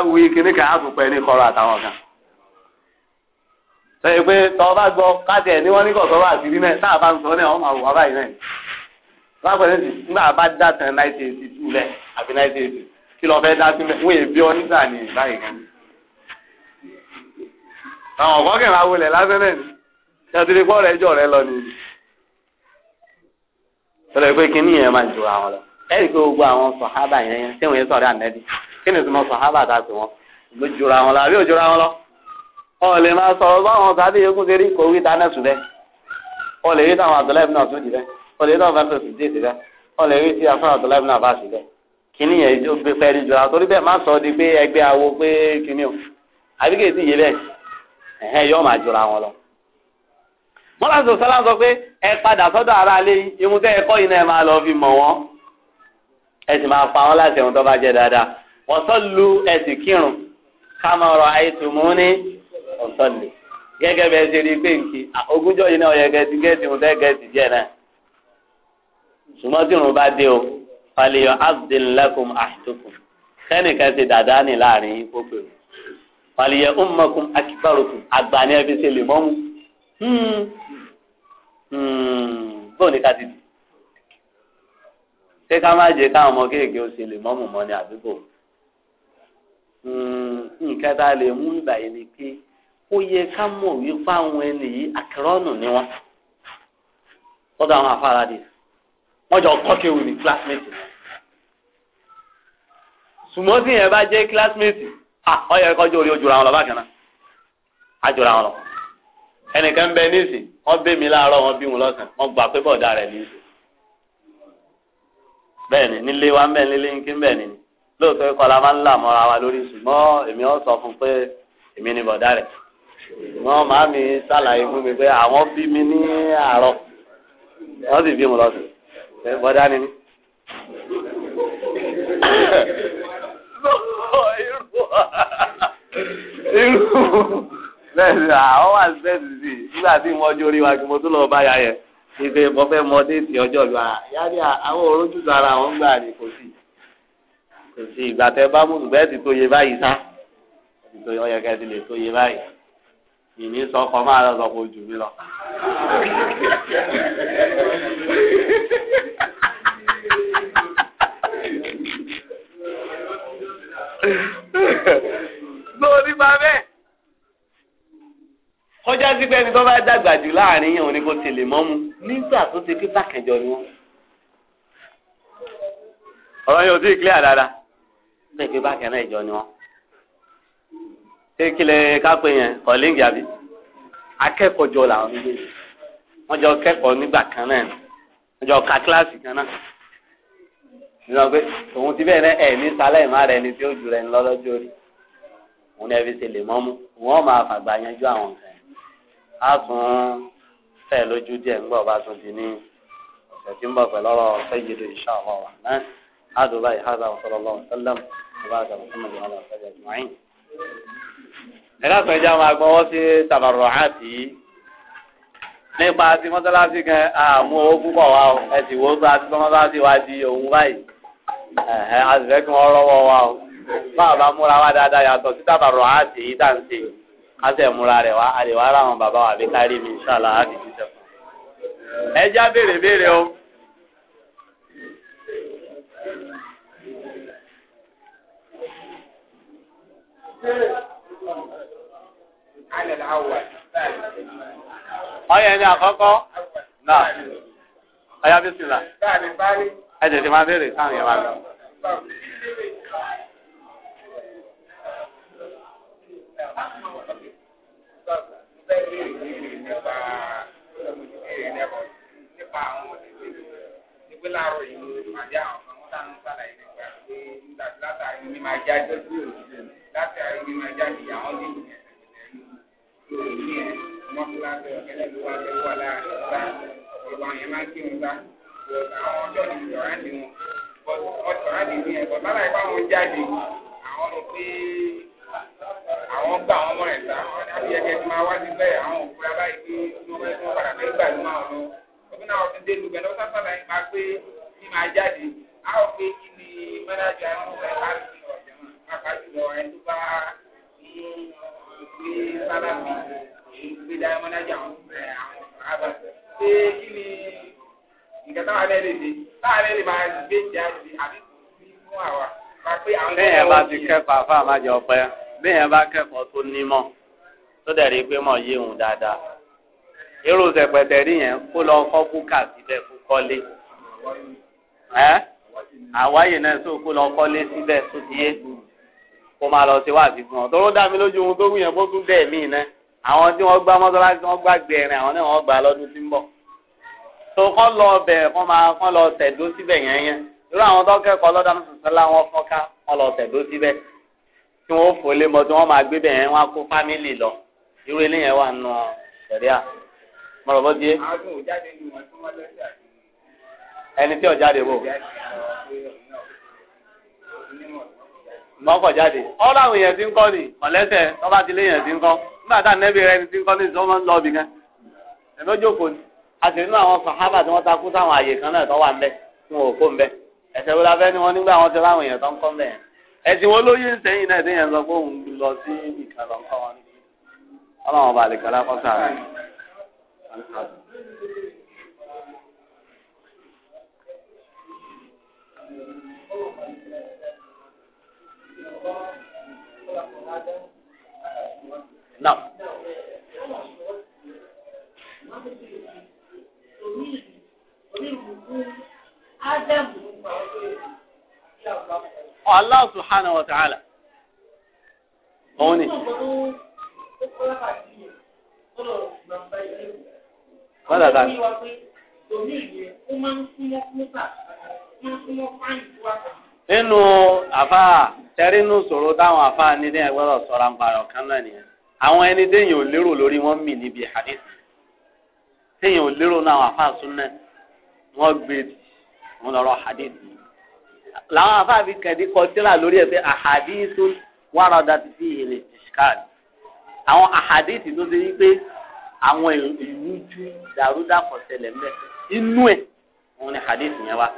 Speaker 1: ni wí kíní kan á tún pẹ́ ní kọ́rọ̀ àtàwọn kan. sọ yìí pé tọ́ bá gbọ́ káàtì ẹ̀ ní wọ́n ní kọ̀ọ̀tọ́ bá àti wọn àgbẹ̀ ní nígbà bá dá tán nineteen eighty two lẹ̀ àbí nineteen eighty kí lọ́ọ́ fẹ́ dá sí mẹ́ wọ́n èbí ọ nígbà ní báyìí kan. àwọn ọ̀gọ́ kẹ̀rọ awolẹ̀ lásán náà ni ṣàtúndì pọ́ rẹ̀ jọ rẹ̀ lọ ni. sọlá pé kínní yẹn máa jura wọn lọ ẹ̀rí pé gbogbo àwọn sọ̀hábà yẹn yẹn tí yẹn sọ̀rọ̀ ànẹ́bí kí ni ìtumọ̀ sọ̀hábà ta sí wọn
Speaker 2: ló jura wọn lọ àbí ò jura wọn
Speaker 1: lọ. ọ̀ lè máa sọ̀rọ̀ báwọn sábẹ́ yẹn kún sí rí kò wí ta sùn bẹ́ẹ̀ ọ̀ lè rí táwọn àtọ́lẹ́ ọ̀lẹ́ náà bá fẹ́ẹ́ fìdí ìdílé ọ̀lẹ́ rí sí afárá ọ̀tọ̀ láìpẹ́ náà bá sí bẹ́ẹ̀ kínní yẹn ó gbé pẹ́ẹ́rì jọra torí bẹ́ẹ̀ má sọ ọ́ di pé ẹgbẹ́ awo pé kínní o àbí kì í sì yé bẹ́ẹ̀ ẹ̀hẹ́n yóò máa jọra wọn lọ. wọ́n láti sọ sọ́lá sọ pé ẹ padà sọ́dọ̀ ara lé irun tẹ́ ẹ kọ́ iná ẹ máa lọ fi mọ̀ wọ́n ẹ sì máa pa wọ́n láti ẹ̀hún tó bá jẹ́ dáadáa wọ́n sọ lu ẹ kírun ká máa rọ àìtùmú ní ọ̀sán gẹ́gẹ́ bẹ́ẹ̀ ṣe rí pé nǹkan ogúnjọ́ yìí náà yẹ gẹ́tì gẹ́tì ṣùgbọ́n tí irun bá dé o falẹ̀yọ̀ abdulakum ahitukum kẹ́nìkan ti dàda ní láàrin yín kópe o falẹ̀yọ̀ ummakum akibarukum agbani ẹbí ṣe lè mọ́mú hmm. hmm. bó ní ká ti dì ṣé ká má jẹ káwọn ọmọ kéèké ó ṣe lè mọ́mú mọ́ ní àdúgbò hmm. nǹkan tá a lè mú ìgbà yìí ni pé ó yẹ ká mọ̀ wípé àwọn ẹni yìí àkìrọ́nù ni wọ́n lọ́dọ̀ àwọn afárádìí wọ́n jọ kọ́ kéwù ní kílásímẹ́tì sùmọ́ tí yẹn bá jẹ́ kílásímẹ́tì à ọ yẹ kọjú orí ojúra wọn lọ bákan náà ajúra wọn lọ ẹnìkan bẹ níìsì wọn bẹ mi láàárọ̀ wọn bí wọn lọ́sàn wọn gbà pé bọ̀dá rẹ̀ níìsì bẹ́ẹ̀ ni nílé wa ń nílé ń kí ni lóòótọ́ ikọ̀ la máa ń là mọ́ra wa lórí ṣùgbọ́n èmi ọ̀ sọ fún pé èmi ni bọ̀dá rẹ̀ wọn máa mi ṣàlàyé fún mi pé àwọn bí mi ní àárọ̀ wọn sì bí wọn lọ́sàn ẹ bọ́dá ni mí. irú bẹ́ẹ̀ni àwọn wà sẹ́ẹ̀sì sí nígbà tí wọ́n jó rí wa kí mo tún lọ bá ya yẹn ìfẹ́ mo fẹ́ mọ déètì ọjọ́ ìlú ara yáni àwọn orójú sára àwọn ń gbà ní kò sí kò sí ìgbà tẹ bá mú ìgbẹ́ ti tó yẹ báyìí sá ti tó yẹ kẹ́ ti lè tó yẹ báyìí ìní sọkọ máa lọ sọ kó jù mí lọ. lórí máa bẹ́ẹ̀ kọjá sí pé ẹni tó bá dàgbà jù láàrin yẹn òun ni kò tèlè mọ́ mu nígbà tó ti pé bákẹ́jọ ni wọ́n. ọ̀rọ̀ yóò tí ì clear dáadáa tó ti pé bákẹ́ náà ìjọ ni wọ́n. kékeré kápẹ́ yẹn kọ́líǹgì àbí akẹ́kọ̀ọ́ jọ làwọn méjèèjì wọ́n jọ kẹ́kọ̀ọ́ nígbà kan náà wọ́n jọ ka kíláàsì kan náà nínú pé òun ti bẹ́ẹ̀ náà ẹ̀ ní sálẹ̀ ìmá rẹ̀ ni tí o jù rẹ̀ ń lọ́lọ́jọ́ rí òun ní ẹbí ṣe lè mọ́ mú wọ́n máa fàgbà yanjú àwọn nǹkan yẹn á tún fẹ́ lójú díẹ̀ ńgbọ́ bá tún di ní ọ̀sẹ̀ tí ń bọ̀ pẹ̀lú ọ̀rọ̀ sayyidu insha Allah wà náà àdùbà ìhàdà ọ̀sọ̀rọ̀ lọ́wọ́ sẹ́lẹ̀m ọba àtàwọn fún mi ọ̀nà ọ̀sẹ̀ ẹ̀jùmáyìn.
Speaker 2: ẹ̀rọ àpẹjọ àwọn
Speaker 1: agbọ̀wọ́ sí tàbàrọ̀ àti nípa ti mọ́tálásí kan àmú owó púpọ̀ wa ẹ̀ sì wọ́n bá ti tọ́ mọ́tálásí wa di òun báyìí. ẹ̀hẹ́ àtìfẹ́ kí wọ́n rọ́wọ́ o báwa bá múra wá dáadáa yàtọ̀ sí tábàrọ̀ á sì yí múra rẹ̀ wá ráwọn bàbá wa bí kárí mi ṣàlà á fi jíjẹ fún
Speaker 2: ẹ já béèrè béèrè o.
Speaker 3: ẹ̀jẹ̀ ti máa béèrè káwọn yẹn máa lọ. Thank you àwọn ọlọ́ọ̀dì sọ̀rọ̀ àdì wọn wọ́n sọ̀rọ̀ àdì ní ẹ̀kọ́ sábà yìí báwọn jáde àwọn rò pé àwọn gbà wọn mọ̀ ẹ̀ta àbí ẹ̀kẹ́ ti máa wá sí bẹ́ẹ̀ àwọn òkú abá pé wọ́n fẹ́ fún padà fẹ́ gbà lóun àwọn lọ. gómìnà ọ̀sẹ̀ délùú bẹ̀rẹ̀ ó sábà yìí máa pé kí máa jáde á pé kí ni mẹ́nájà ẹ̀rọ ọ̀sẹ̀ bá ọ̀jẹ̀ mọ̀ pàápàá jùlọ ẹ̀ tó bá ní sálábì èyí gbé dáyọ́mọ́nájà àwọn ọ̀sẹ̀ àwọn ọ̀sẹ̀ nǹkan táwọn abẹ́ lè dé táwọn abẹ́ lè máa gbé jáde àbí fún àwa. Béèyàn bá ti kẹ́kọ̀ọ́
Speaker 1: àfa àmàjẹ ọ̀pẹ, béèyàn bá kẹ́kọ̀ọ́ tó nímọ̀ tó dẹ̀ rí pé mọ̀ yé òun dáadáa. Irú sẹ̀pẹ̀tẹ̀rí yẹn kó lọ kọ́ búkà síbẹ̀ fún kọ́lé. Àwáyé náà tó kó lọ kọ́lé síbẹ̀ tó ti yé kó máa lọ sí wáàsí fún ọ. Tó ló dá mi lójú ohun tó wù yẹn bó tún bẹ́ẹ̀ mí náà. Àwọn tí wọ́n gbá mọ́tọ́lá tí wọ́n gbàgbé ẹ̀rìn àwọn náà wọ́n gbà lọ́dún tí ń bọ̀. tó kọ́ lọ ọbẹ̀ kọ́ máa kọ́ lọ tẹ̀dó síbẹ̀ yẹn yẹn irú àwọn tó kẹ́kọ̀ọ́ lọ́dà nìṣẹ̀ṣẹ̀ láwọn fọ́ká kọ́ lọ tẹ̀dó síbẹ̀ tí wọ́n fò wọ́n máa gbé kó fámìlì lọ irú wà nù ẹni tí wò ni ti lé èèyàn ti ń nígbà tá a rẹ ti ń a àwọn sàhábà tí wọ́n takú sáwọn àyè kan náà tó wà ńbẹ wọn ò kó ńbẹ wo la fẹ́ ni wọ́n nígbà wọn ti láwọn èèyàn tó ń kọ́ ńbẹ yẹn ẹ̀sìn wo ló yé náà ẹ̀sìn yẹn sọ pé òun lọ sí ìkan lọ
Speaker 2: ń kọ́ wọn níbi bá lè kọ́ lápá sáà Now.
Speaker 1: Allah subhanahu wa ta'ala
Speaker 2: òun ni. Bọ́dà
Speaker 3: ká.
Speaker 1: Nínú àfáà tẹ́rínú sòro táwọn àfáà ní ní ẹgbẹ́rọ̀ sọ̀rọ̀ àǹfààní ọ̀kan náà nìyẹn. Àwọn ẹni déyìn ò lérò lórí wọn mì hadith. téèyàn ò lérò náà àwọn afa súnmẹ wọn gbé wọn lọrọ hadith làwọn afa fi kẹdí kọ síra lórí ẹ pé ahadithun warada ti fi ìhìnrìn ìṣkáàd àwọn ahadith tó ti yí pé àwọn ìrújú dàrúdàpọ̀ ṣẹlẹ̀ mbẹ inú ẹ̀ wọn ni hadith yẹn wá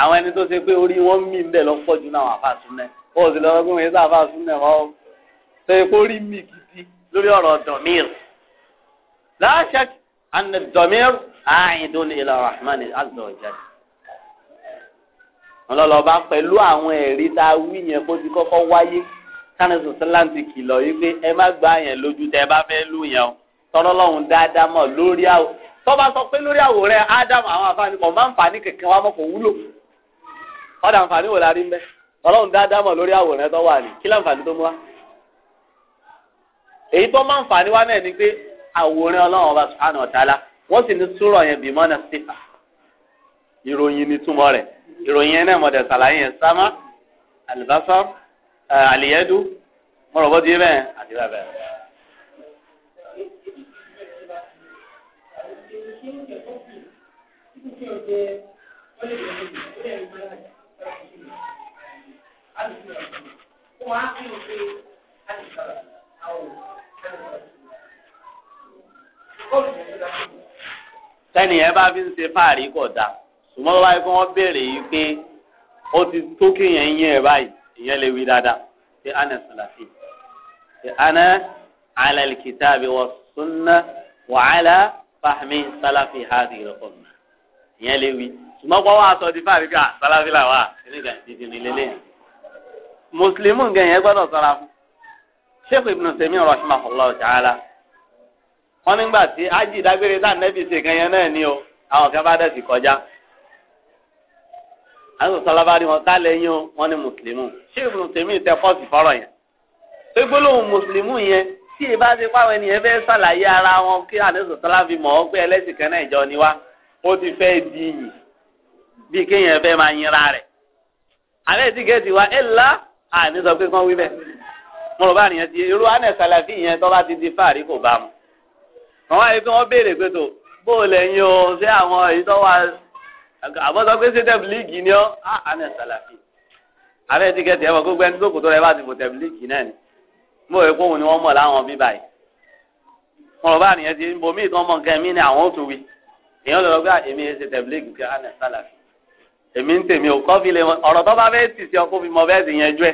Speaker 1: àwọn ẹni tó ṣe pé orí wọn mí mbẹ lọ pọ̀ jù náà àwọn afa súnmẹ wọn sì lọ́wọ́ pé wọn yẹn sáfà súnmẹ wọn ṣe é kó rí mí gidi lórí ọ̀rọ̀ dọ̀míìr láṣẹ أن الضمير عائد إلى الرحمن عز وجل wọn lọ lọ bá pẹ̀lú àwọn ẹ̀rí tá a wí yẹn kó ti kọ́kọ́ wáyé sani sọsọlan ti kìlọ̀ yìí pé ẹ má gbá yẹn lójú tẹ ẹ bá fẹ́ lù yẹn o tọrọ lọhùn dáadáa mọ lórí àwò tọba sọ pé lórí àwò rẹ ádámù àwọn àfààní kò má ń fà ní kẹ̀kẹ́ wa mọ kò wúlò ọdà àǹfààní wò la rí mbẹ dáadáa mọ lórí àwò rẹ tó wà ní kí láǹfààní tó mú wa èyí tó má ń fà àwòrán ọlọ́run ọba sùhánù ọ̀tàlá wọ́n sì ní súrọ̀ yẹn bímọ náà sífà ah! ìròyìn ni túmọ̀ rẹ̀ ìròyìn yẹn náà mọ̀dẹ̀ sàlàyé yẹn sámá àlùbásá eh, àlìyẹ́dú
Speaker 2: mọ̀rọ̀ bọ́ bẹ́ẹ̀ àti bẹ́ẹ̀ bẹ́ẹ̀. Thank you
Speaker 1: sẹ́ni ẹ bá fi ń ṣe fáàrí kọ̀ da ṣùgbọ́n báyìí kí wọ́n béèrè yìí pé ó ti tó kéèyàn yín ẹ̀ báyìí ìyẹn lè wí dáadáa ṣe ana sàlàfí ṣe ana alàlìkìtà àbí wọ́n súnná wàhálà fàmí sàlàfí hàdì rẹ̀kọ̀ ìyẹn lè wí ṣùgbọ́n kọ́ wá sọ di fáàrí ká ah, sàlàfí là wà nígbà títí ní lélẹ́yìn mùsùlùmí nǹkan yẹn gbọ́dọ̀ sọ̀rọ̀ fún ṣéèkù ibùdó sẹ́mi rahimahullah ta'ala wọ́n nígbà tí ájì dágbére tá nẹ́bí ṣe kan yẹn náà ni o àwọn kan bá dẹ̀sí kọjá àwọn sọlọ́ba ni wọ́n tá lẹ́yìn o wọ́n ní mùsùlùmù ṣé mùsùlùmù tẹ fọ́ọ̀sì fọ́rọ̀ yẹn pé gbólóhùn mùsùlùmù yẹn tí ì bá ṣe páwọn ènìyàn fẹ́ ṣàlàyé ara wọn kí àdéhùn sọlá fi mọ̀ ọ́ pé ẹlẹ́sìn kan náà ìjọ ni wá ó ti fẹ́ di yìí bí kéèyàn fẹ́ máa yinra rẹ̀ àlẹ́ tí gẹ̀ẹ́sì wa ẹ̀ la àní sọ pé kán wí bẹ́ẹ̀ mo rò bá nìyẹn ti irú àná yẹn tó bá ti di fáàrí kò bá mu àwọn àyè tí wọ́n béèrè pé tó bóò lẹ́yìn o ṣé àwọn èyí tó wà àbọ̀sọ pé ṣé tẹ̀bílíìgì ni ọ́ àmì sàlàfì àbẹ́ tíkẹ́tì ẹ̀wọ̀n gbogbo ẹni tó kò tó rẹ bá ti fò tẹ̀bílíìgì náà ni mo rò pé òun ni wọ́n mọ̀ láwọn bíbá yìí mo rò bá nìyẹn ti bo míì tó mọ̀ nǹkan mi ni àwọn ò tún wí èèyàn lọ́dọ̀ pé èmi ẹ̀ ṣe tẹ̀bílíìgì kí àmì sàlàfì èmi ń tèmi ò kọ́ fi lè ọ̀rọ̀ tó bá fẹ́ tì sí ọkọ́ fi mọ bẹ́ẹ̀ sì yẹn jú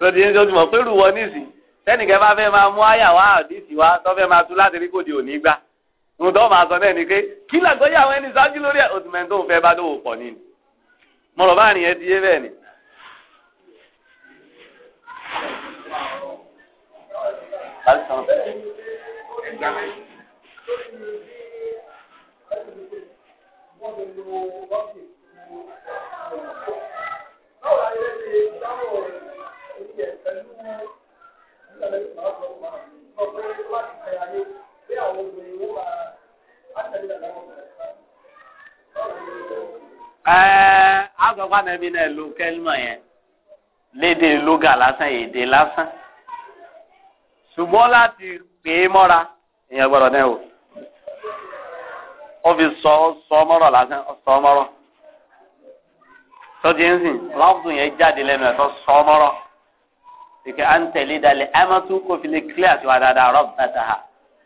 Speaker 1: lọ́dún yẹn ti mọ̀ pé rù nísìnyí tẹ́nìkẹ́ bá fẹ́ máa mú àyà wá àdìsí wá tó fẹ́ máa tú láti rí kòdì òní gbà ń tọ́ máa sọ náà ni pé kí làgbọ́yà àwọn ẹni ṣáájú lórí ẹ̀ òtún mẹ́tò ń fẹ́ bá dòwò pọ̀ ni mo rọ̀ bá rìn ti yé bẹ́ẹ̀ ni.
Speaker 2: Thank you.
Speaker 1: ẹẹ azọkwa n'ẹbi náà lu kẹlímọ yẹn léde lóga lásán èdè lásán ṣùgbọ́n láti pè é mọ́ra èèyàn gbọ́dọ̀ náà o. ó fi sọ sọ mọ́rọ̀ lásán sọ mọ́rọ̀ sọ́jí ń sọ ike à amatu fi lè kílẹ̀ àti ha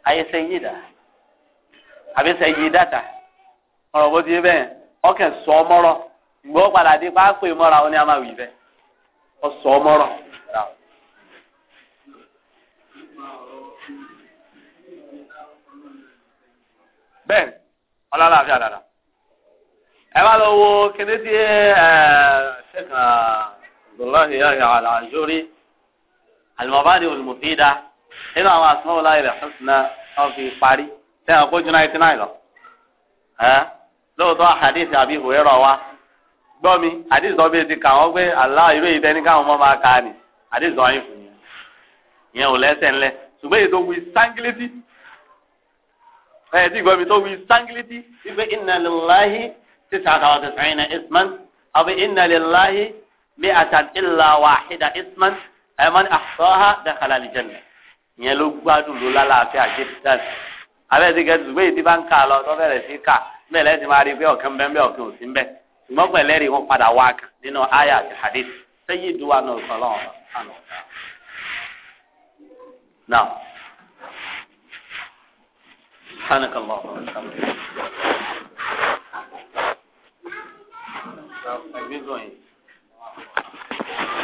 Speaker 1: ayé sẹ́yìn dà àbí sẹ́yìn dàtà ọ̀rọ̀ bó ti bẹ́ẹ̀ ọkẹ́ sọ mọ́rọ̀ ìgbọ́ padà dé pápẹ́ mọ́ra ó ní a máa wì bẹ́ẹ̀ wo المبادئ المفيدة إلى ما أسمه الله إلى حسنة أو في فاري سأقول جناي تنايلا ها لو تو حديث أبي هريرة وا بومي حديث دوبي دي كان أو بي الله يبي يدني كان وما ما كاني حديث دوبي فني يا ولا سنلا سبي دو بي سانجليتي هذه قومي تو بي سانجليتي إبى إن لله تسعة وتسعين اسما أو إنا لله مئة إلا واحدة اسما ẹ̀mọ́ni àfọ́há dàkàlà àlìjẹ́nà ìyẹn ló gbádùn ló lálàáfíà jẹ́sítàn abẹ́sí kẹ́tù ṣùgbọ́n èyí tí bá ń kà lọ tó bẹ̀rẹ̀ sí kà bẹ́ẹ̀ lẹ́sìn máa rí pé ọ̀kan bẹ́ẹ̀ bẹ́ẹ̀ ọ̀kan ò sí bẹ́ẹ̀ ṣùgbọ́n pẹ̀lẹ́ rí wọn padà waa kan nínú àyà àti hadith sẹ́yìn ìdúwà náà sọ lọ́wọ́ سبحانك اللهم
Speaker 2: وبحمدك